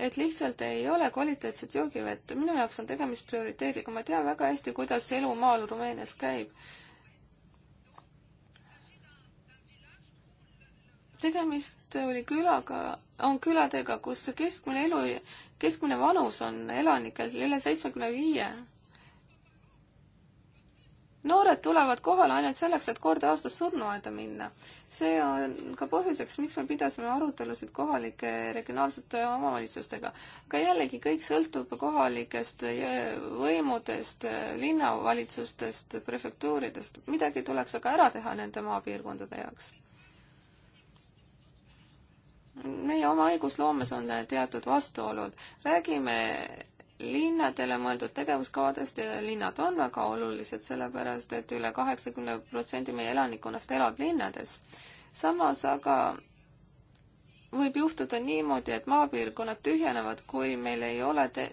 et lihtsalt ei ole kvaliteetset joogivett. minu jaoks on tegemist prioriteediga, ma tean väga hästi, kuidas elu maal Rumeenias käib. tegemist oli külaga, on küladega, kus keskmine elu, keskmine vanus on elanikel üle seitsmekümne viie noored tulevad kohale ainult selleks, et kord aastas surnuaeda minna. see on ka põhjuseks, miks me pidasime arutelusid kohalike regionaalsete omavalitsustega. aga jällegi, kõik sõltub kohalikest võimudest, linnavalitsustest, prefektuuridest. midagi tuleks aga ära teha nende maapiirkondade jaoks. meie oma õigusloomes on teatud vastuolud. räägime linnadele mõeldud tegevuskavadest ja linnad on väga olulised, sellepärast et üle kaheksakümne protsendi meie elanikkonnast elab linnades. samas aga võib juhtuda niimoodi, et maapiirkonnad tühjenevad, kui meil ei ole te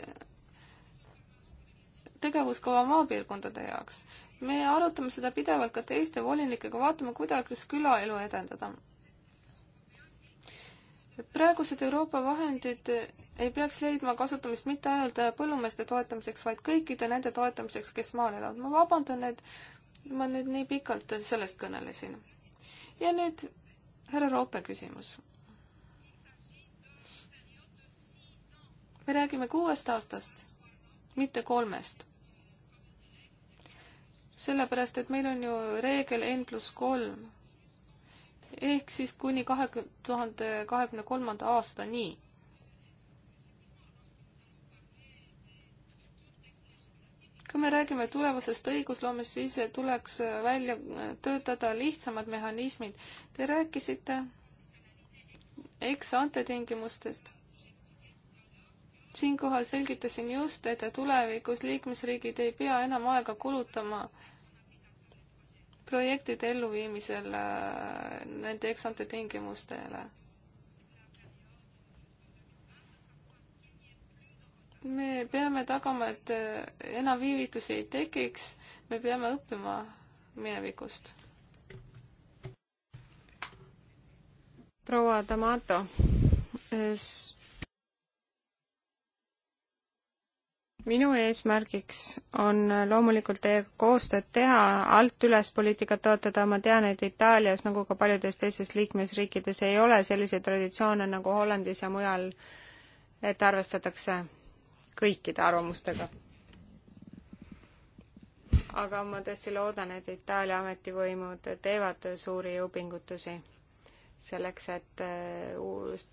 tegevuskava maapiirkondade jaoks. me arutame seda pidevalt ka teiste volinikega, vaatame, kuidas külaelu edendada. praegused Euroopa vahendid ei peaks leidma kasutamist mitte ainult äh, põllumeeste toetamiseks, vaid kõikide nende toetamiseks, kes maal elavad. ma vabandan, et ma nüüd nii pikalt sellest kõnelesin. ja nüüd härra Roope küsimus. me räägime kuuest aastast, mitte kolmest. sellepärast, et meil on ju reegel N pluss kolm ehk siis kuni kahe tuhande kahekümne kolmanda aastani kui me räägime tulevasest õigusloomest, siis tuleks välja töötada lihtsamad mehhanismid. Te rääkisite ex-ante tingimustest. siinkohal selgitasin just, et tulevikus liikmesriigid ei pea enam aega kulutama projektide elluviimisel äh, nende ex-ante tingimustele me peame tagama, et äh, enam viivitusi ei tekiks, me peame õppima minevikust. proua Tamato. minu eesmärgiks on loomulikult teiega koostööd teha, alt üles poliitikat toetada, ma tean, et Itaalias nagu ka paljudes teistes liikmesriikides ei ole selliseid traditsioone nagu Hollandis ja mujal, et arvestatakse kõikide arvamustega. aga ma tõesti loodan, et Itaalia ametivõimud teevad suuri jõupingutusi selleks, et äh, uus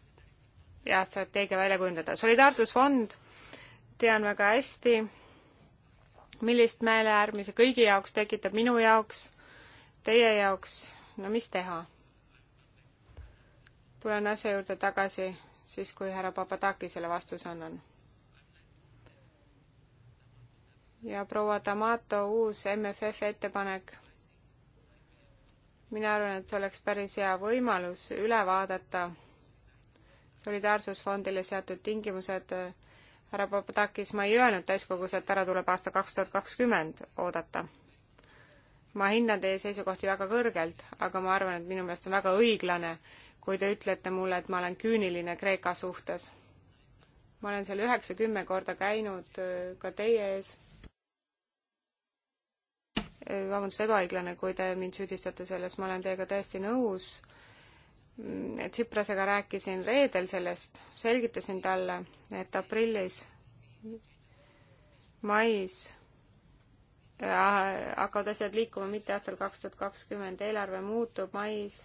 ja strateegia välja kujundada. solidaarsusfond, tean väga hästi, millist meeleäärmi see kõigi jaoks tekitab, minu jaoks, teie jaoks, no mis teha? tulen asja juurde tagasi siis, kui härra Papadakisele vastuse annan ja proua Tamato uus MFF ettepanek. mina arvan, et see oleks päris hea võimalus üle vaadata solidaarsusfondile seatud tingimused. härra Papadakis, ma ei öelnud täiskogus, et ära tuleb aasta kaks tuhat kakskümmend oodata. ma hindan teie seisukohti väga kõrgelt, aga ma arvan, et minu meelest on väga õiglane, kui te ütlete mulle, et ma olen küüniline Kreeka suhtes. ma olen seal üheksa-kümme korda käinud äh, ka teie ees Äh, vabandust, ebaõiglane, kui te mind süüdistate selles, ma olen teiega täiesti nõus. Mm, Tsiprasega rääkisin reedel sellest, selgitasin talle, et aprillis, mais äh, hakkavad asjad liikuma mitte aastal kaks tuhat kakskümmend, eelarve muutub mais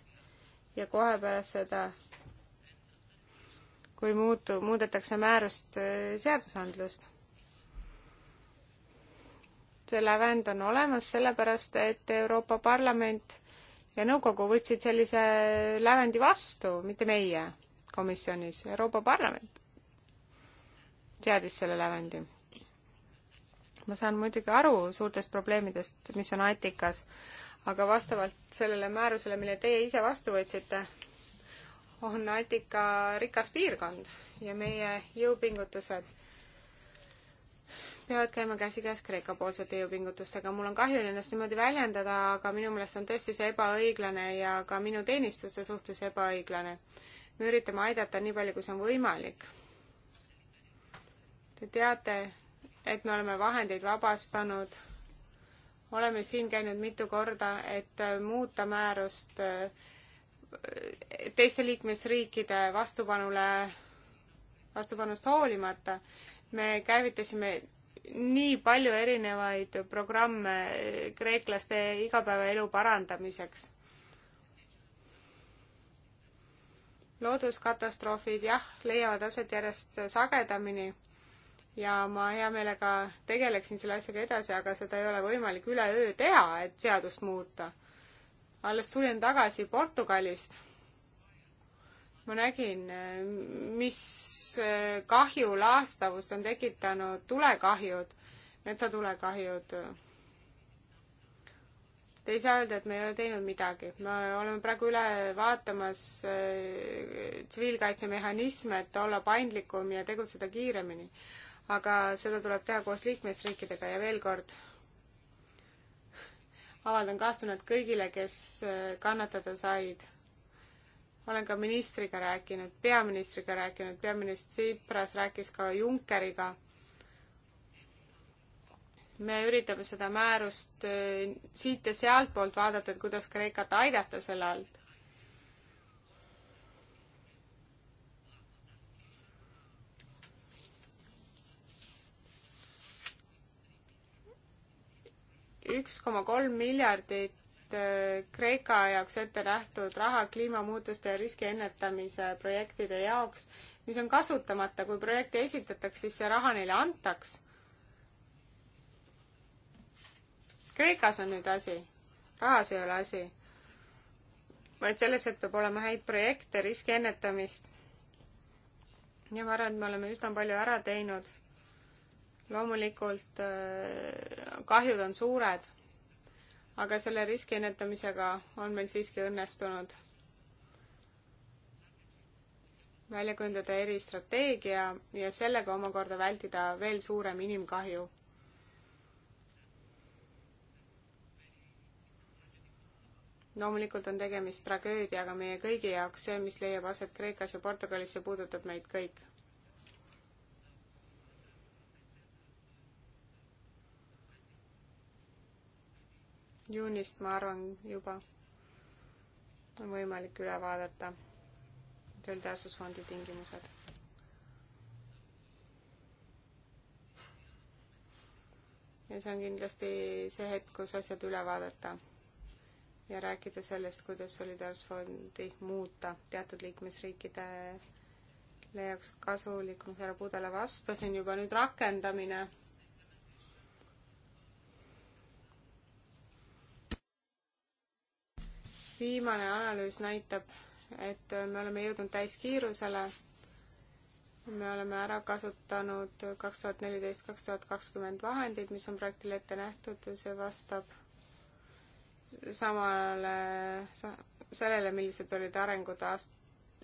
ja kohe pärast seda, kui muutu-, muudetakse määrust, äh, seadusandlust see lävend on olemas, sellepärast et Euroopa Parlament ja nõukogu võtsid sellise lävendi vastu, mitte meie komisjonis, Euroopa Parlament teadis selle lävendi. ma saan muidugi aru suurtest probleemidest, mis on Atikas, aga vastavalt sellele määrusele, mille teie ise vastu võtsite, on Atika rikas piirkond ja meie jõupingutused peavad käima käsikäes Kreeka-poolsete jõupingutustega. mul on kahju ennast niimoodi väljendada, aga minu meelest on tõesti see ebaõiglane ja ka minu teenistuste suhtes ebaõiglane. me üritame aidata nii palju, kui see on võimalik. Te teate, et me oleme vahendeid vabastanud, oleme siin käinud mitu korda, et muuta määrust teiste liikmesriikide vastupanule, vastupanust hoolimata me käivitasime nii palju erinevaid programme kreeklaste igapäevaelu parandamiseks. looduskatastroofid jah, leiavad aset järjest sagedamini ja ma hea meelega tegeleksin selle asjaga edasi, aga seda ei ole võimalik üleöö teha, et seadust muuta. alles tulin tagasi Portugalist ma nägin, mis äh, kahju, laastavust on tekitanud tulekahjud, metsatulekahjud. Te ei saa öelda, et me ei ole teinud midagi. me oleme praegu üle vaatamas äh, tsiviilkaitsemehhanisme, et olla paindlikum ja tegutseda kiiremini. aga seda tuleb teha koos liikmesriikidega ja veel kord, avaldan kaastunnet kõigile, kes äh, kannatada said ma olen ka ministriga rääkinud, peaministriga rääkinud, peaminister Tsipras rääkis ka Junckeriga. me üritame seda määrust äh, siit ja sealtpoolt vaadata, et kuidas Kreekat aidata selle alt. üks koma kolm miljardit et äh, Kreeka jaoks ette nähtud raha kliimamuutuste ja riski ennetamise projektide jaoks, mis on kasutamata, kui projekte esitatakse, siis see raha neile antaks. Kreekas on nüüd asi, rahas ei ole asi, vaid selles, et peab olema häid projekte, riski ennetamist. ja ma arvan, et me oleme üsna palju ära teinud. loomulikult äh, kahjud on suured aga selle riski ennetamisega on meil siiski õnnestunud välja kujundada eristrateegia ja sellega omakorda vältida veel suurem inimkahju. loomulikult on tegemist tragöödiaga meie kõigi jaoks, see, mis leiab aset Kreekas ja Portugalis, see puudutab meid kõik juunist, ma arvan, juba on võimalik üle vaadata töötähtsusfondi tingimused. ja see on kindlasti see hetk, kus asjad üle vaadata ja rääkida sellest, kuidas solidaarsusfondi muuta teatud liikmesriikidele jaoks kasulikumaks. härra Pudele vastasin juba nüüd rakendamine viimane analüüs näitab, et me oleme jõudnud täiskiirusele. me oleme ära kasutanud kaks tuhat neliteist, kaks tuhat kakskümmend vahendid, mis on projektile ette nähtud, see vastab samale, sellele, millised olid arengud aast-,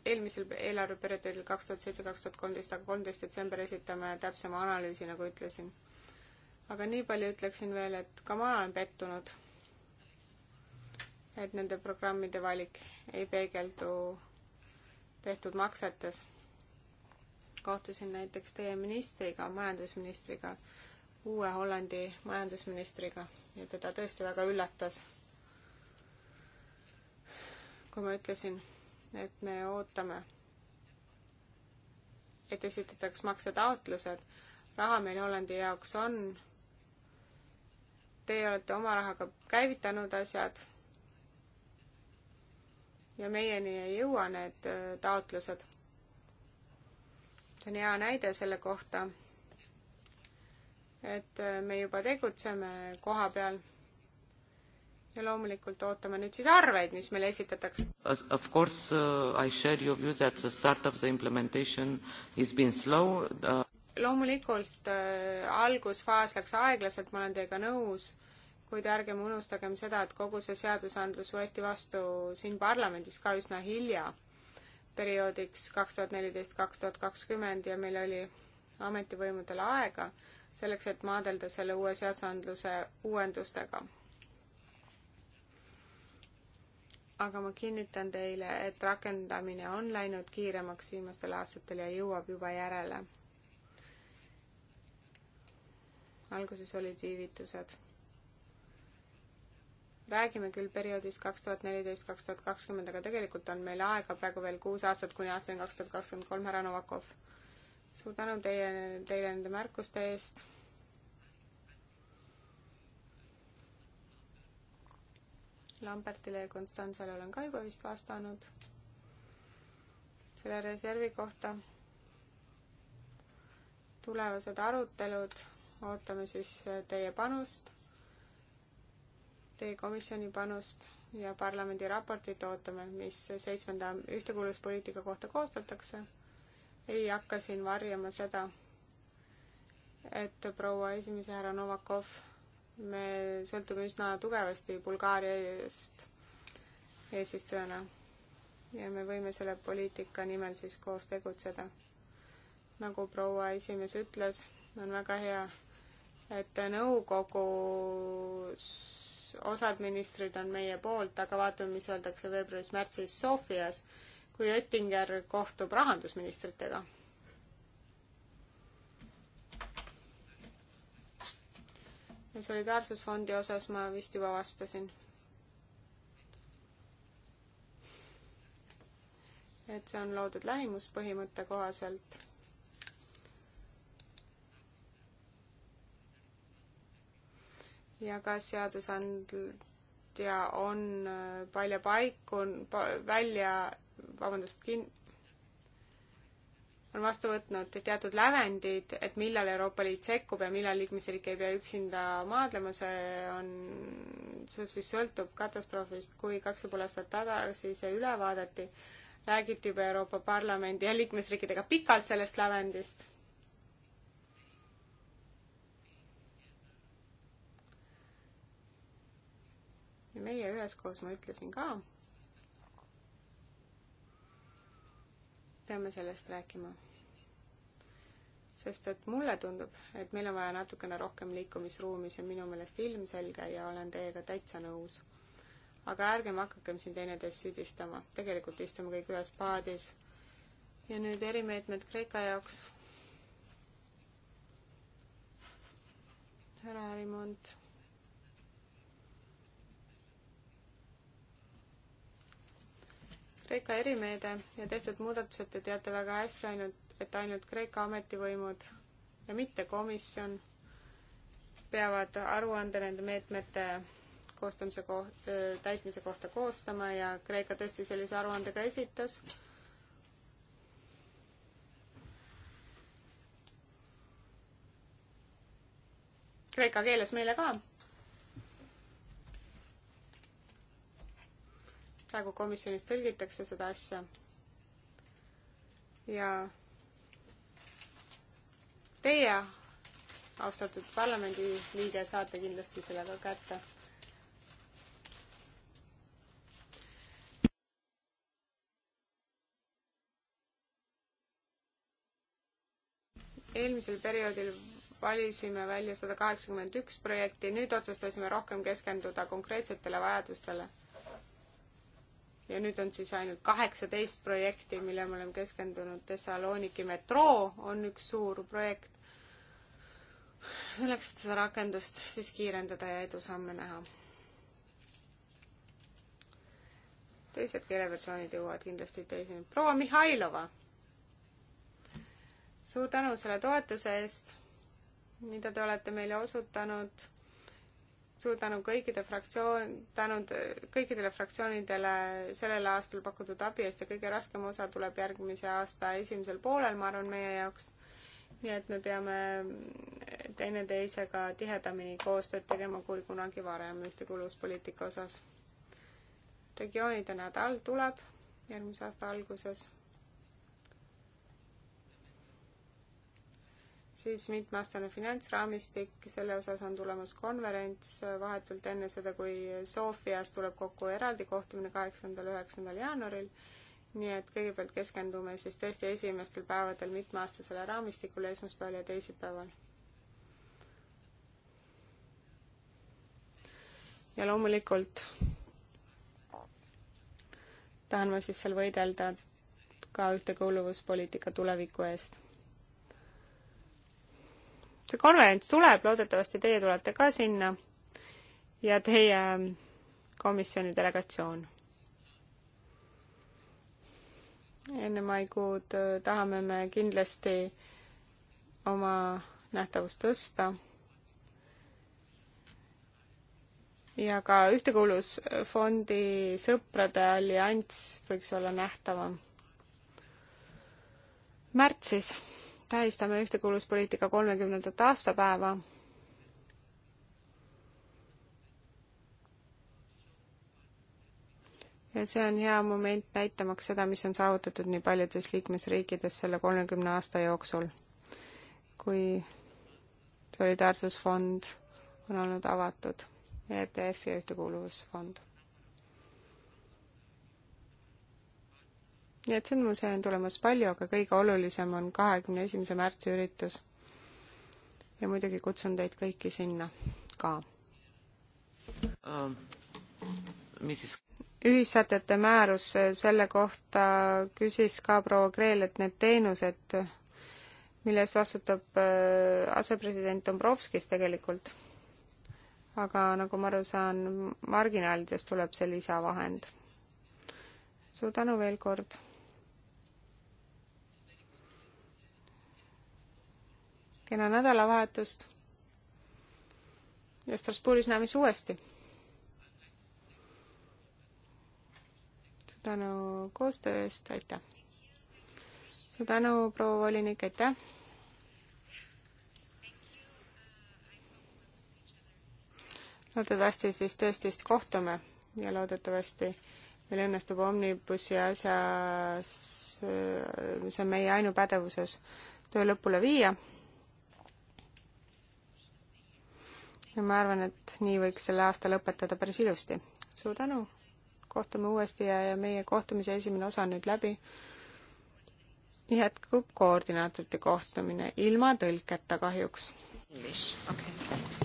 eelmisel eelarveperioodil kaks tuhat seitse, kaks tuhat kolmteist, aga kolmteist detsember esitame täpsema analüüsi, nagu ütlesin. aga nii palju ütleksin veel, et ka ma olen pettunud et nende programmide valik ei peegeldu tehtud maksetes. kohtusin näiteks teie ministriga, majandusministriga, uue Hollandi majandusministriga ja teda tõesti väga üllatas, kui ma ütlesin, et me ootame, et esitataks maksetaotlused. raha meil Hollandi jaoks on. Teie olete oma rahaga käivitanud asjad ja meieni ei jõua need äh, taotlused. see on hea näide selle kohta, et äh, me juba tegutseme koha peal. ja loomulikult ootame nüüd siis arveid, mis meile esitatakse. Of course uh, I share your view that the start of the implementation is been slow uh.... loomulikult uh, algusfaas läks aeglaselt, ma olen teiega nõus kuid ärgem unustagem seda, et kogu see seadusandlus võeti vastu siin parlamendis ka üsna hilja, perioodiks kaks tuhat neliteist, kaks tuhat kakskümmend ja meil oli ametivõimudel aega selleks, et maadelda selle uue seadusandluse uuendustega. aga ma kinnitan teile, et rakendamine on läinud kiiremaks viimastel aastatel ja jõuab juba järele alguses olid viivitused räägime küll perioodist kaks tuhat neliteist, kaks tuhat kakskümmend, aga tegelikult on meil aega praegu veel kuus aastat kuni aastani kaks tuhat kakskümmend kolm, härra Novakov. suur tänu teie, teile nende märkuste eest. Lambertile ja Konstantsele olen ka juba vist vastanud selle reservi kohta. tulevased arutelud, ootame siis teie panust teie komisjoni panust ja parlamendi raportit ootame, mis seitsmenda ühtekuuluvuspoliitika kohta koostatakse. ei hakka siin varjama seda, et proua esimese härra Novakov, me sõltume üsna tugevasti Bulgaariast eesistujana ja me võime selle poliitika nimel siis koos tegutseda. nagu proua esimees ütles, on väga hea, et nõukogus osad ministrid on meie poolt, aga vaatame, mis öeldakse veebruaris-märtsis Sofias, kui Oettinger kohtub rahandusministritega. ja solidaarsusfondi osas ma vist juba vastasin. et see on loodud lähimuspõhimõtte kohaselt ja kas seadusandja on äh, palju paiku pa, välja, vabandust, kin-, on vastu võtnud teatud lävendid, et millal Euroopa Liit sekkub ja millal liikmesriik ei pea üksinda maadlema, see on, see siis sõltub katastroofist, kui kaks ja pool aastat tagasi see üle vaadati, räägiti juba Euroopa Parlamendi ja liikmesriikidega pikalt sellest lävendist ja meie üheskoos, ma ütlesin ka, peame sellest rääkima. sest et mulle tundub, et meil on vaja natukene rohkem liikumisruumi, see on minu meelest ilmselge ja olen teiega täitsa nõus. aga ärgem hakakem siin teineteist süüdistama, tegelikult istume kõik ühes paadis. ja nüüd erimeetmed Kreeka jaoks. härra Arimont Kreeka erimeede ja tehtud muudatused te teate väga hästi ainult, et ainult Kreeka ametivõimud ja mitte komisjon peavad aruande nende meetmete koostamise koht, täitmise kohta koostama ja Kreeka tõesti sellise aruande ka esitas kreeka keeles meile ka praegu komisjonis tõlgitakse seda asja. ja teie, austatud parlamendiliige, saate kindlasti selle ka kätte eelmisel perioodil valisime välja sada kaheksakümmend üks projekti, nüüd otsustasime rohkem keskenduda konkreetsetele vajadustele ja nüüd on siis ainult kaheksateist projekti, mille me oleme keskendunud. Thessaloniki metroo on üks suur projekt. selleks, et seda rakendust siis kiirendada ja edusamme näha. teised keeleversioonid jõuavad kindlasti teiseni. proua Mihhailova, suur tänu selle toetuse eest, mida te olete meile osutanud suur tänu kõikide fraktsioon, tänud kõikidele fraktsioonidele sellel aastal pakutud abi eest ja kõige raskem osa tuleb järgmise aasta esimesel poolel, ma arvan, meie jaoks. nii et me peame teineteisega tihedamini koostööd tegema kui kunagi varem ühtekuuluvuspoliitika osas. regioonide nädal tuleb järgmise aasta alguses siis mitmeaastane finantsraamistik, selle osas on tulemas konverents vahetult enne seda, kui Sofias tuleb kokku eraldi kohtumine kaheksandal, üheksandal jaanuaril. nii et kõigepealt keskendume siis tõesti esimestel päevadel mitmeaastasele raamistikule esmaspäeval ja teisipäeval. ja loomulikult tahan ma siis seal võidelda ka ühtekuuluvuspoliitika tuleviku eest see konverents tuleb, loodetavasti teie tulete ka sinna ja teie komisjoni delegatsioon. enne maikuud äh, tahame me kindlasti oma nähtavust tõsta. ja ka Ühtekuuluvusfondi sõprade allianss võiks olla nähtavam. märtsis tähistame ühtekuuluvuspoliitika kolmekümnendat aastapäeva. ja see on hea moment näitamaks seda, mis on saavutatud nii paljudes liikmesriikides selle kolmekümne aasta jooksul, kui solidaarsusfond on olnud avatud, RDF e ja Ühtekuuluvusfond Neid sündmusi on tulemas palju, aga kõige olulisem on kahekümne esimese märtsi üritus. ja muidugi kutsun teid kõiki sinna ka um,. ühissätete määrus, selle kohta küsis ka proua Kreel, et need teenused, mille eest vastutab äh, asepresident Dombrovskis tegelikult, aga nagu ma aru saan, marginaalidest tuleb see lisavahend. suur tänu veel kord kena nädalavahetust ja Strasbourgis näeme siis uuesti. suur tänu koostöö eest, aitäh! suur tänu, proua volinik, aitäh! loodetavasti siis tõesti kohtume ja loodetavasti meil õnnestub Omnibussi asjas, mis on meie ainupädevuses, töö lõpule viia ja ma arvan, et nii võiks selle aasta lõpetada päris ilusti. suur tänu, kohtume uuesti ja, ja meie kohtumise esimene osa on nüüd läbi. jätkub koordinaatorite kohtumine ilma tõlketa kahjuks. English, okay.